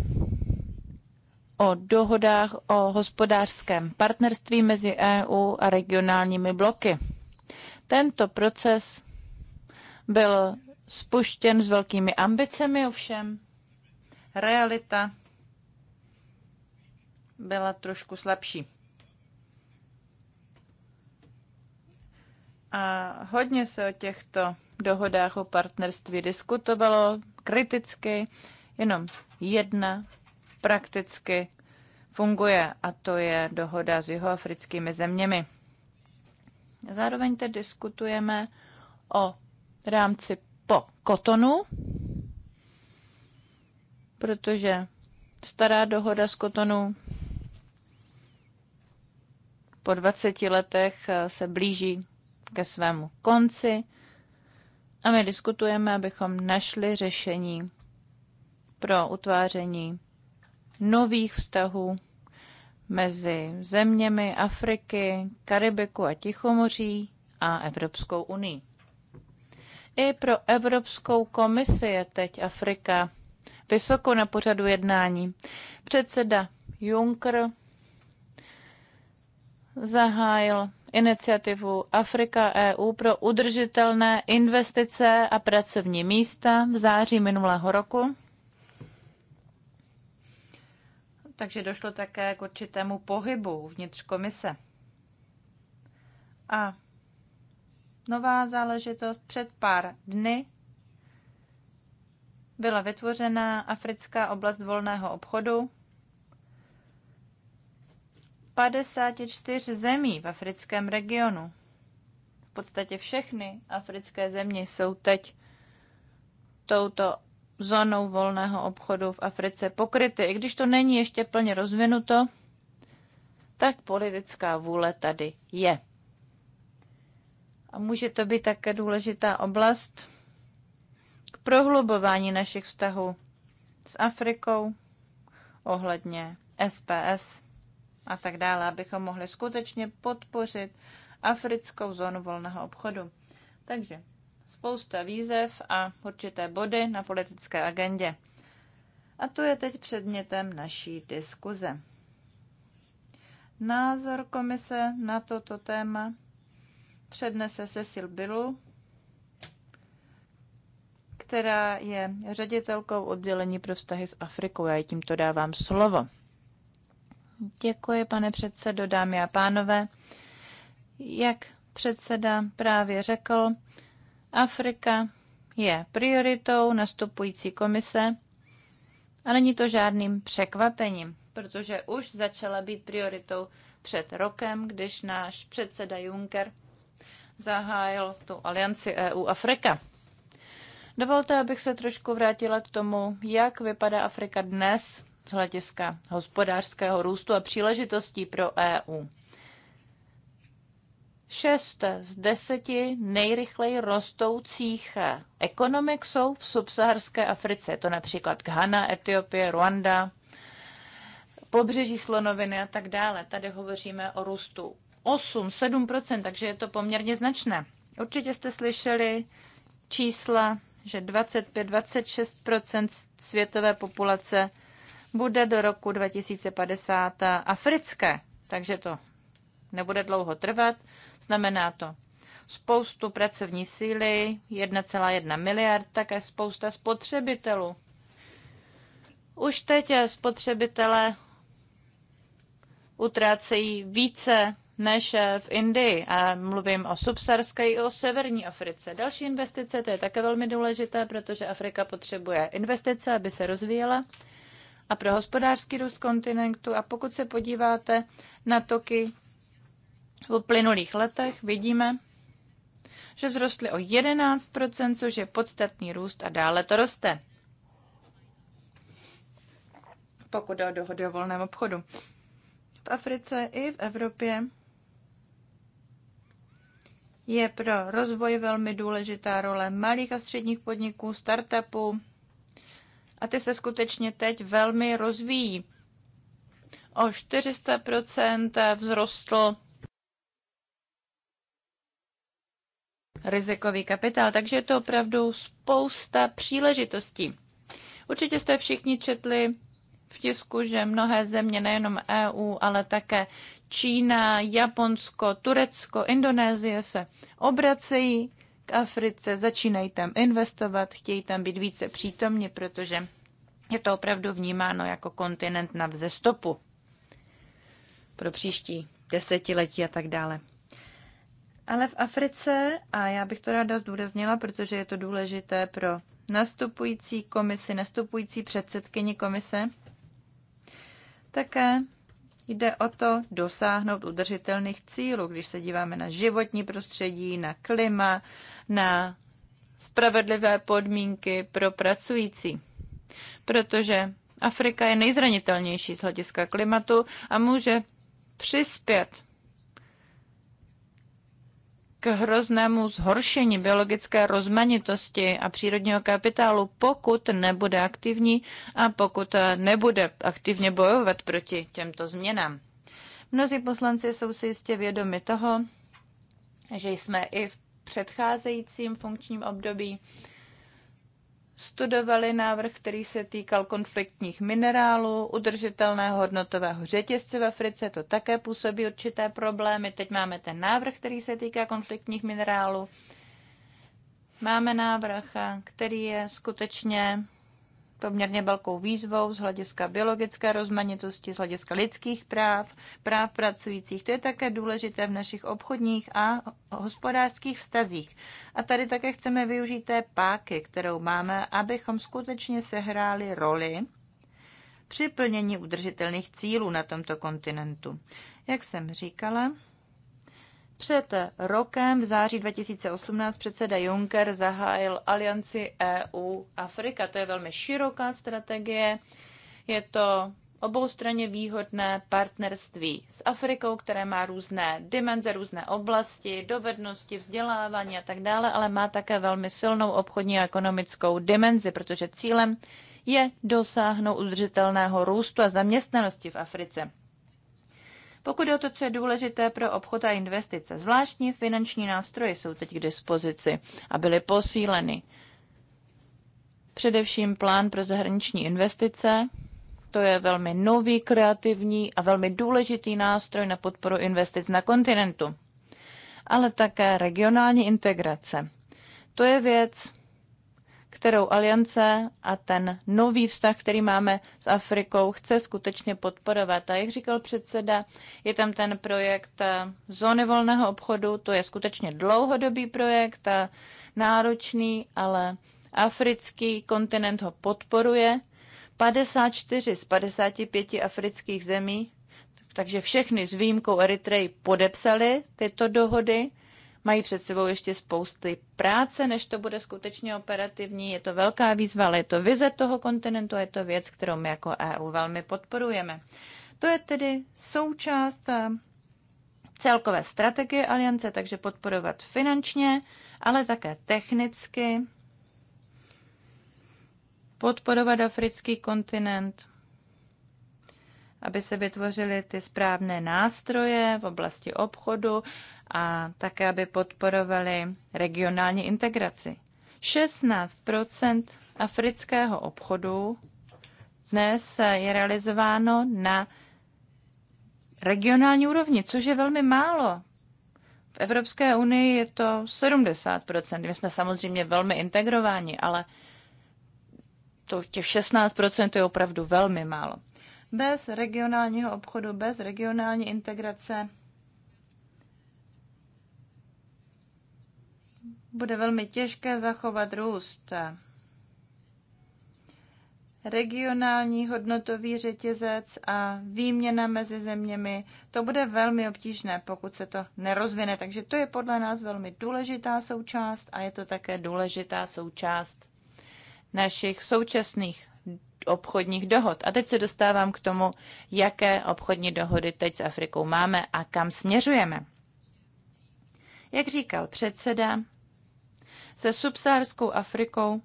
o dohodách o hospodářském partnerství mezi EU a regionálními bloky. Tento proces byl spuštěn s velkými ambicemi, ovšem realita byla trošku slabší. A hodně se o těchto dohodách o partnerství diskutovalo kriticky, jenom jedna prakticky funguje a to je dohoda s jihoafrickými zeměmi. Zároveň teď diskutujeme o rámci po kotonu, protože stará dohoda z kotonu po 20 letech se blíží ke svému konci a my diskutujeme, abychom našli řešení pro utváření nových vztahů mezi zeměmi Afriky, Karibiku a Tichomoří a Evropskou unii. I pro Evropskou komisi je teď Afrika vysoko na pořadu jednání. Předseda Juncker zahájil iniciativu Afrika EU pro udržitelné investice a pracovní místa v září minulého roku. Takže došlo také k určitému pohybu vnitř komise. A nová záležitost před pár dny byla vytvořena Africká oblast volného obchodu, 54 zemí v africkém regionu. V podstatě všechny africké země jsou teď touto zónou volného obchodu v Africe pokryty. I když to není ještě plně rozvinuto, tak politická vůle tady je. A může to být také důležitá oblast k prohlubování našich vztahů s Afrikou ohledně SPS a tak dále, abychom mohli skutečně podpořit africkou zónu volného obchodu. Takže spousta výzev a určité body na politické agendě. A to je teď předmětem naší diskuze. Názor komise na toto téma přednese Cecil Bilu, která je ředitelkou oddělení pro vztahy s Afrikou. Já jí tímto dávám slovo. Děkuji, pane předsedo, dámy a pánové. Jak předseda právě řekl, Afrika je prioritou nastupující komise a není to žádným překvapením, protože už začala být prioritou před rokem, když náš předseda Juncker zahájil tu alianci EU-Afrika. Dovolte, abych se trošku vrátila k tomu, jak vypadá Afrika dnes z hlediska hospodářského růstu a příležitostí pro EU. Šest z deseti nejrychleji rostoucích ekonomik jsou v subsaharské Africe. Je to například Ghana, Etiopie, Ruanda, pobřeží slonoviny a tak dále. Tady hovoříme o růstu 8-7%, takže je to poměrně značné. Určitě jste slyšeli čísla, že 25-26% světové populace bude do roku 2050 africké, takže to nebude dlouho trvat. Znamená to spoustu pracovní síly, 1,1 miliard, také spousta spotřebitelů. Už teď spotřebitelé utrácejí více než v Indii. A mluvím o subsarské i o severní Africe. Další investice, to je také velmi důležité, protože Afrika potřebuje investice, aby se rozvíjela a pro hospodářský růst kontinentu. A pokud se podíváte na toky v uplynulých letech, vidíme, že vzrostly o 11%, což je podstatný růst a dále to roste. Pokud o dohody o volném obchodu. V Africe i v Evropě je pro rozvoj velmi důležitá role malých a středních podniků, startupů, a ty se skutečně teď velmi rozvíjí. O 400% vzrostl rizikový kapitál, takže je to opravdu spousta příležitostí. Určitě jste všichni četli v tisku, že mnohé země, nejenom EU, ale také Čína, Japonsko, Turecko, Indonésie se obracejí k Africe, začínají tam investovat, chtějí tam být více přítomně, protože je to opravdu vnímáno jako kontinent na vzestupu pro příští desetiletí a tak dále. Ale v Africe, a já bych to ráda zdůraznila, protože je to důležité pro nastupující komisi, nastupující předsedkyni komise, také Jde o to dosáhnout udržitelných cílů, když se díváme na životní prostředí, na klima, na spravedlivé podmínky pro pracující. Protože Afrika je nejzranitelnější z hlediska klimatu a může přispět hroznému zhoršení biologické rozmanitosti a přírodního kapitálu, pokud nebude aktivní a pokud nebude aktivně bojovat proti těmto změnám. Mnozí poslanci jsou si jistě vědomi toho, že jsme i v předcházejícím funkčním období studovali návrh, který se týkal konfliktních minerálů, udržitelného hodnotového řetězce v Africe, to také působí určité problémy. Teď máme ten návrh, který se týká konfliktních minerálů. Máme návrh, který je skutečně poměrně velkou výzvou z hlediska biologické rozmanitosti, z hlediska lidských práv, práv pracujících. To je také důležité v našich obchodních a hospodářských vztazích. A tady také chceme využít té páky, kterou máme, abychom skutečně sehráli roli při plnění udržitelných cílů na tomto kontinentu. Jak jsem říkala, před rokem v září 2018 předseda Juncker zahájil alianci EU Afrika. To je velmi široká strategie. Je to oboustranně výhodné partnerství s Afrikou, které má různé dimenze, různé oblasti, dovednosti, vzdělávání a tak dále, ale má také velmi silnou obchodní a ekonomickou dimenzi, protože cílem je dosáhnout udržitelného růstu a zaměstnanosti v Africe. Pokud je o to, co je důležité pro obchod a investice, zvláštní finanční nástroje jsou teď k dispozici a byly posíleny. Především plán pro zahraniční investice, to je velmi nový, kreativní a velmi důležitý nástroj na podporu investic na kontinentu. Ale také regionální integrace. To je věc, kterou aliance a ten nový vztah, který máme s Afrikou, chce skutečně podporovat. A jak říkal předseda, je tam ten projekt eh, zóny volného obchodu, to je skutečně dlouhodobý projekt a náročný, ale africký kontinent ho podporuje. 54 z 55 afrických zemí, takže všechny s výjimkou Eritreji podepsali tyto dohody mají před sebou ještě spousty práce, než to bude skutečně operativní. Je to velká výzva, ale je to vize toho kontinentu a je to věc, kterou my jako EU velmi podporujeme. To je tedy součást eh, celkové strategie aliance, takže podporovat finančně, ale také technicky, podporovat africký kontinent, aby se vytvořily ty správné nástroje v oblasti obchodu a také, aby podporovali regionální integraci. 16 afrického obchodu dnes je realizováno na regionální úrovni, což je velmi málo. V Evropské unii je to 70%. My jsme samozřejmě velmi integrováni, ale to těch 16% je opravdu velmi málo. Bez regionálního obchodu, bez regionální integrace bude velmi těžké zachovat růst. Regionální hodnotový řetězec a výměna mezi zeměmi, to bude velmi obtížné, pokud se to nerozvine. Takže to je podle nás velmi důležitá součást a je to také důležitá součást našich současných obchodních dohod. A teď se dostávám k tomu, jaké obchodní dohody teď s Afrikou máme a kam směřujeme. Jak říkal předseda, se subsaharskou Afrikou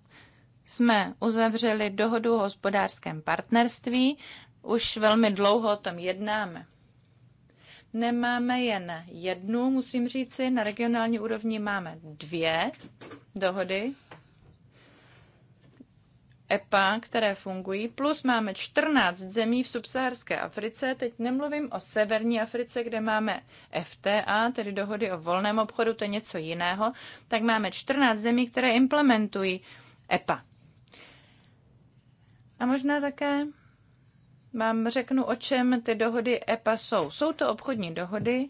jsme uzavřeli dohodu o hospodářském partnerství. Už velmi dlouho o tom jednáme. Nemáme jen jednu, musím říci, na regionální úrovni máme dvě dohody EPA, které fungují, plus máme 14 zemí v subsaharské Africe, teď nemluvím o severní Africe, kde máme FTA, tedy dohody o volném obchodu, to je něco jiného, tak máme 14 zemí, které implementují EPA. A možná také vám řeknu, o čem ty dohody EPA jsou. Jsou to obchodní dohody,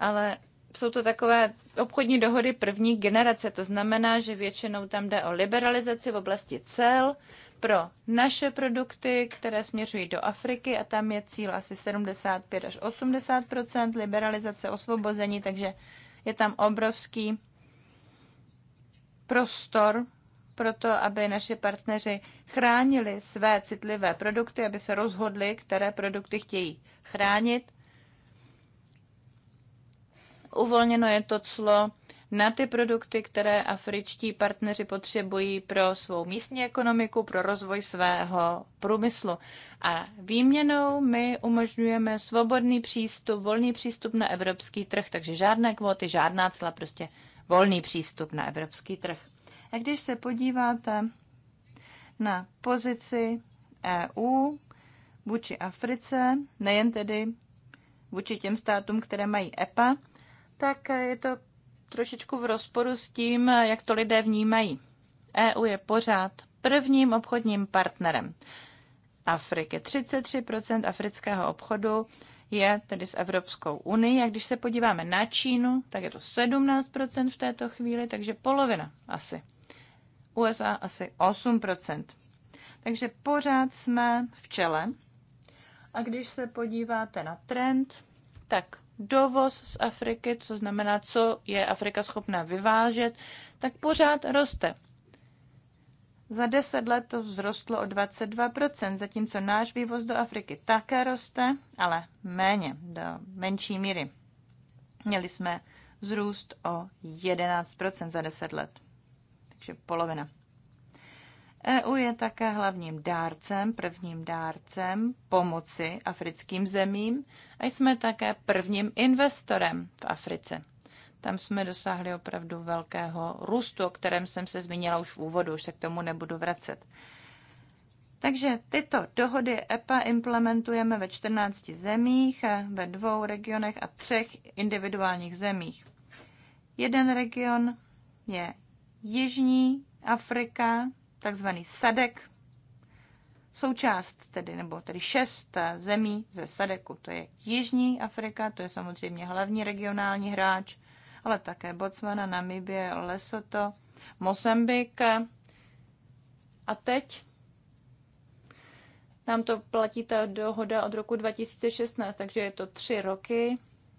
ale jsou to takové obchodní dohody první generace. To znamená, že většinou tam jde o liberalizaci v oblasti cel pro naše produkty, které směřují do Afriky a tam je cíl asi 75 až 80 liberalizace, osvobození, takže je tam obrovský prostor pro to, aby naši partneři chránili své citlivé produkty, aby se rozhodli, které produkty chtějí chránit Uvolněno je to clo na ty produkty, které afričtí partneři potřebují pro svou místní ekonomiku, pro rozvoj svého průmyslu. A výměnou my umožňujeme svobodný přístup, volný přístup na evropský trh, takže žádné kvóty, žádná cla, prostě volný přístup na evropský trh. A když se podíváte na pozici EU vůči Africe, nejen tedy vůči těm státům, které mají EPA, tak je to trošičku v rozporu s tím, jak to lidé vnímají. EU je pořád prvním obchodním partnerem Afriky. 33% afrického obchodu je tedy s Evropskou unii. A když se podíváme na Čínu, tak je to 17% v této chvíli, takže polovina asi. USA asi 8%. Takže pořád jsme v čele. A když se podíváte na trend, tak dovoz z Afriky, co znamená, co je Afrika schopná vyvážet, tak pořád roste. Za deset let to vzrostlo o 22%, zatímco náš vývoz do Afriky také roste, ale méně, do menší míry. Měli jsme vzrůst o 11% za 10 let, takže polovina. EU je také hlavním dárcem, prvním dárcem pomoci africkým zemím a jsme také prvním investorem v Africe. Tam jsme dosáhli opravdu velkého růstu, o kterém jsem se zmínila už v úvodu, už se k tomu nebudu vracet. Takže tyto dohody EPA implementujeme ve 14 zemích, ve dvou regionech a třech individuálních zemích. Jeden region je Jižní Afrika, takzvaný sadek, součást tedy, nebo tedy šest zemí ze sadeku. To je Jižní Afrika, to je samozřejmě hlavní regionální hráč, ale také Botswana, Namibie, Lesoto, Mosambik. A teď nám to platí ta dohoda od roku 2016, takže je to tři roky.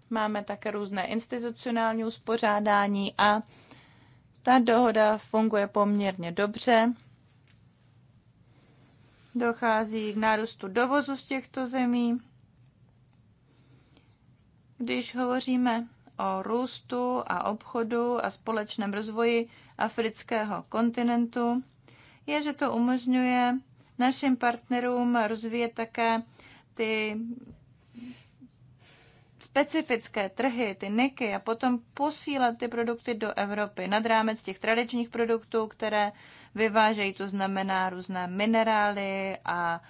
Máme také různé institucionální uspořádání a ta dohoda funguje poměrně dobře dochází k nárůstu dovozu z těchto zemí. Když hovoříme o růstu a obchodu a společném rozvoji afrického kontinentu, je, že to umožňuje našim partnerům rozvíjet také ty specifické trhy, ty niky a potom posílat ty produkty do Evropy nad rámec těch tradičních produktů, které vyvážejí, to znamená různé minerály a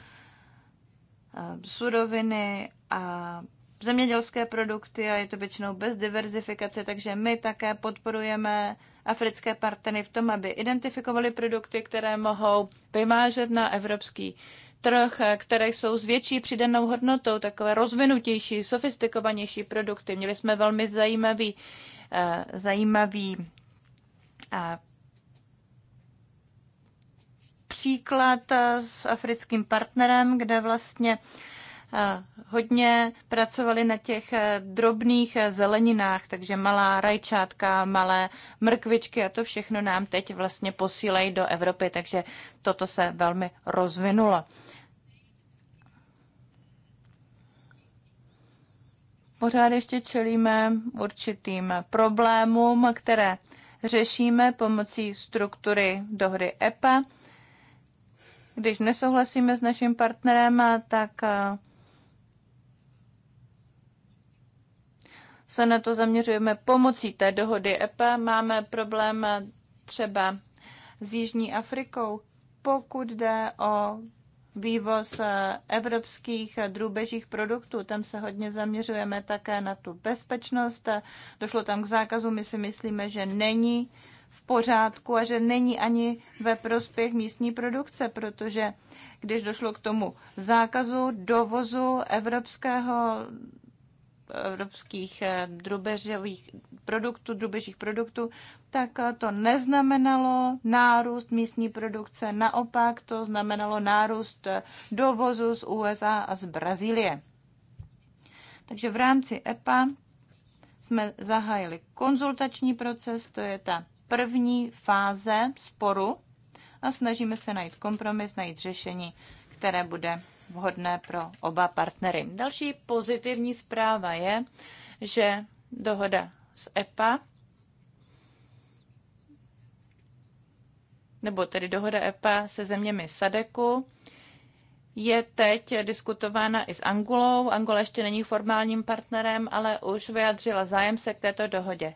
suroviny a zemědělské produkty a je to většinou bez diverzifikace, takže my také podporujeme africké partnery v tom, aby identifikovali produkty, které mohou vymážet na evropský trh, které jsou s větší přidanou hodnotou, takové rozvinutější, sofistikovanější produkty. Měli jsme velmi zajímavý, eh, zajímavý eh, příklad eh, s africkým partnerem, kde vlastně eh, hodně pracovali na těch eh, drobných zeleninách, takže malá rajčátka, malé mrkvičky a to všechno nám teď vlastně posílají do Evropy, takže toto se velmi rozvinulo. Pořád ještě čelíme určitým problémům, které řešíme pomocí struktury dohry EPA když nesouhlasíme s naším partnerem, tak eh, se na to zaměřujeme pomocí té dohody EPA. Máme problém eh, třeba s Jižní Afrikou, pokud jde o vývoz eh, evropských drůbežích produktů. Tam se hodně zaměřujeme také na tu bezpečnost. Došlo tam k zákazu, my si myslíme, že není v pořádku a že není ani ve prospěch místní produkce, protože když došlo k tomu zákazu dovozu evropského evropských eh, drubeřových produktů, drubeřích produktů, tak eh, to neznamenalo nárůst místní produkce, naopak to znamenalo nárůst eh, dovozu z USA a z Brazílie. Takže v rámci EPA jsme zahájili konzultační proces, to je ta první fáze sporu a snažíme se najít kompromis, najít řešení, které bude vhodné pro oba partnery. Další pozitivní zpráva je, že dohoda s EPA, nebo tedy dohoda EPA se zeměmi Sadeku, je teď diskutována i s Angulou. Angola ještě není formálním partnerem, ale už vyjadřila zájem se k této dohodě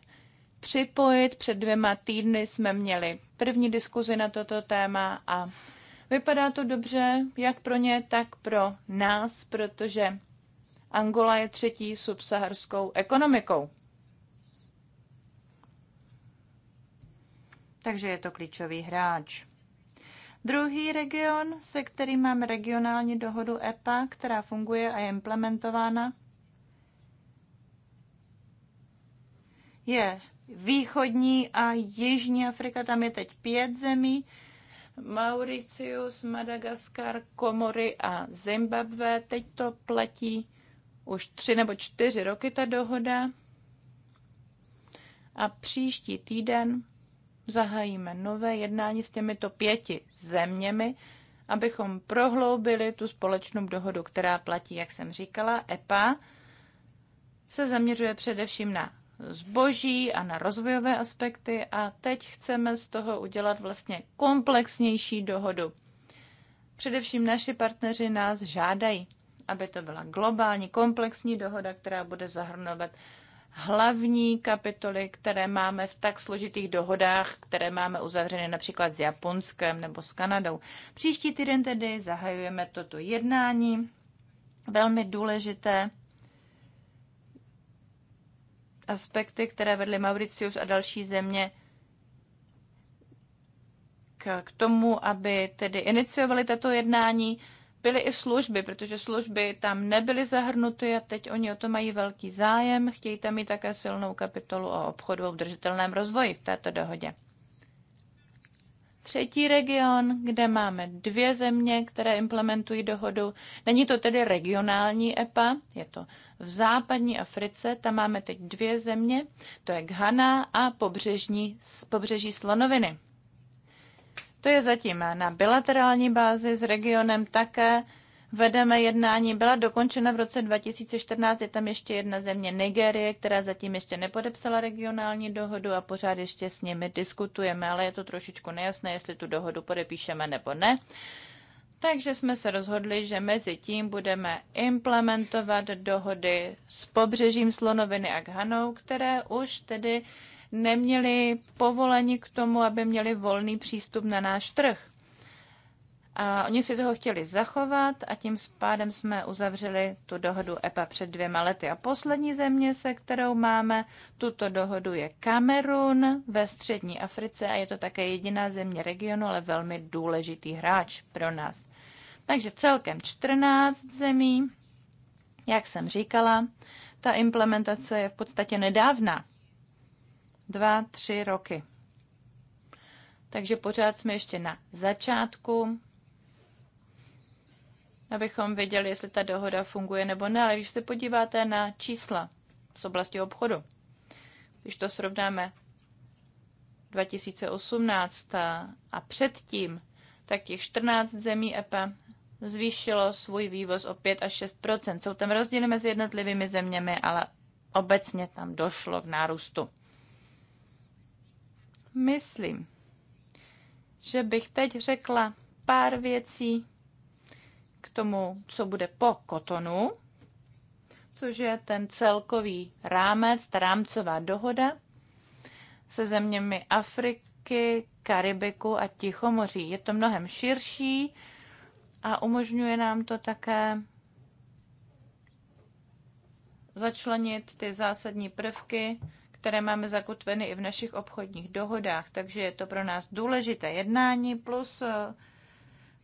připojit. Před dvěma týdny jsme měli první diskuzi na toto téma a vypadá to dobře jak pro ně, tak pro nás, protože Angola je třetí subsaharskou ekonomikou. Takže je to klíčový hráč. Druhý region, se kterým mám regionální dohodu EPA, která funguje a je implementována, je východní a jižní Afrika, tam je teď pět zemí. Mauricius, Madagaskar, Komory a Zimbabwe. Teď to platí už tři nebo čtyři roky ta dohoda. A příští týden zahájíme nové jednání s těmito pěti zeměmi, abychom prohloubili tu společnou dohodu, která platí, jak jsem říkala, EPA se zaměřuje především na zboží a na rozvojové aspekty a teď chceme z toho udělat vlastně komplexnější dohodu. Především naši partneři nás žádají, aby to byla globální komplexní dohoda, která bude zahrnovat hlavní kapitoly, které máme v tak složitých dohodách, které máme uzavřeny například s Japonskem nebo s Kanadou. Příští týden tedy zahajujeme toto jednání, velmi důležité aspekty, které vedly Mauricius a další země k, k tomu, aby tedy iniciovali tato jednání, byly i služby, protože služby tam nebyly zahrnuty a teď oni o to mají velký zájem. Chtějí tam mít také silnou kapitolu o obchodu a udržitelném rozvoji v této dohodě. Třetí region, kde máme dvě země, které implementují dohodu, není to tedy regionální EPA, je to v západní Africe tam máme teď dvě země, to je Ghana a pobřežní, pobřeží slonoviny. To je zatím na bilaterální bázi s regionem také. Vedeme jednání, byla dokončena v roce 2014, je tam ještě jedna země Nigérie, která zatím ještě nepodepsala regionální dohodu a pořád ještě s nimi diskutujeme, ale je to trošičku nejasné, jestli tu dohodu podepíšeme nebo ne. Takže jsme se rozhodli, že mezi tím budeme implementovat dohody s pobřežím Slonoviny a Ghanou, které už tedy neměli povolení k tomu, aby měli volný přístup na náš trh. A oni si toho chtěli zachovat a tím pádem jsme uzavřeli tu dohodu EPA před dvěma lety. A poslední země, se kterou máme tuto dohodu, je Kamerun ve střední Africe a je to také jediná země regionu, ale velmi důležitý hráč pro nás. Takže celkem 14 zemí, jak jsem říkala, ta implementace je v podstatě nedávna, Dva, tři roky. Takže pořád jsme ještě na začátku, abychom věděli, jestli ta dohoda funguje nebo ne. Ale když se podíváte na čísla z oblasti obchodu, když to srovnáme 2018 a předtím, tak těch 14 zemí EPA zvýšilo svůj vývoz o 5 až 6 Jsou tam rozdíly mezi jednotlivými zeměmi, ale obecně tam došlo k nárůstu. Myslím, že bych teď řekla pár věcí k tomu, co bude po kotonu, což je ten celkový rámec, ta rámcová dohoda se zeměmi Afriky, Karibiku a Tichomoří. Je to mnohem širší a umožňuje nám to také začlenit ty zásadní prvky, které máme zakotveny i v našich obchodních dohodách. Takže je to pro nás důležité jednání, plus eh,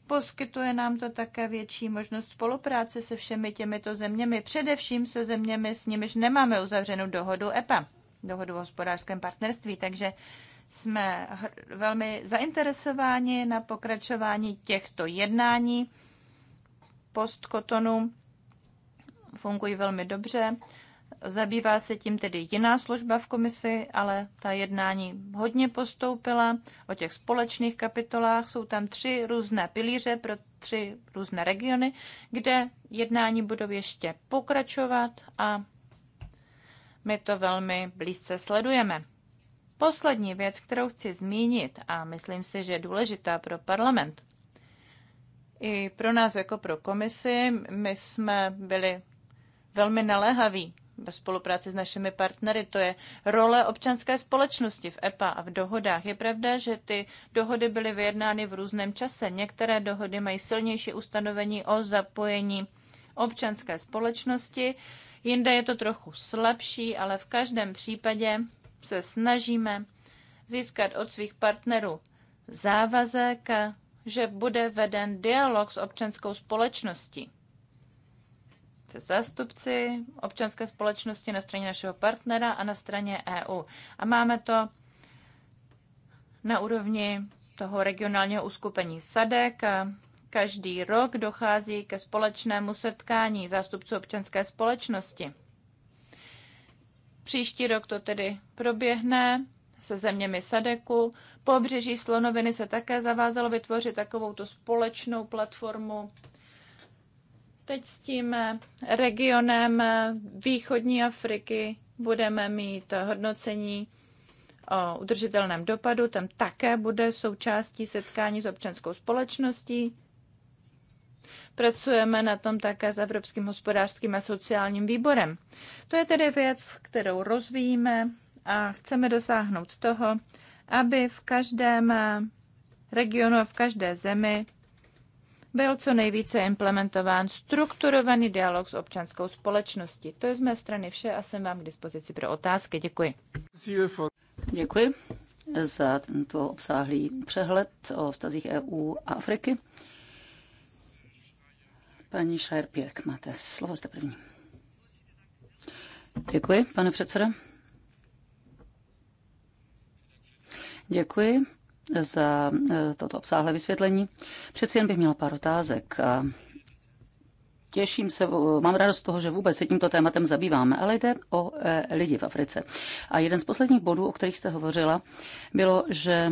poskytuje nám to také větší možnost spolupráce se všemi těmito zeměmi, především se zeměmi, s nimiž nemáme uzavřenou dohodu EPA, dohodu o hospodářském partnerství. Takže jsme velmi zainteresováni na pokračování těchto jednání. Postkotonu fungují velmi dobře. Zabývá se tím tedy jiná služba v komisi, ale ta jednání hodně postoupila. O těch společných kapitolách jsou tam tři různé pilíře pro tři různé regiony, kde jednání budou ještě pokračovat a my to velmi blízce sledujeme. Poslední věc, kterou chci zmínit a myslím si, že je důležitá pro parlament, i pro nás jako pro komisi, my jsme byli velmi naléhaví ve spolupráci s našimi partnery, to je role občanské společnosti v EPA a v dohodách. Je pravda, že ty dohody byly vyjednány v různém čase. Některé dohody mají silnější ustanovení o zapojení občanské společnosti, jinde je to trochu slabší, ale v každém případě se snažíme získat od svých partnerů závazek, že bude veden dialog s občanskou společností. Se zástupci občanské společnosti na straně našeho partnera a na straně EU. A máme to na úrovni toho regionálního uskupení SADEK. Každý rok dochází ke společnému setkání zástupců občanské společnosti. Příští rok to tedy proběhne se zeměmi Sadeku. Pobřeží Slonoviny se také zavázalo vytvořit takovou tu společnou platformu. Teď s tím regionem východní Afriky budeme mít hodnocení o udržitelném dopadu. Tam také bude součástí setkání s občanskou společností. Pracujeme na tom také s Evropským hospodářským a sociálním výborem. To je tedy věc, kterou rozvíjíme a chceme dosáhnout toho, aby v každém regionu a v každé zemi byl co nejvíce implementován strukturovaný dialog s občanskou společností. To je z mé strany vše a jsem vám k dispozici pro otázky. Děkuji. Děkuji za tento obsáhlý přehled o vztazích EU a Afriky. Paní šajer máte slovo, jste první. Děkuji, pane předsedo. Děkuji za e, toto obsáhlé vysvětlení. Přeci jen bych měla pár otázek. A těším se, mám radost z toho, že vůbec se tímto tématem zabýváme, ale jde o e, lidi v Africe. A jeden z posledních bodů, o kterých jste hovořila, bylo, že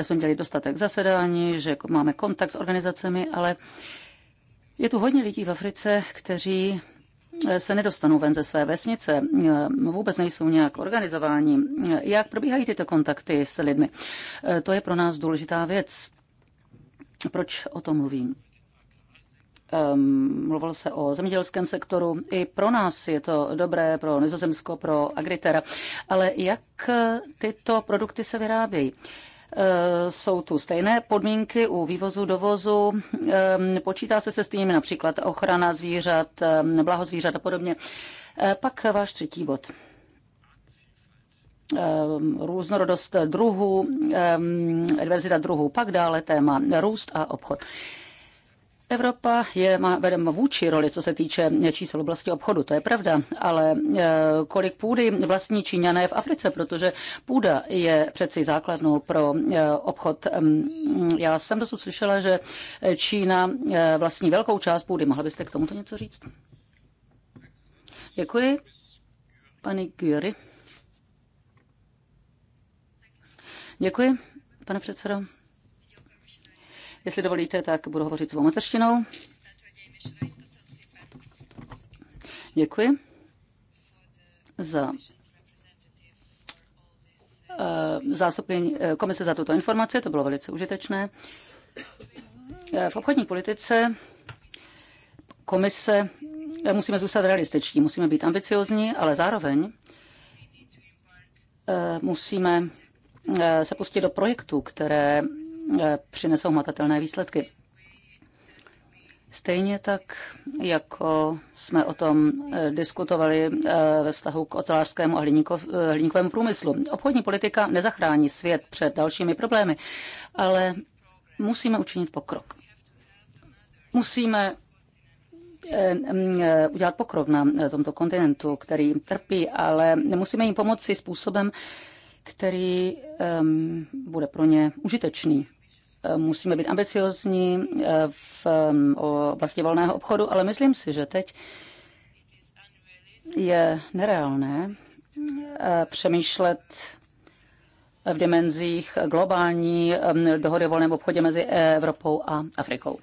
jsme měli dostatek zasedání, že máme kontakt s organizacemi, ale je tu hodně lidí v Africe, kteří eh, se nedostanou ven ze své vesnice, eh, vůbec nejsou nějak organizováni. Eh, jak probíhají tyto kontakty s lidmi? To je pro nás důležitá věc. Proč o tom mluvím? Ehm, mluvil se o zemědělském sektoru. I pro nás je to dobré, pro Nizozemsko, pro Agritera. Ale jak tyto produkty se vyrábějí? Eh, jsou tu stejné podmínky u vývozu, dovozu. Eh, počítá se se stejnými například ochrana zvířat, eh, blaho zvířat a podobně. Pak váš třetí bod různorodost druhů, diverzita druhů, pak dále téma růst a obchod. Evropa je má vedem vůči roli, co se týče čísel oblasti obchodu, to je pravda, ale eh, kolik půdy vlastní Číňané v Africe, protože půda je přeci základnou pro eh, obchod. Já jsem dosud slyšela, že Čína eh, vlastní velkou část půdy. Mohla byste k tomuto něco říct? Děkuji. Pani Gyuri. Děkuji, pane předsedo. Jestli dovolíte, tak budu hovořit svou mateřštinou. Děkuji za eh, zásobení eh, komise za tuto informaci, to bylo velice užitečné. Eh, v obchodní politice komise musíme zůstat realističtí, musíme být ambiciozní, ale zároveň musíme se pustit do projektů, které E, přinesou matatelné výsledky. Stejně tak, jako jsme o tom e, diskutovali e, ve vztahu k ocelářskému a hliníkovému průmyslu. Obchodní politika nezachrání svět před dalšími problémy, ale musíme učinit pokrok. Musíme udělat pokrok na tomto kontinentu, který trpí, ale musíme jim pomoci způsobem, který bude pro ně užitečný musíme být ambiciozní eh, v eh, oblasti volného obchodu, ale myslím si, že teď je nereálné eh, přemýšlet v dimenzích globální dohody o volném obchodě mezi Evropou a Afrikou.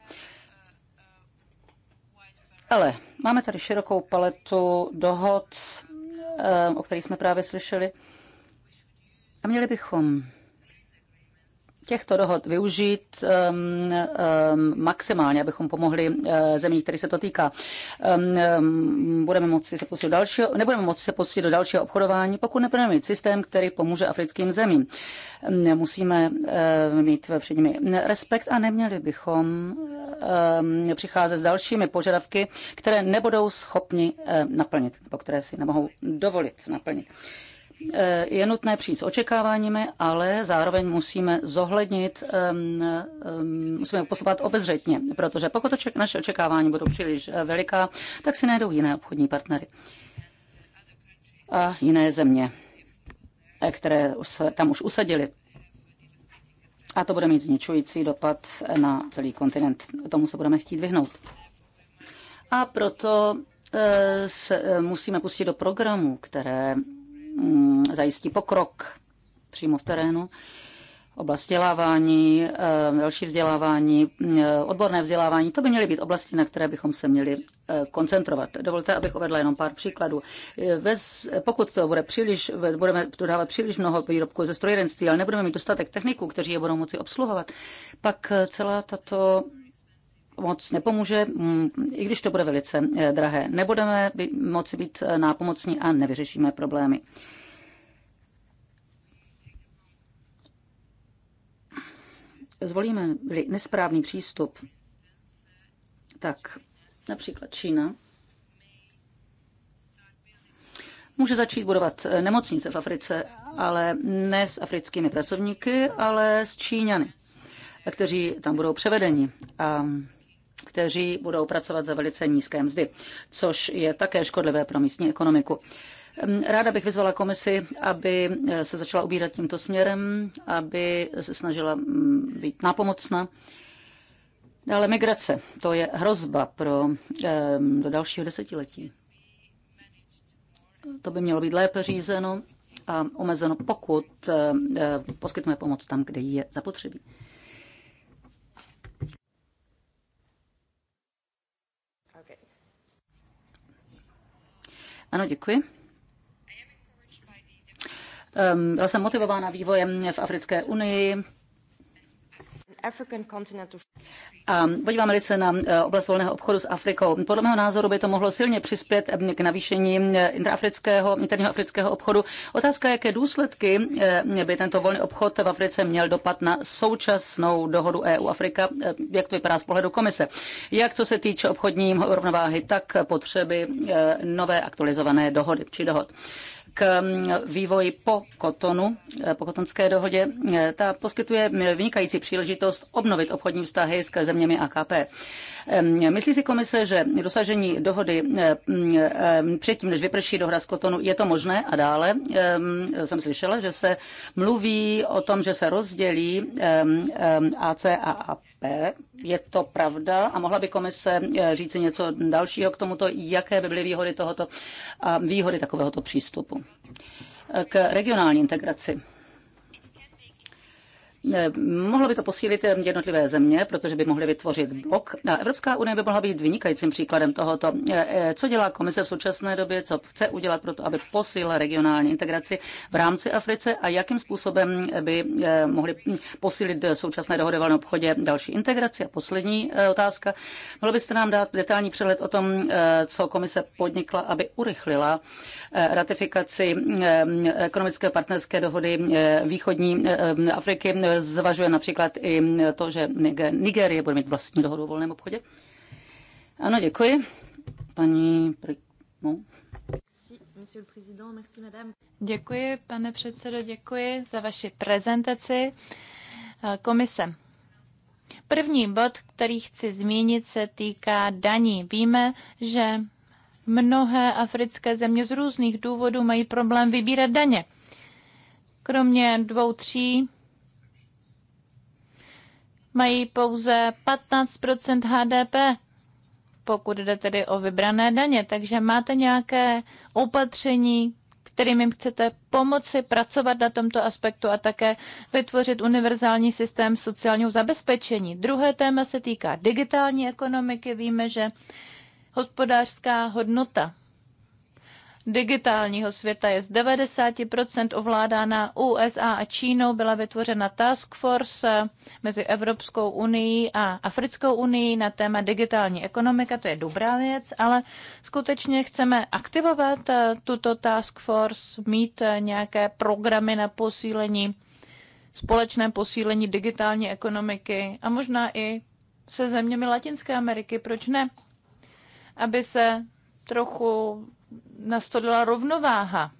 Ale máme tady širokou paletu dohod, o kterých jsme právě slyšeli, a měli bychom těchto dohod využít um, um, maximálně, abychom pomohli uh, zemí, který se to týká. Um, um, budeme moci se pustit do dalšího, nebudeme moci se pustit do dalšího obchodování, pokud nebudeme mít systém, který pomůže africkým zemím. Um, musíme uh, mít před nimi respekt a neměli bychom um, přicházet s dalšími požadavky, které nebudou schopni uh, naplnit, nebo které si nemohou dovolit naplnit. Uh, je nutné přijít s očekáváními, ale zároveň musíme zohlednit, musíme postupovat obezřetně, protože pokud naše očekávání budou příliš eh, veliká, tak si najdou jiné obchodní partnery a jiné země, eh, které se tam už usadili. A to bude mít zničující dopad na celý kontinent. Tomu se budeme chtít vyhnout. A proto eh, se musíme pustit do programu, které Mm, zajistí pokrok přímo v terénu oblast vzdělávání, eh, další vzdělávání, eh, odborné vzdělávání, to by měly být oblasti, na které bychom se měli eh, koncentrovat. Dovolte, abych uvedla jenom pár příkladů. Vez, pokud to bude příliš, budeme dodávat příliš mnoho výrobků ze strojírenství, ale nebudeme mít dostatek techniků, kteří je budou moci obsluhovat, pak celá tato moc nepomůže, mm, i když to bude velice eh, drahé. Nebudeme moci být eh, nápomocní a nevyřešíme problémy. Zvolíme nesprávný přístup, tak například Čína může začít budovat eh, nemocnice v Africe, ale ne s africkými pracovníky, ale s Číňany, kteří tam budou převedeni. A kteří budou pracovat za velice nízké mzdy, což je také škodlivé pro místní ekonomiku. Ráda bych vyzvala komisi, aby eh, se začala ubírat tímto směrem, aby se snažila mm, být nápomocna. Dále migrace, to je hrozba pro do dalšího desetiletí. To by mělo být lépe řízeno a omezeno, pokud eh, eh, poskytneme pomoc tam, kde ji je zapotřebí. Ano, děkuji. Byla jsem motivována vývojem v Africké unii a podíváme-li se na eh, oblast volného obchodu s Afrikou, podle mého názoru by to mohlo silně přispět eh, k navýšení eh, interafrického, interního afrického obchodu. Otázka, jaké důsledky by tento volný obchod v Africe měl dopad na současnou dohodu EU-Afrika, jak to vypadá z pohledu komise. Jak co se týče obchodní rovnováhy, tak potřeby nové aktualizované dohody či dohod k mm, vývoji po kotonu, eh, po kotonské dohodě. Eh, ta poskytuje eh, vynikající příležitost obnovit obchodní vztahy s zeměmi AKP. Myslí si komise, že dosažení dohody předtím, než vyprší dohra z Kotonu, je to možné? A dále jsem slyšela, že se mluví o tom, že se rozdělí AC a AP. Je to pravda? A mohla by komise eh, říci něco dalšího k tomuto? Jaké by byly výhody tohoto a výhody takovéhoto přístupu? K regionální integraci. Eh, mohlo by to posílit eh, jednotlivé země, protože by mohly vytvořit blok. A Evropská unie by mohla být vynikajícím příkladem tohoto. Eh, co dělá komise v současné době, co chce udělat pro to, aby posílila regionální integraci v rámci Africe a jakým způsobem by mohly posílit současné dohody v obchodě další integraci. A poslední otázka. Mohlo byste nám dát detailní přehled o tom, co komise podnikla, aby urychlila ratifikaci ekonomické partnerské dohody východní Afriky zvažuje například i to, že Nigerie bude mít vlastní dohodu o volném obchodě. Ano, děkuji. Paní... No. Děkuji, pane předsedo, děkuji za vaši prezentaci eh, komise. První bod, který chci zmínit, se týká daní. Víme, že mnohé africké země z různých důvodů mají problém vybírat daně. Kromě dvou, tří mají pouze 15 HDP, pokud jde tedy o vybrané daně. Takže máte nějaké opatření, kterým jim chcete pomoci pracovat na tomto aspektu a také vytvořit univerzální systém sociálního zabezpečení. Druhé téma se týká digitální ekonomiky. Víme, že hospodářská hodnota digitálního světa je z 90% ovládána USA a Čínou. Byla vytvořena task force eh, mezi Evropskou unii a Africkou unii na téma digitální ekonomika. To je dobrá věc, ale skutečně chceme aktivovat eh, tuto task force, mít eh, nějaké programy na posílení, společné posílení digitální ekonomiky a možná i se zeměmi Latinské Ameriky, proč ne? Aby se trochu nastolila rovnováha.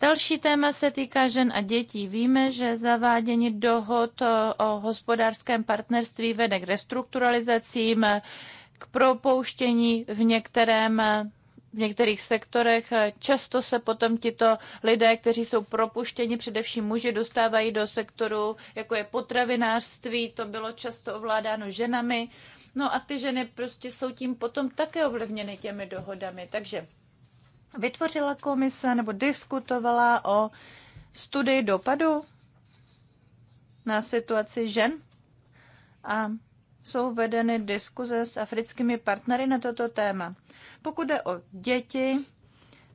Další téma se týká žen a dětí. Víme, že zavádění dohod o hospodářském partnerství vede k restrukturalizacím, k propouštění v některém v některých sektorech. Často se potom tito lidé, kteří jsou propuštěni, především muži, dostávají do sektoru, jako je potravinářství. To bylo často ovládáno ženami No a ty ženy prostě jsou tím potom také ovlivněny těmi dohodami. Takže vytvořila komise nebo diskutovala o studii dopadu na situaci žen a jsou vedeny diskuze s africkými partnery na toto téma. Pokud jde o děti,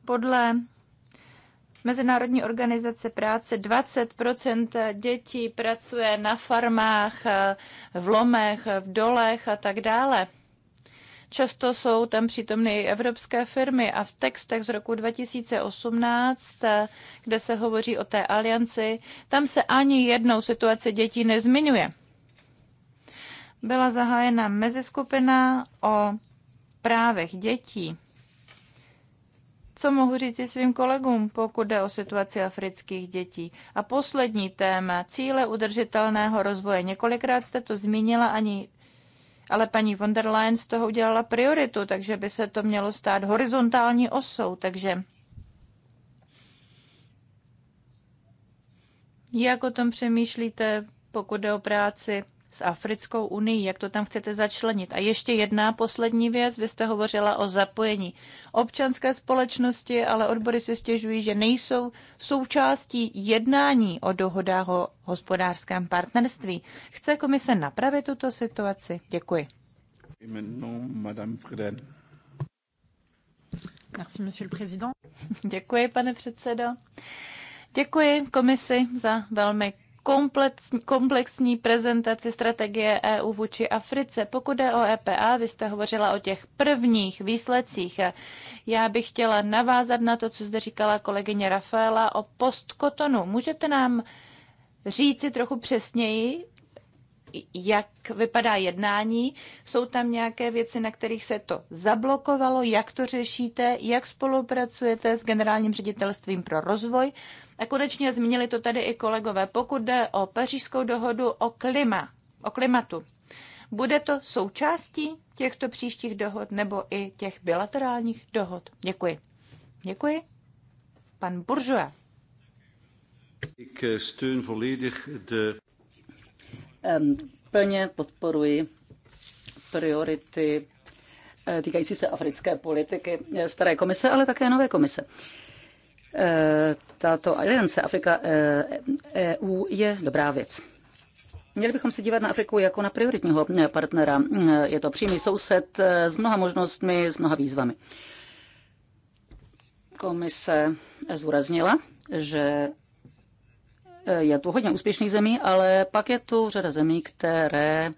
podle Mezinárodní organizace práce 20 dětí pracuje na farmách, v lomech, v dolech a tak dále. Často jsou tam přítomny i evropské firmy a v textech z roku 2018, kde se hovoří o té alianci, tam se ani jednou situace dětí nezmiňuje. Byla zahájena meziskupina o právech dětí co mohu říct i svým kolegům, pokud jde o situaci afrických dětí? A poslední téma, cíle udržitelného rozvoje. Několikrát jste to zmínila, ani, ale paní von der Leyen z toho udělala prioritu, takže by se to mělo stát horizontální osou. Takže jak o tom přemýšlíte, pokud jde o práci s Africkou unii, jak to tam chcete začlenit. A ještě jedna poslední věc, vy jste hovořila o zapojení občanské společnosti, ale odbory se stěžují, že nejsou součástí jednání o dohodách o hospodářském partnerství. Chce komise napravit tuto situaci? Děkuji. Merci, monsieur le président. Děkuji, pane předsedo. Děkuji komisi za velmi komplexní, komplexní prezentaci strategie EU vůči Africe. Pokud jde o EPA, vy jste hovořila o těch prvních výsledcích. Já bych chtěla navázat na to, co zde říkala kolegyně Rafaela o postkotonu. Můžete nám říci trochu přesněji, jak vypadá jednání, jsou tam nějaké věci, na kterých se to zablokovalo, jak to řešíte, jak spolupracujete s generálním ředitelstvím pro rozvoj, a konečně zmínili to tady i kolegové, pokud jde o pařížskou dohodu o, klima, o klimatu. Bude to součástí těchto příštích dohod nebo i těch bilaterálních dohod? Děkuji. Děkuji. Pan Buržuje. Eh, de... Plně podporuji priority eh, týkající se africké politiky eh, staré komise, ale také nové komise tato aliance Afrika EU eh, e je dobrá věc. Měli bychom se dívat na Afriku jako na prioritního partnera. Eh, je to přímý soused eh, s mnoha možnostmi, s mnoha výzvami. Komise zúraznila, že je tu hodně úspěšných zemí, ale pak je tu řada zemí, které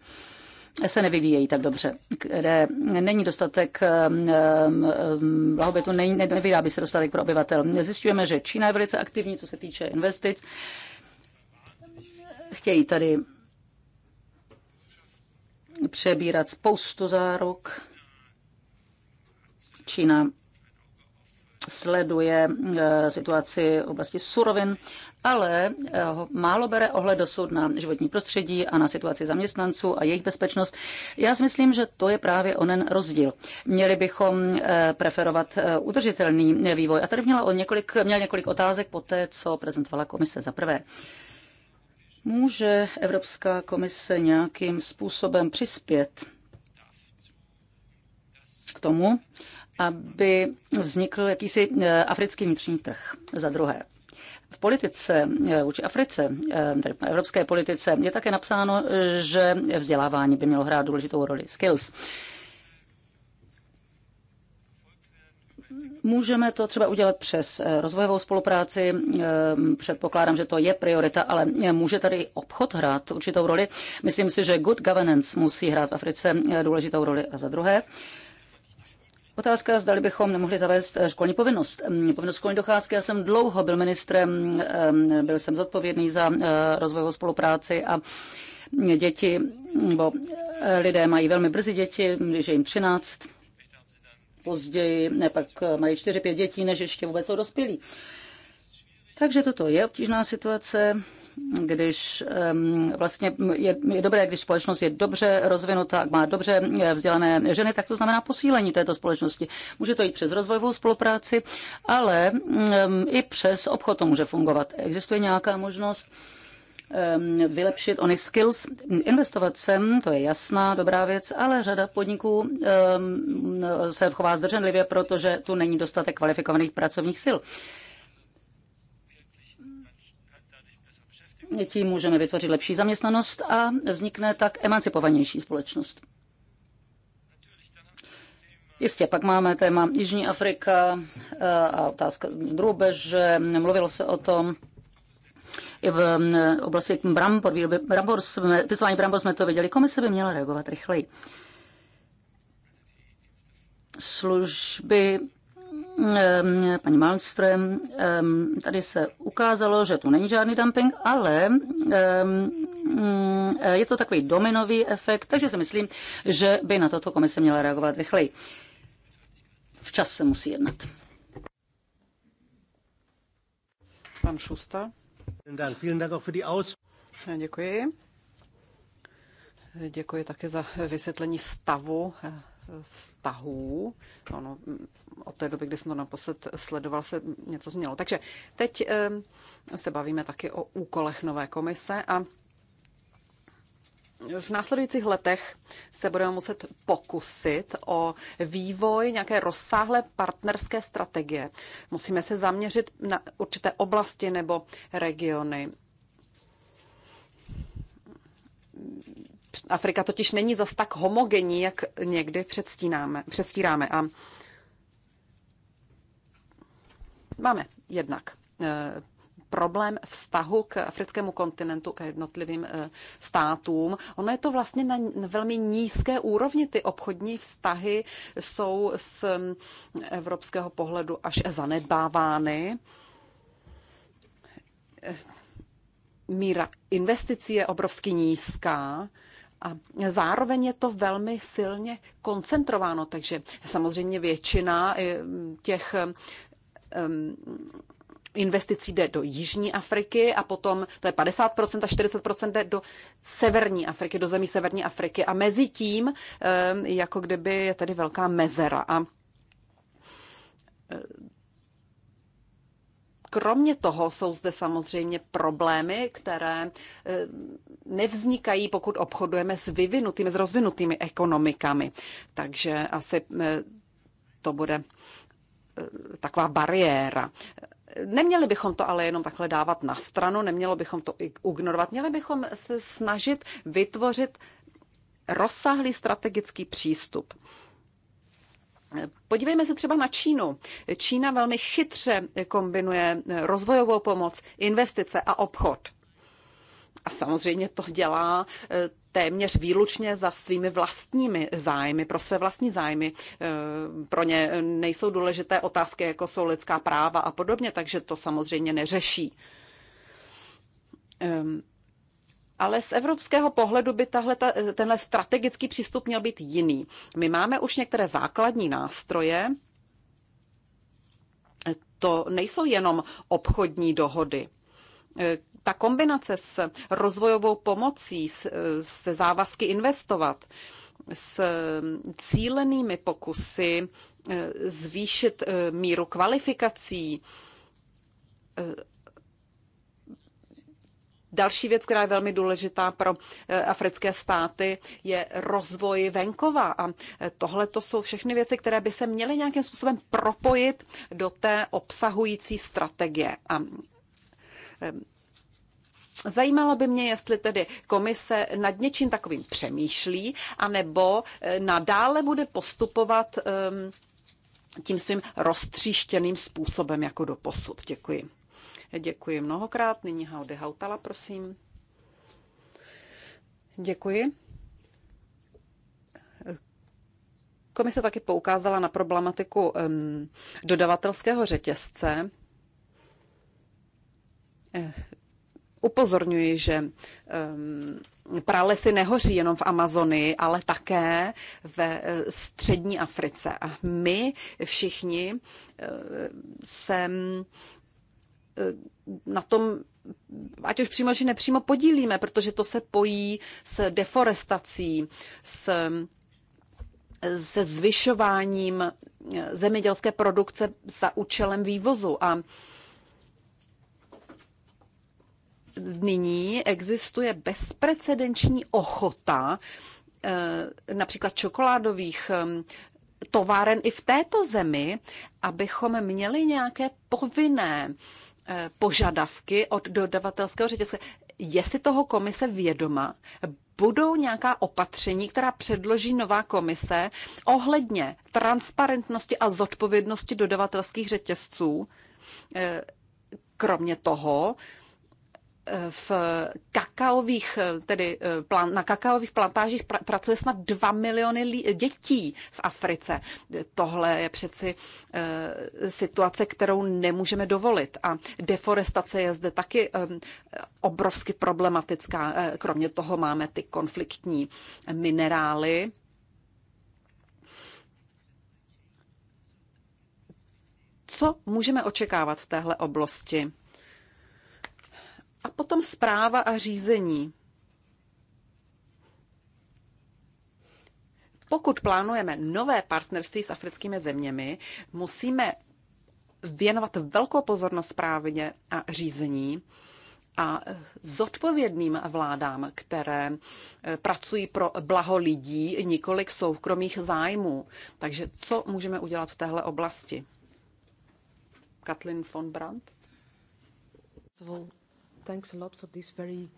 se nevyvíjejí tak dobře, kde není dostatek um, um, um, blahobytu, není, nevydá by se dostatek pro obyvatel. Zjišťujeme, že Čína je velice aktivní, co se týče investic. Chtějí tady přebírat spoustu záruk. Čína sleduje uh, situaci v oblasti surovin ale eh, málo bere ohled dosud na životní prostředí a na situaci zaměstnanců a jejich bezpečnost. Já si myslím, že to je právě onen rozdíl. Měli bychom eh, preferovat eh, udržitelný vývoj. A tady měla o několik, měla několik otázek po té, co prezentovala komise za prvé. Může Evropská komise nějakým způsobem přispět k tomu, aby vznikl jakýsi africký vnitřní trh? Za druhé, v politice eh, vůči Africe, eh, tedy evropské politice, je také napsáno, že vzdělávání by mělo hrát důležitou roli. Skills. Můžeme to třeba udělat přes eh, rozvojovou spolupráci. Předpokládám, že to je priorita, ale může tady obchod hrát určitou roli. Myslím si, že good governance musí hrát v Africe důležitou roli. A za druhé, Otázka, zda bychom nemohli zavést eh, školní povinnost. Mm, povinnost školní docházky. Já jsem dlouho byl ministrem, byl jsem zodpovědný za eh, rozvojovou spolupráci a děti, bo eh, lidé mají velmi brzy děti, když je jim 13, později, ne, pak mají 4-5 dětí, než ještě vůbec jsou dospělí. Takže toto je obtížná situace když vlastně je, je dobré, když společnost je dobře rozvinutá, má dobře eh, vzdělané ženy, tak to znamená posílení této společnosti. Může to jít přes rozvojovou spolupráci, ale i přes obchod to může fungovat. Existuje nějaká možnost vylepšit ony skills, investovat sem, to je jasná, dobrá věc, ale řada podniků se chová zdrženlivě, protože tu není dostatek kvalifikovaných pracovních sil. tím můžeme vytvořit lepší zaměstnanost a vznikne tak emancipovanější společnost. Jistě, pak máme téma Jižní Afrika eh, a otázka drůbeže, mluvilo se o tom. I v eh, oblasti brambor, výroby brambor, jsme, brambor jsme to viděli. Komise by měla reagovat rychleji. Služby paní Malmström, tady se ukázalo, že tu není žádný dumping, ale mm, je to takový dominový efekt, takže si myslím, že by na toto komise měla reagovat rychleji. Včas se musí jednat. Pan Šusta. Děkuji. Děkuji také za vysvětlení stavu eh, vztahů. Ono, mm, od té doby, kdy jsem to naposled sledoval, se něco změnilo. Takže teď se bavíme taky o úkolech nové komise a v následujících letech se budeme muset pokusit o vývoj nějaké rozsáhlé partnerské strategie. Musíme se zaměřit na určité oblasti nebo regiony. Afrika totiž není zas tak homogenní, jak někdy předstíráme. A Máme jednak eh, problém vztahu k africkému kontinentu, k jednotlivým eh, státům. Ono je to vlastně na velmi nízké úrovni. Ty obchodní vztahy jsou z mm, evropského pohledu až zanedbávány. Eh, míra investicí je obrovsky nízká. A zároveň je to velmi silně koncentrováno, takže samozřejmě většina těch Um, investicí jde do Jižní Afriky a potom to je 50% a 40% jde do Severní Afriky, do zemí Severní Afriky a mezi tím um, jako kdyby je tady velká mezera a uh, Kromě toho jsou zde samozřejmě problémy, které uh, nevznikají, pokud obchodujeme s vyvinutými, s rozvinutými ekonomikami. Takže asi uh, to bude Eh, taková bariéra. Neměli bychom to ale jenom takhle dávat na stranu, nemělo bychom to ignorovat, měli bychom se snažit vytvořit rozsáhlý strategický přístup. Podívejme se třeba na Čínu. Čína velmi chytře kombinuje rozvojovou pomoc, investice a obchod. A samozřejmě to dělá eh, téměř výlučně za svými vlastními zájmy, pro své vlastní zájmy. E, pro ně nejsou důležité otázky, jako jsou lidská práva a podobně, takže to samozřejmě neřeší. Ehm, ale z evropského pohledu by tahle, tenhle strategický přístup měl být jiný. My máme už některé základní nástroje, e, to nejsou jenom obchodní dohody e, ta kombinace s rozvojovou pomocí, se závazky investovat, s cílenými pokusy e, zvýšit e, míru kvalifikací. E, další věc, která je velmi důležitá pro africké státy, je rozvoj venkova. A tohle to jsou všechny věci, které by se měly nějakým způsobem propojit do té obsahující strategie. A Zajímalo by mě, jestli tedy komise nad něčím takovým přemýšlí, anebo eh, nadále bude postupovat ehm, tím svým roztříštěným způsobem jako do posud. Děkuji. Děkuji mnohokrát. Nyní Haudy Hautala, prosím. Děkuji. Komise taky poukázala na problematiku ehm, dodavatelského řetězce eh, upozorňuji, že ehm, pralesy nehoří jenom v Amazonii, ale také ve e, střední Africe. A my všichni e, se e, na tom ať už přímo či nepřímo podílíme, protože to se pojí s deforestací, s, se zvyšováním zemědělské produkce za účelem vývozu. A nyní existuje bezprecedenční ochota eh, například čokoládových eh, továren i v této zemi, abychom měli nějaké povinné eh, požadavky od dodavatelského řetězce. Je si toho komise vědoma, budou nějaká opatření, která předloží nová komise ohledně transparentnosti a zodpovědnosti dodavatelských řetězců. Kromě toho, v kakaových, eh, tedy eh, plan, na kakaových plantážích pra, pracuje snad 2 miliony lí, dětí v Africe. Tohle je přeci eh, situace, kterou nemůžeme dovolit. A deforestace je zde taky obrovsky problematická. kromě toho máme ty konfliktní minerály. Co můžeme očekávat v téhle oblasti? A potom zpráva a řízení. Pokud plánujeme nové partnerství s africkými zeměmi, musíme věnovat velkou pozornost správně a řízení a zodpovědným vládám, které eh, pracují pro blaho lidí, nikoli k soukromých zájmů. Takže co můžeme udělat v téhle oblasti? Katlin von Brandt? Thanks a lot for this very...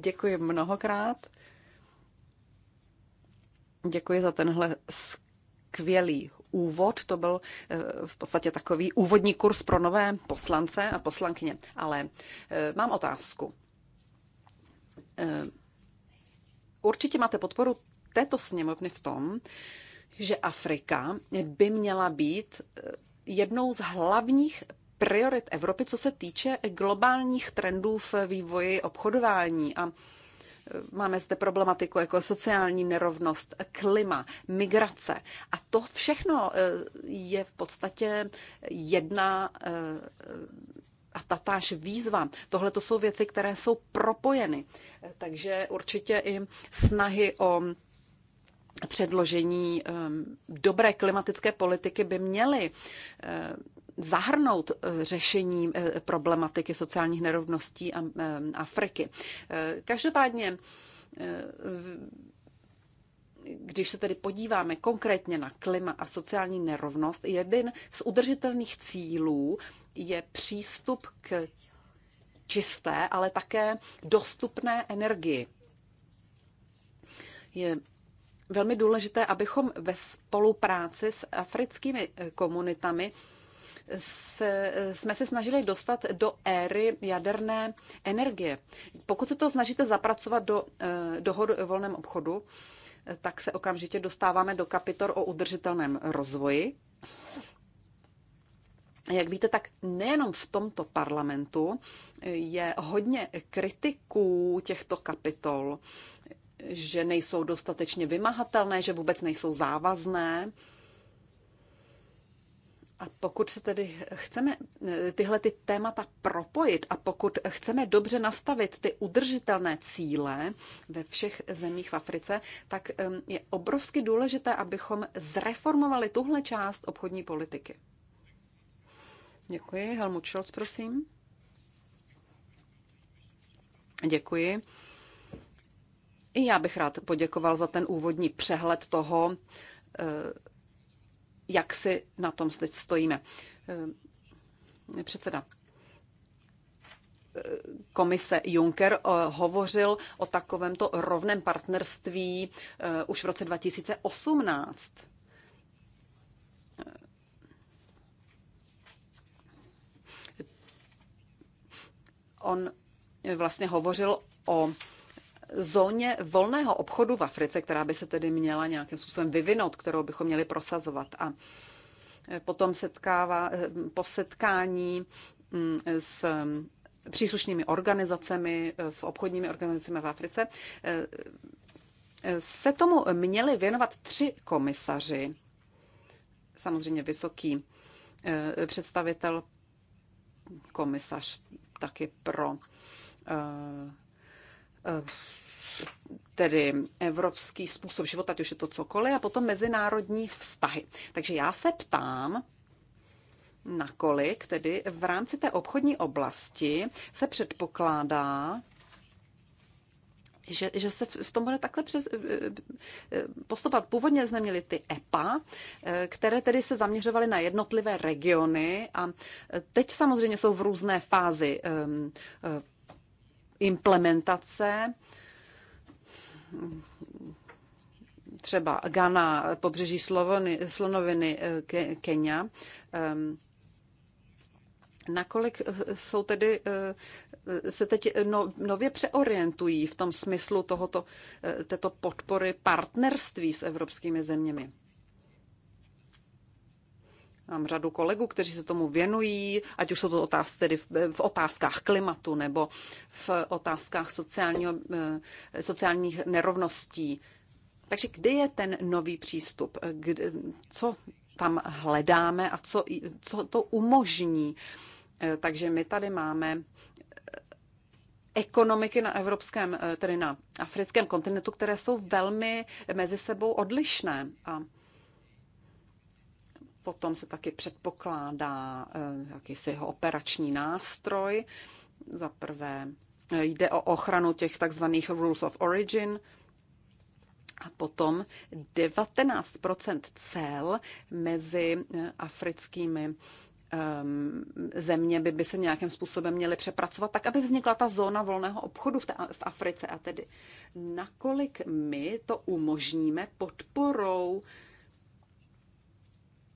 Děkuji mnohokrát. Děkuji za tenhle skvělý úvod. To byl eh, v podstatě takový úvodní kurz pro nové poslance a poslankyně. Ale eh, mám otázku. Eh, určitě máte podporu této sněmovny v tom, že Afrika by měla být jednou z hlavních priorit Evropy, co se týče globálních trendů v vývoji obchodování. A e, Máme zde problematiku jako sociální nerovnost, klima, migrace. A to všechno e, je v podstatě jedna e, a tatáž výzva. Tohle to jsou věci, které jsou propojeny. Takže určitě i snahy o předložení dobré klimatické politiky by měly zahrnout eh, řešení eh, problematiky sociálních nerovností eh, Afriky. Každopádně když se tedy podíváme konkrétně na klima a sociální nerovnost, jeden z udržitelných cílů je přístup k čisté, ale také dostupné energii. Je velmi důležité, abychom ve spolupráci s africkými komunitami se, jsme se snažili dostat do éry jaderné energie. Pokud se to snažíte zapracovat do eh, dohodu o volném obchodu, eh, tak se okamžitě dostáváme do kapitor o udržitelném rozvoji. Jak víte, tak nejenom v tomto parlamentu je hodně kritiků těchto kapitol, že nejsou dostatečně vymahatelné, že vůbec nejsou závazné. A pokud se tedy chceme eh, tyhle ty témata propojit a pokud chceme dobře nastavit ty udržitelné cíle ve všech zemích v Africe, tak ehm, je obrovsky důležité, abychom zreformovali tuhle část obchodní politiky. Děkuji. Helmut Scholz, prosím. Děkuji. I já bych rád poděkoval za ten úvodní přehled toho, eh, jak si na tom teď stojíme. Eh, předseda eh, komise Juncker eh, hovořil o takovémto rovném partnerství už v roce 2018. On vlastně hovořil o zóně volného obchodu v Africe, která by se tedy měla nějakým způsobem vyvinout, kterou bychom měli prosazovat. A eh, potom setkává, eh, po setkání mm, s eh, příslušnými organizacemi, v obchodními organizacemi v Africe, se tomu měli věnovat tři komisaři. Samozřejmě vysoký představitel, komisař taky pro tedy evropský způsob života, ať už je to cokoliv, a potom mezinárodní vztahy. Takže já se ptám, nakolik tedy v rámci té obchodní oblasti se předpokládá, že, že se v tom bude takhle přes, eh, eh, postupovat. Původně jsme měli ty EPA, eh, které tedy se zaměřovaly na jednotlivé regiony a teď samozřejmě jsou v různé fázi ehm, implementace třeba Ghana, pobřeží Slovony, Slonoviny, eh, ke, Kenya. Ehm, nakolik eh, jsou tedy, eh, se teď no, nově přeorientují v tom smyslu tohoto, této podpory partnerství s evropskými zeměmi? Mám řadu kolegů, kteří se tomu věnují, ať už jsou to otázky tedy v, v otázkách klimatu nebo v otázkách sociálního, eh, sociálních nerovností. Takže kde je ten nový přístup? Kde, co tam hledáme a co, co to umožní? Eh, takže my tady máme eh, ekonomiky na evropském, tedy na africkém kontinentu, které jsou velmi mezi sebou odlišné. A Potom se taky předpokládá eh, jakýsi jeho operační nástroj. Za prvé eh, jde o ochranu těch takzvaných rules of origin, a potom 19 cel mezi eh, africkými um, ehm, by, by se nějakým způsobem měly přepracovat, tak aby vznikla ta zóna volného obchodu v, té, v Africe. A tedy nakolik my to umožníme podporou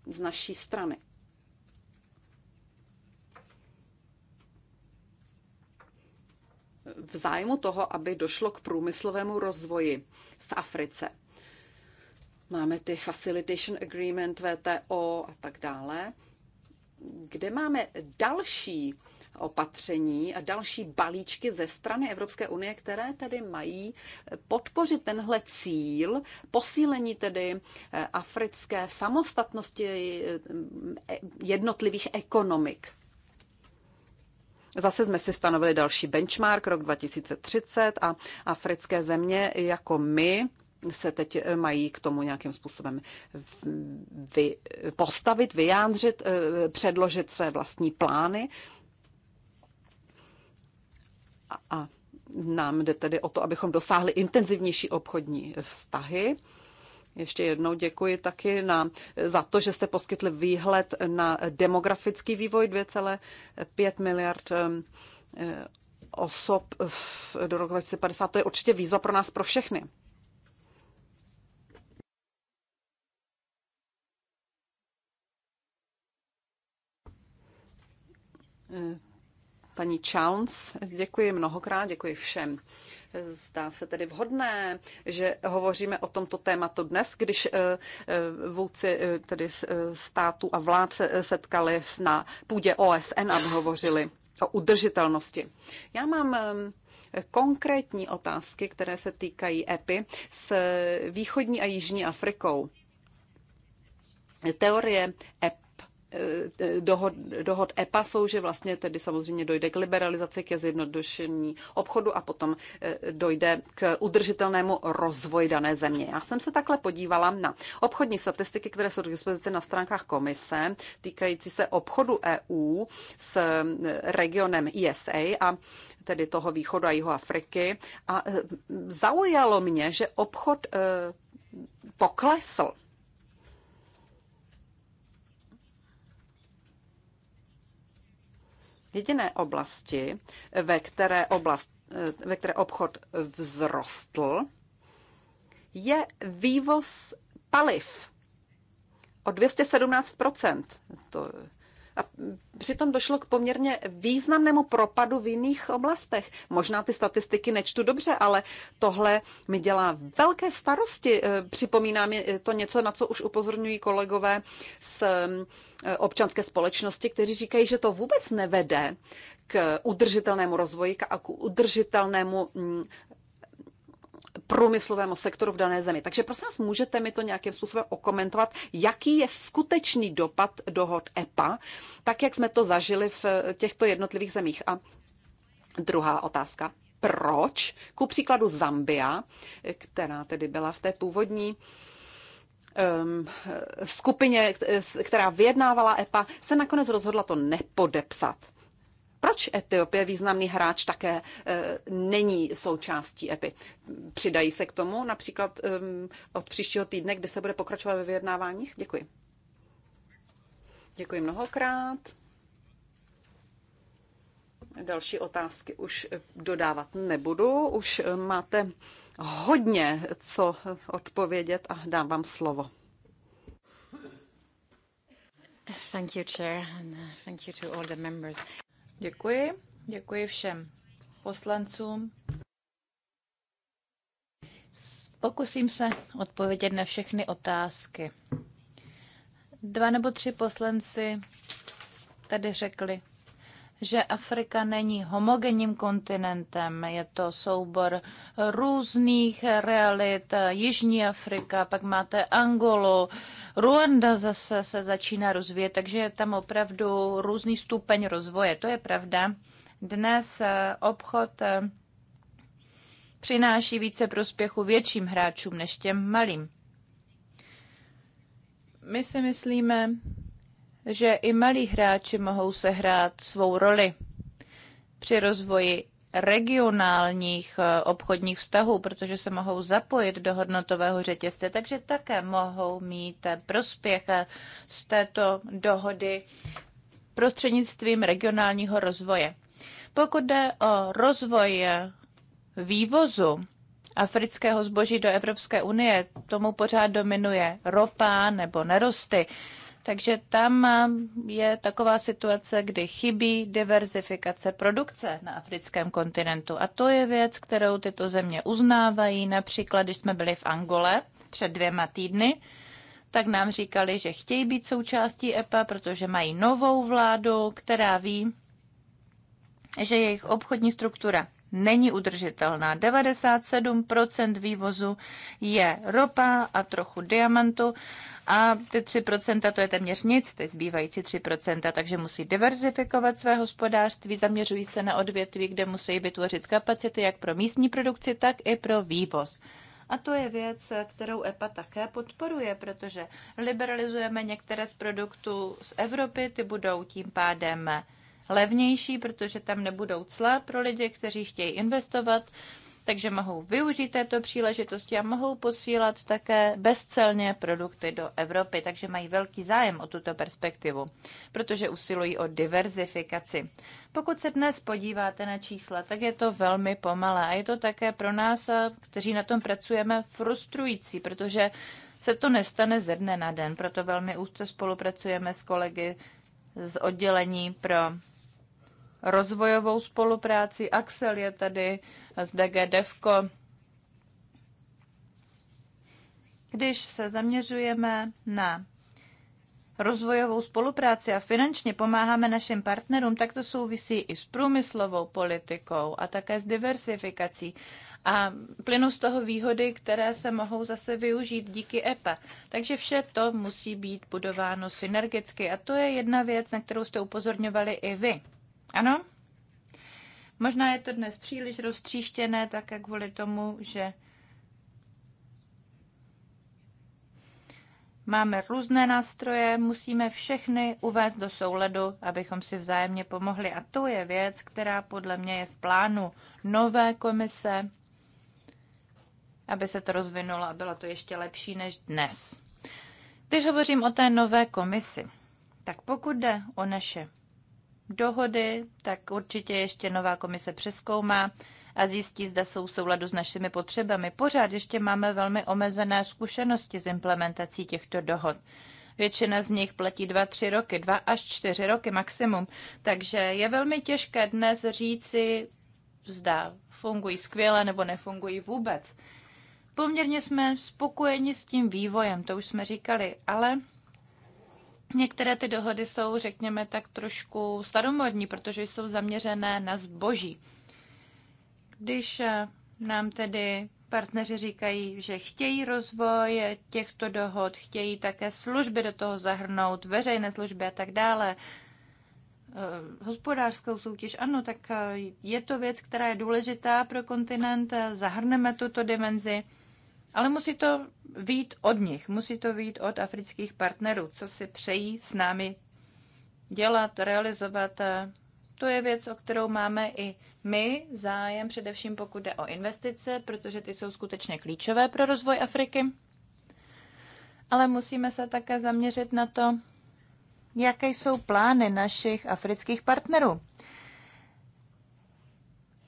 z naší strany. v zájmu toho, aby došlo k průmyslovému rozvoji v Africe. Máme ty Facilitation Agreement, VTO a tak dále, kde máme další opatření a další balíčky ze strany Evropské unie, které tedy mají podpořit tenhle cíl, posílení tedy eh, africké samostatnosti eh, jednotlivých ekonomik. Zase jsme si stanovili další benchmark rok 2030 a africké země jako my se teď eh, mají k tomu nějakým způsobem vy, postavit, vyjádřit, předložit své vlastní plány a nám jde tedy o to, abychom dosáhli intenzivnější obchodní vztahy. Ještě jednou děkuji taky na, za to, že jste poskytli výhled na demografický vývoj 2,5 miliard eh, osob v, do roku 2050. To je určitě výzva pro nás, pro všechny. Eh, Paní Chowns, děkuji mnohokrát, děkuji všem. Zdá se tedy vhodné, že hovoříme o tomto tématu dnes, když eh, eh, vůdci eh, tedy států a vlád se setkali na půdě OSN a hovořili o udržitelnosti. Já mám konkrétní otázky, které se týkají EPI s východní a jižní Afrikou. Teorie EP dohod, dohod EPA jsou, že vlastně tedy samozřejmě dojde k liberalizaci, ke zjednodušení obchodu a potom eh, dojde k udržitelnému rozvoji dané země. Já jsem se takhle podívala na obchodní statistiky, které jsou k dispozici na stránkách komise, týkající se obchodu EU s eh, regionem ISA a tedy toho východu a jihu Afriky. A eh, zaujalo mě, že obchod poklesl Jediné oblasti, ve které, oblast, eh, ve které obchod vzrostl, je vývoz paliv o 217 To a přitom došlo k poměrně významnému propadu v jiných oblastech. Možná ty statistiky nečtu dobře, ale tohle mi dělá velké starosti. Eh, připomíná mi eh, to něco, na co už upozorňují kolegové z eh, občanské společnosti, kteří říkají, že to vůbec nevede k udržitelnému rozvoji a k udržitelnému mm, průmyslovému sektoru v dané zemi. Takže prosím vás, můžete mi to nějakým způsobem okomentovat, jaký je skutečný dopad dohod EPA, tak jak jsme to zažili v eh, těchto jednotlivých zemích. A druhá otázka. Proč? Ku příkladu Zambia, eh, která tedy byla v té původní um, skupině, která vyjednávala EPA, se nakonec rozhodla to nepodepsat. Proč Etiopie, významný hráč, také e, není součástí EPI? Přidají se k tomu například od příštího týdne, kdy se bude pokračovat ve vyjednáváních? Děkuji. Děkuji mnohokrát. Další otázky už dodávat nebudu. Už e, máte hodně co odpovědět a dám vám slovo. Thank you, Chair, and uh, thank you to all the members. Děkuji. Děkuji všem poslancům. Pokusím se odpovědět na všechny otázky. Dva nebo tři poslanci tady řekli, že Afrika není homogenním kontinentem. Je to soubor různých realit. Jižní Afrika, pak máte Angolu, Ruanda zase se začíná rozvíjet, takže je tam opravdu různý stupeň rozvoje. To je pravda. Dnes eh, obchod eh, přináší více prospěchu větším hráčům než těm malým. My si myslíme, že i malí hráči mohou sehrát svou roli při rozvoji regionálních eh, obchodních vztahů, protože se mohou zapojit do hodnotového řetězce, takže také mohou mít eh, prospěch eh, z této dohody prostřednictvím regionálního rozvoje. Pokud jde o rozvoj vývozu afrického zboží do Evropské unie, tomu pořád dominuje ropa nebo nerosty. Takže tam eh, je taková situace, kdy chybí diverzifikace produkce na africkém kontinentu. A to je věc, kterou tyto země uznávají. Například, když jsme byli v Angole před dvěma týdny, tak nám říkali, že chtějí být součástí EPA, protože mají novou vládu, která ví, že jejich obchodní struktura není udržitelná. 97% vývozu je ropa a trochu diamantu a ty 3% to je téměř nic, ty zbývající 3%, takže musí diverzifikovat své hospodářství, zaměřují se na odvětví, kde musí vytvořit kapacity jak pro místní produkci, tak i pro vývoz. A to je věc, kterou EPA také podporuje, protože liberalizujeme některé z produktů z Evropy, ty budou tím pádem levnější, protože tam nebudou cla pro lidi, kteří chtějí investovat, takže mohou využít této příležitosti a mohou posílat také bezcelně produkty do Evropy, takže mají velký zájem o tuto perspektivu, protože usilují o diverzifikaci. Pokud se dnes podíváte na čísla, tak je to velmi pomalé a je to také pro nás, kteří na tom pracujeme, frustrující, protože se to nestane ze dne na den, proto velmi úzce spolupracujeme s kolegy z oddělení pro rozvojovou spolupráci. Axel je tady z DG Devco. Když se zaměřujeme na rozvojovou spolupráci a finančně pomáháme našim partnerům, tak to souvisí i s průmyslovou politikou a také s diversifikací. A plynu z toho výhody, které se mohou zase využít díky EPA. Takže vše to musí být budováno synergicky. A to je jedna věc, na kterou jste upozorňovali i vy. Ano? Možná je to dnes příliš roztříštěné, také kvůli tomu, že máme různé nástroje, musíme všechny uvést do souladu, abychom si vzájemně pomohli. A to je věc, která podle mě je v plánu nové komise, aby se to rozvinulo a bylo to ještě lepší než dnes. Když hovořím o té nové komisi, tak pokud jde o naše dohody, tak určitě ještě nová komise přeskoumá a zjistí, zda jsou v souladu s našimi potřebami. Pořád ještě máme velmi omezené zkušenosti s implementací těchto dohod. Většina z nich platí 2-3 roky, 2 až 4 roky maximum. Takže je velmi těžké dnes říci, zda fungují skvěle nebo nefungují vůbec. Poměrně jsme spokojeni s tím vývojem, to už jsme říkali, ale Některé ty dohody jsou, řekněme, tak trošku staromodní, protože jsou zaměřené na zboží. Když eh, nám tedy partneři říkají, že chtějí rozvoj těchto dohod, chtějí také služby do toho zahrnout, veřejné služby a tak dále, eh, hospodářskou soutěž, ano, tak eh, je to věc, která je důležitá pro kontinent, zahrneme tuto dimenzi. Ale musí to výjít od nich, musí to výjít od afrických partnerů, co si přejí s námi dělat, realizovat. To je věc, o kterou máme i my zájem, především pokud jde o investice, protože ty jsou skutečně klíčové pro rozvoj Afriky. Ale musíme se také zaměřit na to, jaké jsou plány našich afrických partnerů.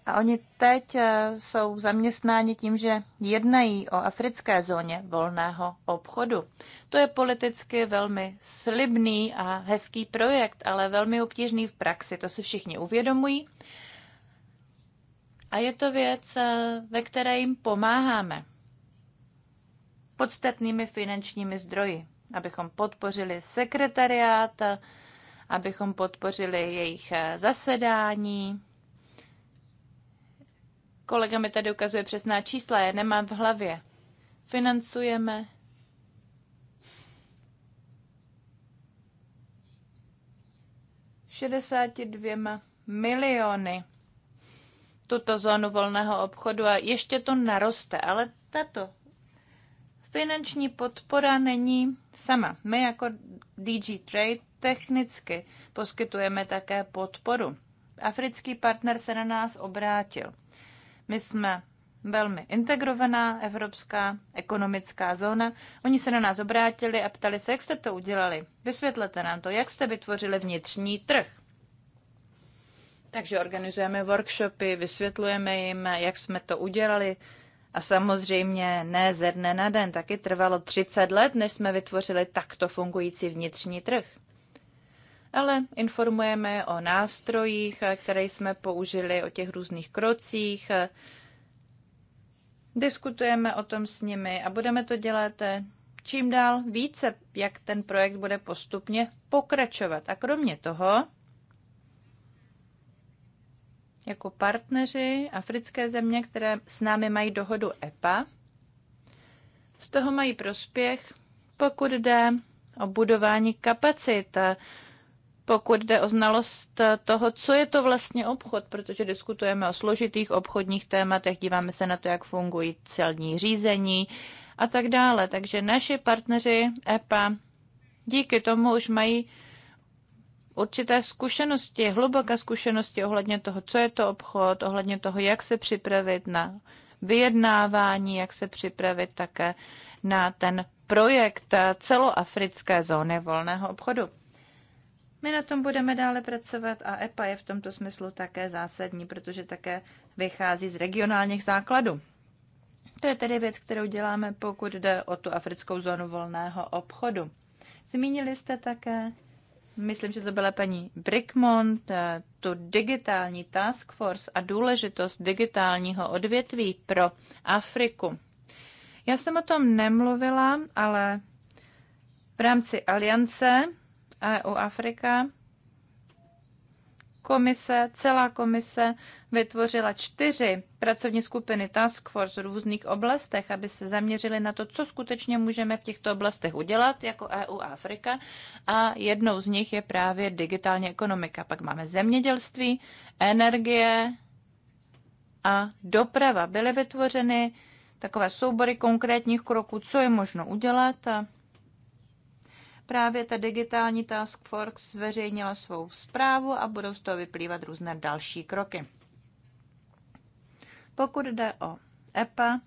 A oni teď eh, jsou zaměstnáni tím, že jednají o africké zóně volného obchodu. To je politicky velmi slibný a hezký projekt, ale velmi obtížný v praxi. To si všichni uvědomují. A je to věc, eh, ve které jim pomáháme podstatnými finančními zdroji, abychom podpořili sekretariát, abychom podpořili jejich eh, zasedání, Kolega mi tady ukazuje přesná čísla, je nemám v hlavě. Financujeme dvěma miliony tuto zónu volného obchodu a ještě to naroste, ale tato finanční podpora není sama. My jako DG Trade technicky poskytujeme také podporu. Africký partner se na nás obrátil my jsme velmi integrovaná evropská ekonomická zóna. Oni se na nás obrátili a ptali se, jak jste to udělali. Vysvětlete nám to, jak jste vytvořili vnitřní trh. Takže organizujeme workshopy, vysvětlujeme jim, jak jsme to udělali. A samozřejmě ne ze dne na den, taky trvalo 30 let, než jsme vytvořili takto fungující vnitřní trh ale informujeme o nástrojích, které jsme použili, o těch různých krocích, diskutujeme o tom s nimi a budeme to dělat eh, čím dál více, jak ten projekt bude postupně pokračovat. A kromě toho, jako partneři africké země, které s námi mají dohodu EPA, z toho mají prospěch, pokud jde o budování kapacita, pokud jde o znalost eh, toho, co je to vlastně obchod, protože diskutujeme o složitých obchodních tématech, díváme se na to, jak fungují celní řízení a tak dále. Takže naši partneři EPA díky tomu už mají určité zkušenosti, hluboké zkušenosti ohledně toho, co je to obchod, ohledně toho, jak se připravit na vyjednávání, jak se připravit také na ten projekt eh, celoafrické zóny volného obchodu. My na tom budeme dále pracovat a EPA je v tomto smyslu také zásadní, protože také vychází z regionálních základů. To je tedy věc, kterou děláme, pokud jde o tu africkou zónu volného obchodu. Zmínili jste také, myslím, že to byla paní Brickmont, eh, tu digitální task force a důležitost digitálního odvětví pro Afriku. Já jsem o tom nemluvila, ale v rámci aliance EU Afrika, komise, celá komise vytvořila čtyři pracovní skupiny Task Force v různých oblastech, aby se zaměřili na to, co skutečně můžeme v těchto oblastech udělat jako EU a Afrika. A jednou z nich je právě digitální ekonomika. Pak máme zemědělství, energie a doprava. Byly vytvořeny takové soubory konkrétních kroků, co je možno udělat a Právě ta digitální task force zveřejnila svou zprávu a budou z toho vyplývat různé další kroky. Pokud jde o EPA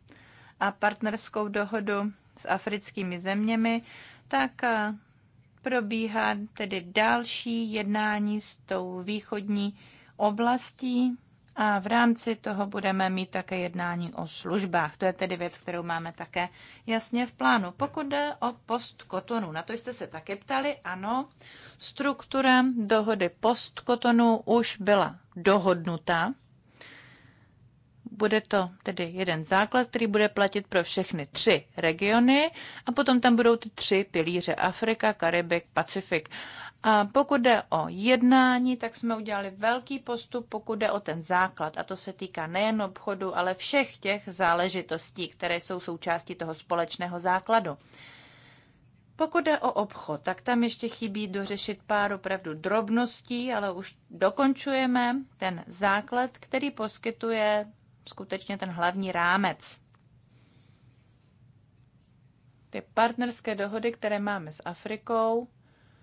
a partnerskou dohodu s africkými zeměmi, tak eh, probíhá tedy další jednání s tou východní oblastí a v rámci toho budeme mít také jednání o službách. To je tedy věc, kterou máme také jasně v plánu. Pokud jde o post kotonu, na to jste se také ptali, ano, struktura dohody post kotonu už byla dohodnuta. Bude to tedy jeden základ, který bude platit pro všechny tři regiony a potom tam budou ty tři pilíře Afrika, Karibik, Pacifik. A pokud jde o jednání, tak jsme udělali velký postup, pokud jde o ten základ. A to se týká nejen obchodu, ale všech těch záležitostí, které jsou součástí toho společného základu. Pokud jde o obchod, tak tam ještě chybí dořešit pár opravdu drobností, ale už dokončujeme ten základ, který poskytuje skutečně ten hlavní rámec. Ty partnerské dohody, které máme s Afrikou,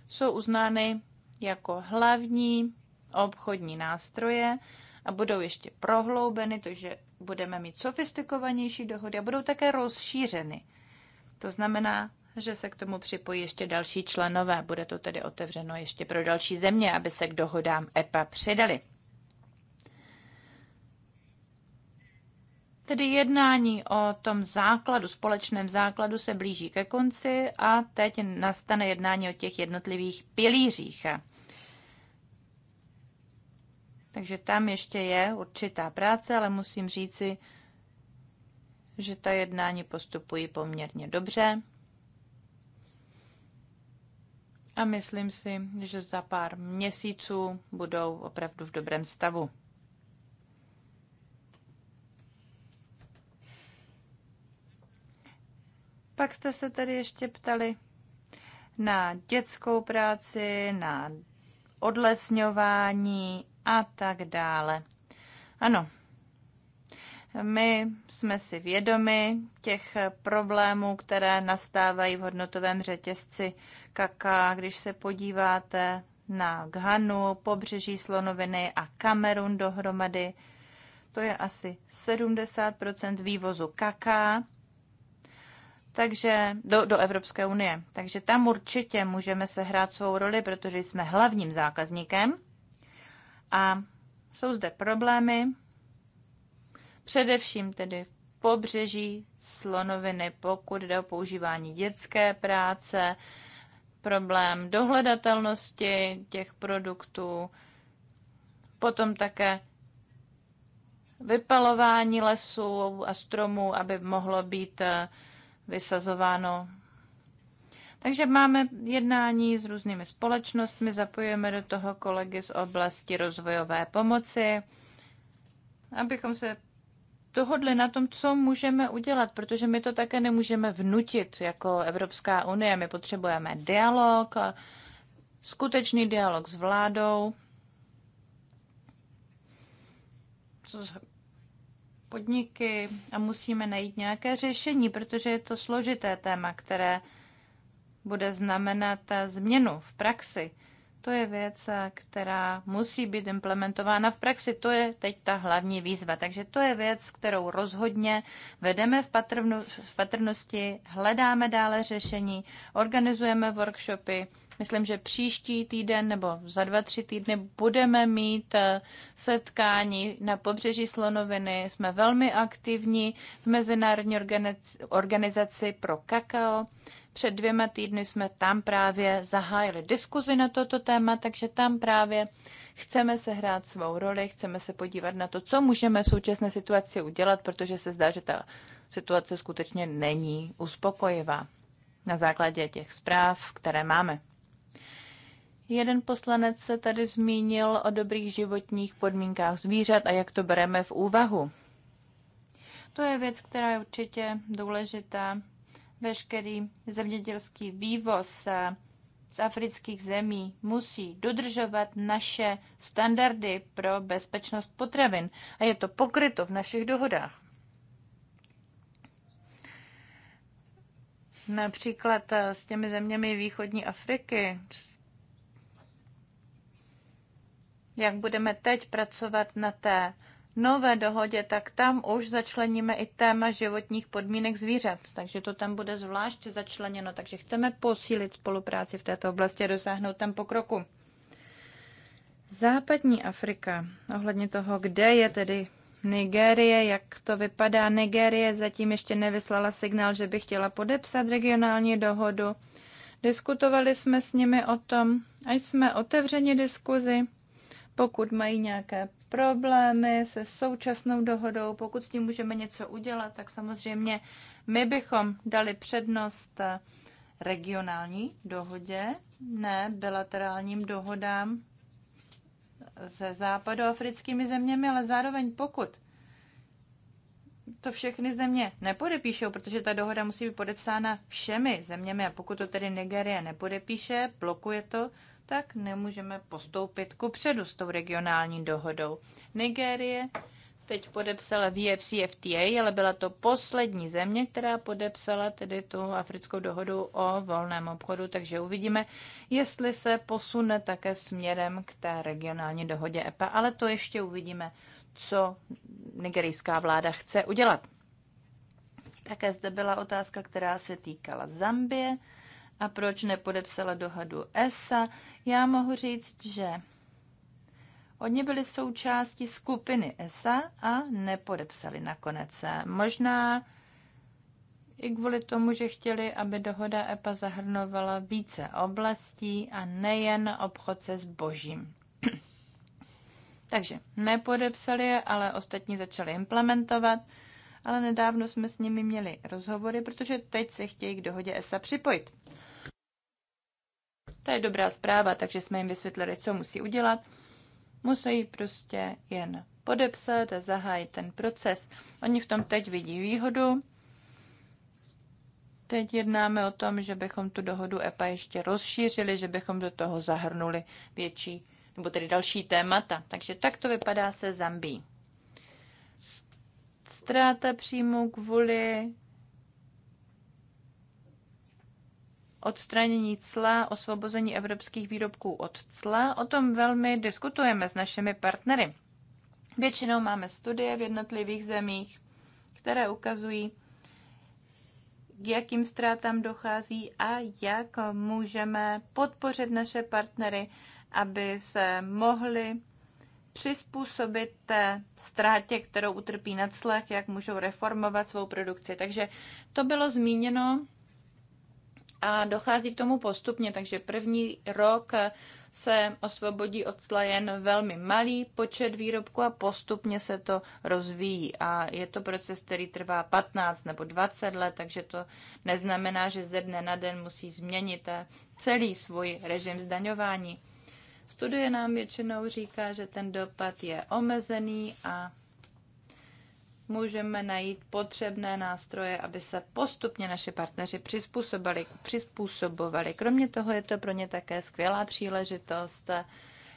jsou uznány jako hlavní obchodní nástroje a budou ještě prohloubeny, to, že budeme mít sofistikovanější dohody a budou také rozšířeny. To znamená, že se k tomu připojí ještě další členové. Bude to tedy otevřeno ještě pro další země, aby se k dohodám EPA přidali. Tedy jednání o tom základu, společném základu se blíží ke konci a teď nastane jednání o těch jednotlivých pilířích. Takže tam ještě je určitá práce, ale musím říci, že ta jednání postupují poměrně dobře. A myslím si, že za pár měsíců budou opravdu v dobrém stavu. Pak jste se tedy ještě ptali na dětskou práci, na odlesňování a tak dále. Ano, my jsme si vědomi těch problémů, které nastávají v hodnotovém řetězci kaká. Když se podíváte na Ghanu, pobřeží slonoviny a Kamerun dohromady, to je asi 70 vývozu kaká takže do, do Evropské unie. Takže tam určitě můžeme sehrát svou roli, protože jsme hlavním zákazníkem a jsou zde problémy, především tedy v pobřeží slonoviny, pokud jde o používání dětské práce, problém dohledatelnosti těch produktů, potom také vypalování lesů a stromů, aby mohlo být eh, vysazováno. Takže máme jednání s různými společnostmi, zapojujeme do toho kolegy z oblasti rozvojové pomoci, abychom se dohodli na tom, co můžeme udělat, protože my to také nemůžeme vnutit jako Evropská unie. My potřebujeme dialog, skutečný dialog s vládou, podniky a musíme najít nějaké řešení, protože je to složité téma, které bude znamenat změnu v praxi. To je věc, eh, která musí být implementována v praxi. To je teď ta hlavní výzva. Takže to je věc, kterou rozhodně vedeme v, patrnu, v patrnosti, hledáme dále řešení, organizujeme workshopy. Myslím, že příští týden nebo za dva, tři týdny budeme mít eh, setkání na pobřeží Slonoviny. Jsme velmi aktivní v Mezinárodní organizaci pro kakao. Před dvěma týdny jsme tam právě zahájili diskuzi na toto téma, takže tam právě chceme se hrát svou roli, chceme se podívat na to, co můžeme v současné situaci udělat, protože se zdá, že ta situace skutečně není uspokojivá na základě těch zpráv, které máme. Jeden poslanec se tady zmínil o dobrých životních podmínkách zvířat a jak to bereme v úvahu. To je věc, která je určitě důležitá Veškerý zemědělský vývoz eh, z afrických zemí musí dodržovat naše standardy pro bezpečnost potravin a je to pokryto v našich dohodách. Například eh, s těmi zeměmi východní Afriky, jak budeme teď pracovat na té nové dohodě, tak tam už začleníme i téma životních podmínek zvířat. Takže to tam bude zvlášť začleněno. Takže chceme posílit spolupráci v této oblasti a dosáhnout tam pokroku. Západní Afrika, ohledně toho, kde je tedy Nigérie, jak to vypadá. Nigérie zatím ještě nevyslala signál, že by chtěla podepsat regionální dohodu. Diskutovali jsme s nimi o tom až jsme otevřeni diskuzi. Pokud mají nějaké problémy se současnou dohodou. Pokud s tím můžeme něco udělat, tak samozřejmě my bychom dali přednost regionální dohodě, ne bilaterálním dohodám se západoafrickými zeměmi, ale zároveň pokud to všechny země nepodepíšou, protože ta dohoda musí být podepsána všemi zeměmi a pokud to tedy Nigerie nepodepíše, blokuje to, tak nemůžeme postoupit ku předu s tou regionální dohodou. Nigérie teď podepsala VFCFTA, ale byla to poslední země, která podepsala tedy tu africkou dohodu o volném obchodu, takže uvidíme, jestli se posune také směrem k té regionální dohodě EPA, ale to ještě uvidíme, co nigerijská vláda chce udělat. Také zde byla otázka, která se týkala Zambie a proč nepodepsala dohodu ESA, já mohu říct, že oni byli součástí skupiny ESA a nepodepsali nakonec. Možná i kvůli tomu, že chtěli, aby dohoda EPA zahrnovala více oblastí a nejen obchod se zbožím. Takže nepodepsali je, ale ostatní začali implementovat, ale nedávno jsme s nimi měli rozhovory, protože teď se chtějí k dohodě ESA připojit. To je dobrá zpráva, takže jsme jim vysvětlili, co musí udělat. Musí prostě jen podepsat a zahájit ten proces. Oni v tom teď vidí výhodu. Teď jednáme o tom, že bychom tu dohodu EPA ještě rozšířili, že bychom do toho zahrnuli větší, nebo tedy další témata. Takže tak to vypadá se Zambí. Ztráta příjmu kvůli odstranění cla, osvobození evropských výrobků od cla. O tom velmi diskutujeme s našimi partnery. Většinou máme studie v jednotlivých zemích, které ukazují, k jakým ztrátám dochází a jak můžeme podpořit naše partnery, aby se mohli přizpůsobit té ztrátě, kterou utrpí na clech, jak můžou reformovat svou produkci. Takže to bylo zmíněno a dochází k tomu postupně, takže první rok se osvobodí od tla jen velmi malý počet výrobků a postupně se to rozvíjí. A je to proces, který trvá 15 nebo 20 let, takže to neznamená, že ze dne na den musí změnit celý svůj režim zdaňování. Studie nám většinou říká, že ten dopad je omezený a můžeme najít potřebné nástroje, aby se postupně naši partneři přizpůsobili, přizpůsobovali. Kromě toho je to pro ně také skvělá příležitost,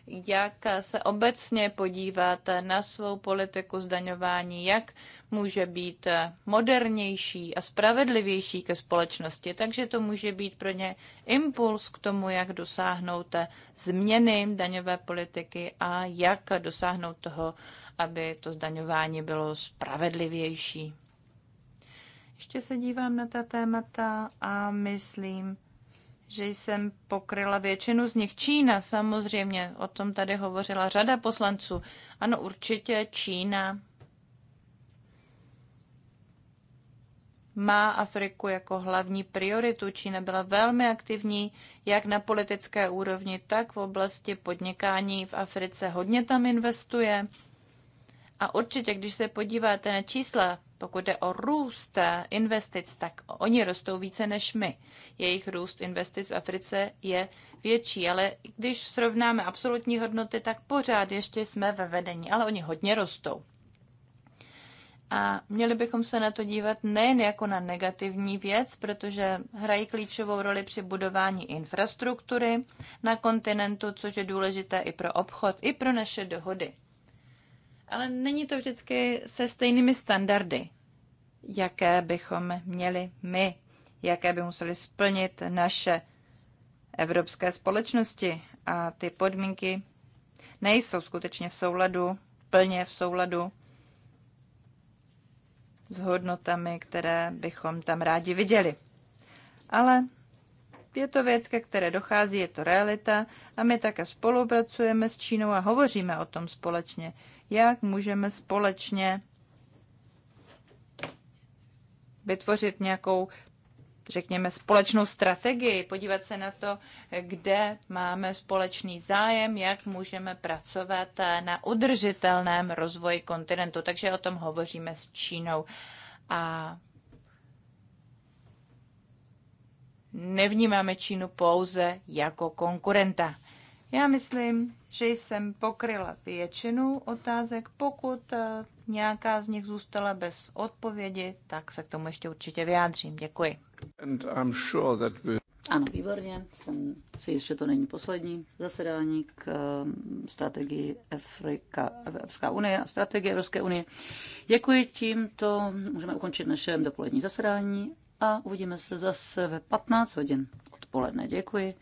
jak se obecně podívat na svou politiku zdaňování, jak může být modernější a spravedlivější ke společnosti. Takže to může být pro ně impuls k tomu, jak dosáhnout změny daňové politiky a jak dosáhnout toho, aby to zdaňování bylo spravedlivější. Ještě se dívám na ta témata a myslím, že jsem pokryla většinu z nich. Čína samozřejmě, o tom tady hovořila řada poslanců. Ano, určitě Čína má Afriku jako hlavní prioritu. Čína byla velmi aktivní jak na politické úrovni, tak v oblasti podnikání v Africe. Hodně tam investuje. A určitě, když se podíváte na čísla, pokud jde o růst investic, tak oni rostou více než my. Jejich růst investic v Africe je větší, ale když srovnáme absolutní hodnoty, tak pořád ještě jsme ve vedení, ale oni hodně rostou. A měli bychom se na to dívat nejen jako na negativní věc, protože hrají klíčovou roli při budování infrastruktury na kontinentu, což je důležité i pro obchod, i pro naše dohody ale není to vždycky se stejnými standardy, jaké bychom měli my, jaké by museli splnit naše evropské společnosti. A ty podmínky nejsou skutečně v souladu, plně v souladu s hodnotami, které bychom tam rádi viděli. Ale je to věc, ke které dochází, je to realita a my také spolupracujeme s Čínou a hovoříme o tom společně. Jak můžeme společně vytvořit nějakou, řekněme, společnou strategii, podívat se na to, kde máme společný zájem, jak můžeme pracovat na udržitelném rozvoji kontinentu. Takže o tom hovoříme s Čínou. A nevnímáme Čínu pouze jako konkurenta. Já myslím, že jsem pokryla většinu otázek. Pokud eh, nějaká z nich zůstala bez odpovědi, tak se k tomu ještě určitě vyjádřím. Děkuji. And I'm sure that we... Ano, výborně. Jsem si jist, že to není poslední zasedání k eh, strategii Afrika, Evropská unie a strategie Evropské unie. Děkuji tímto. Můžeme ukončit naše dopolední zasedání a uvidíme se zase ve 15 hodin odpoledne. Děkuji.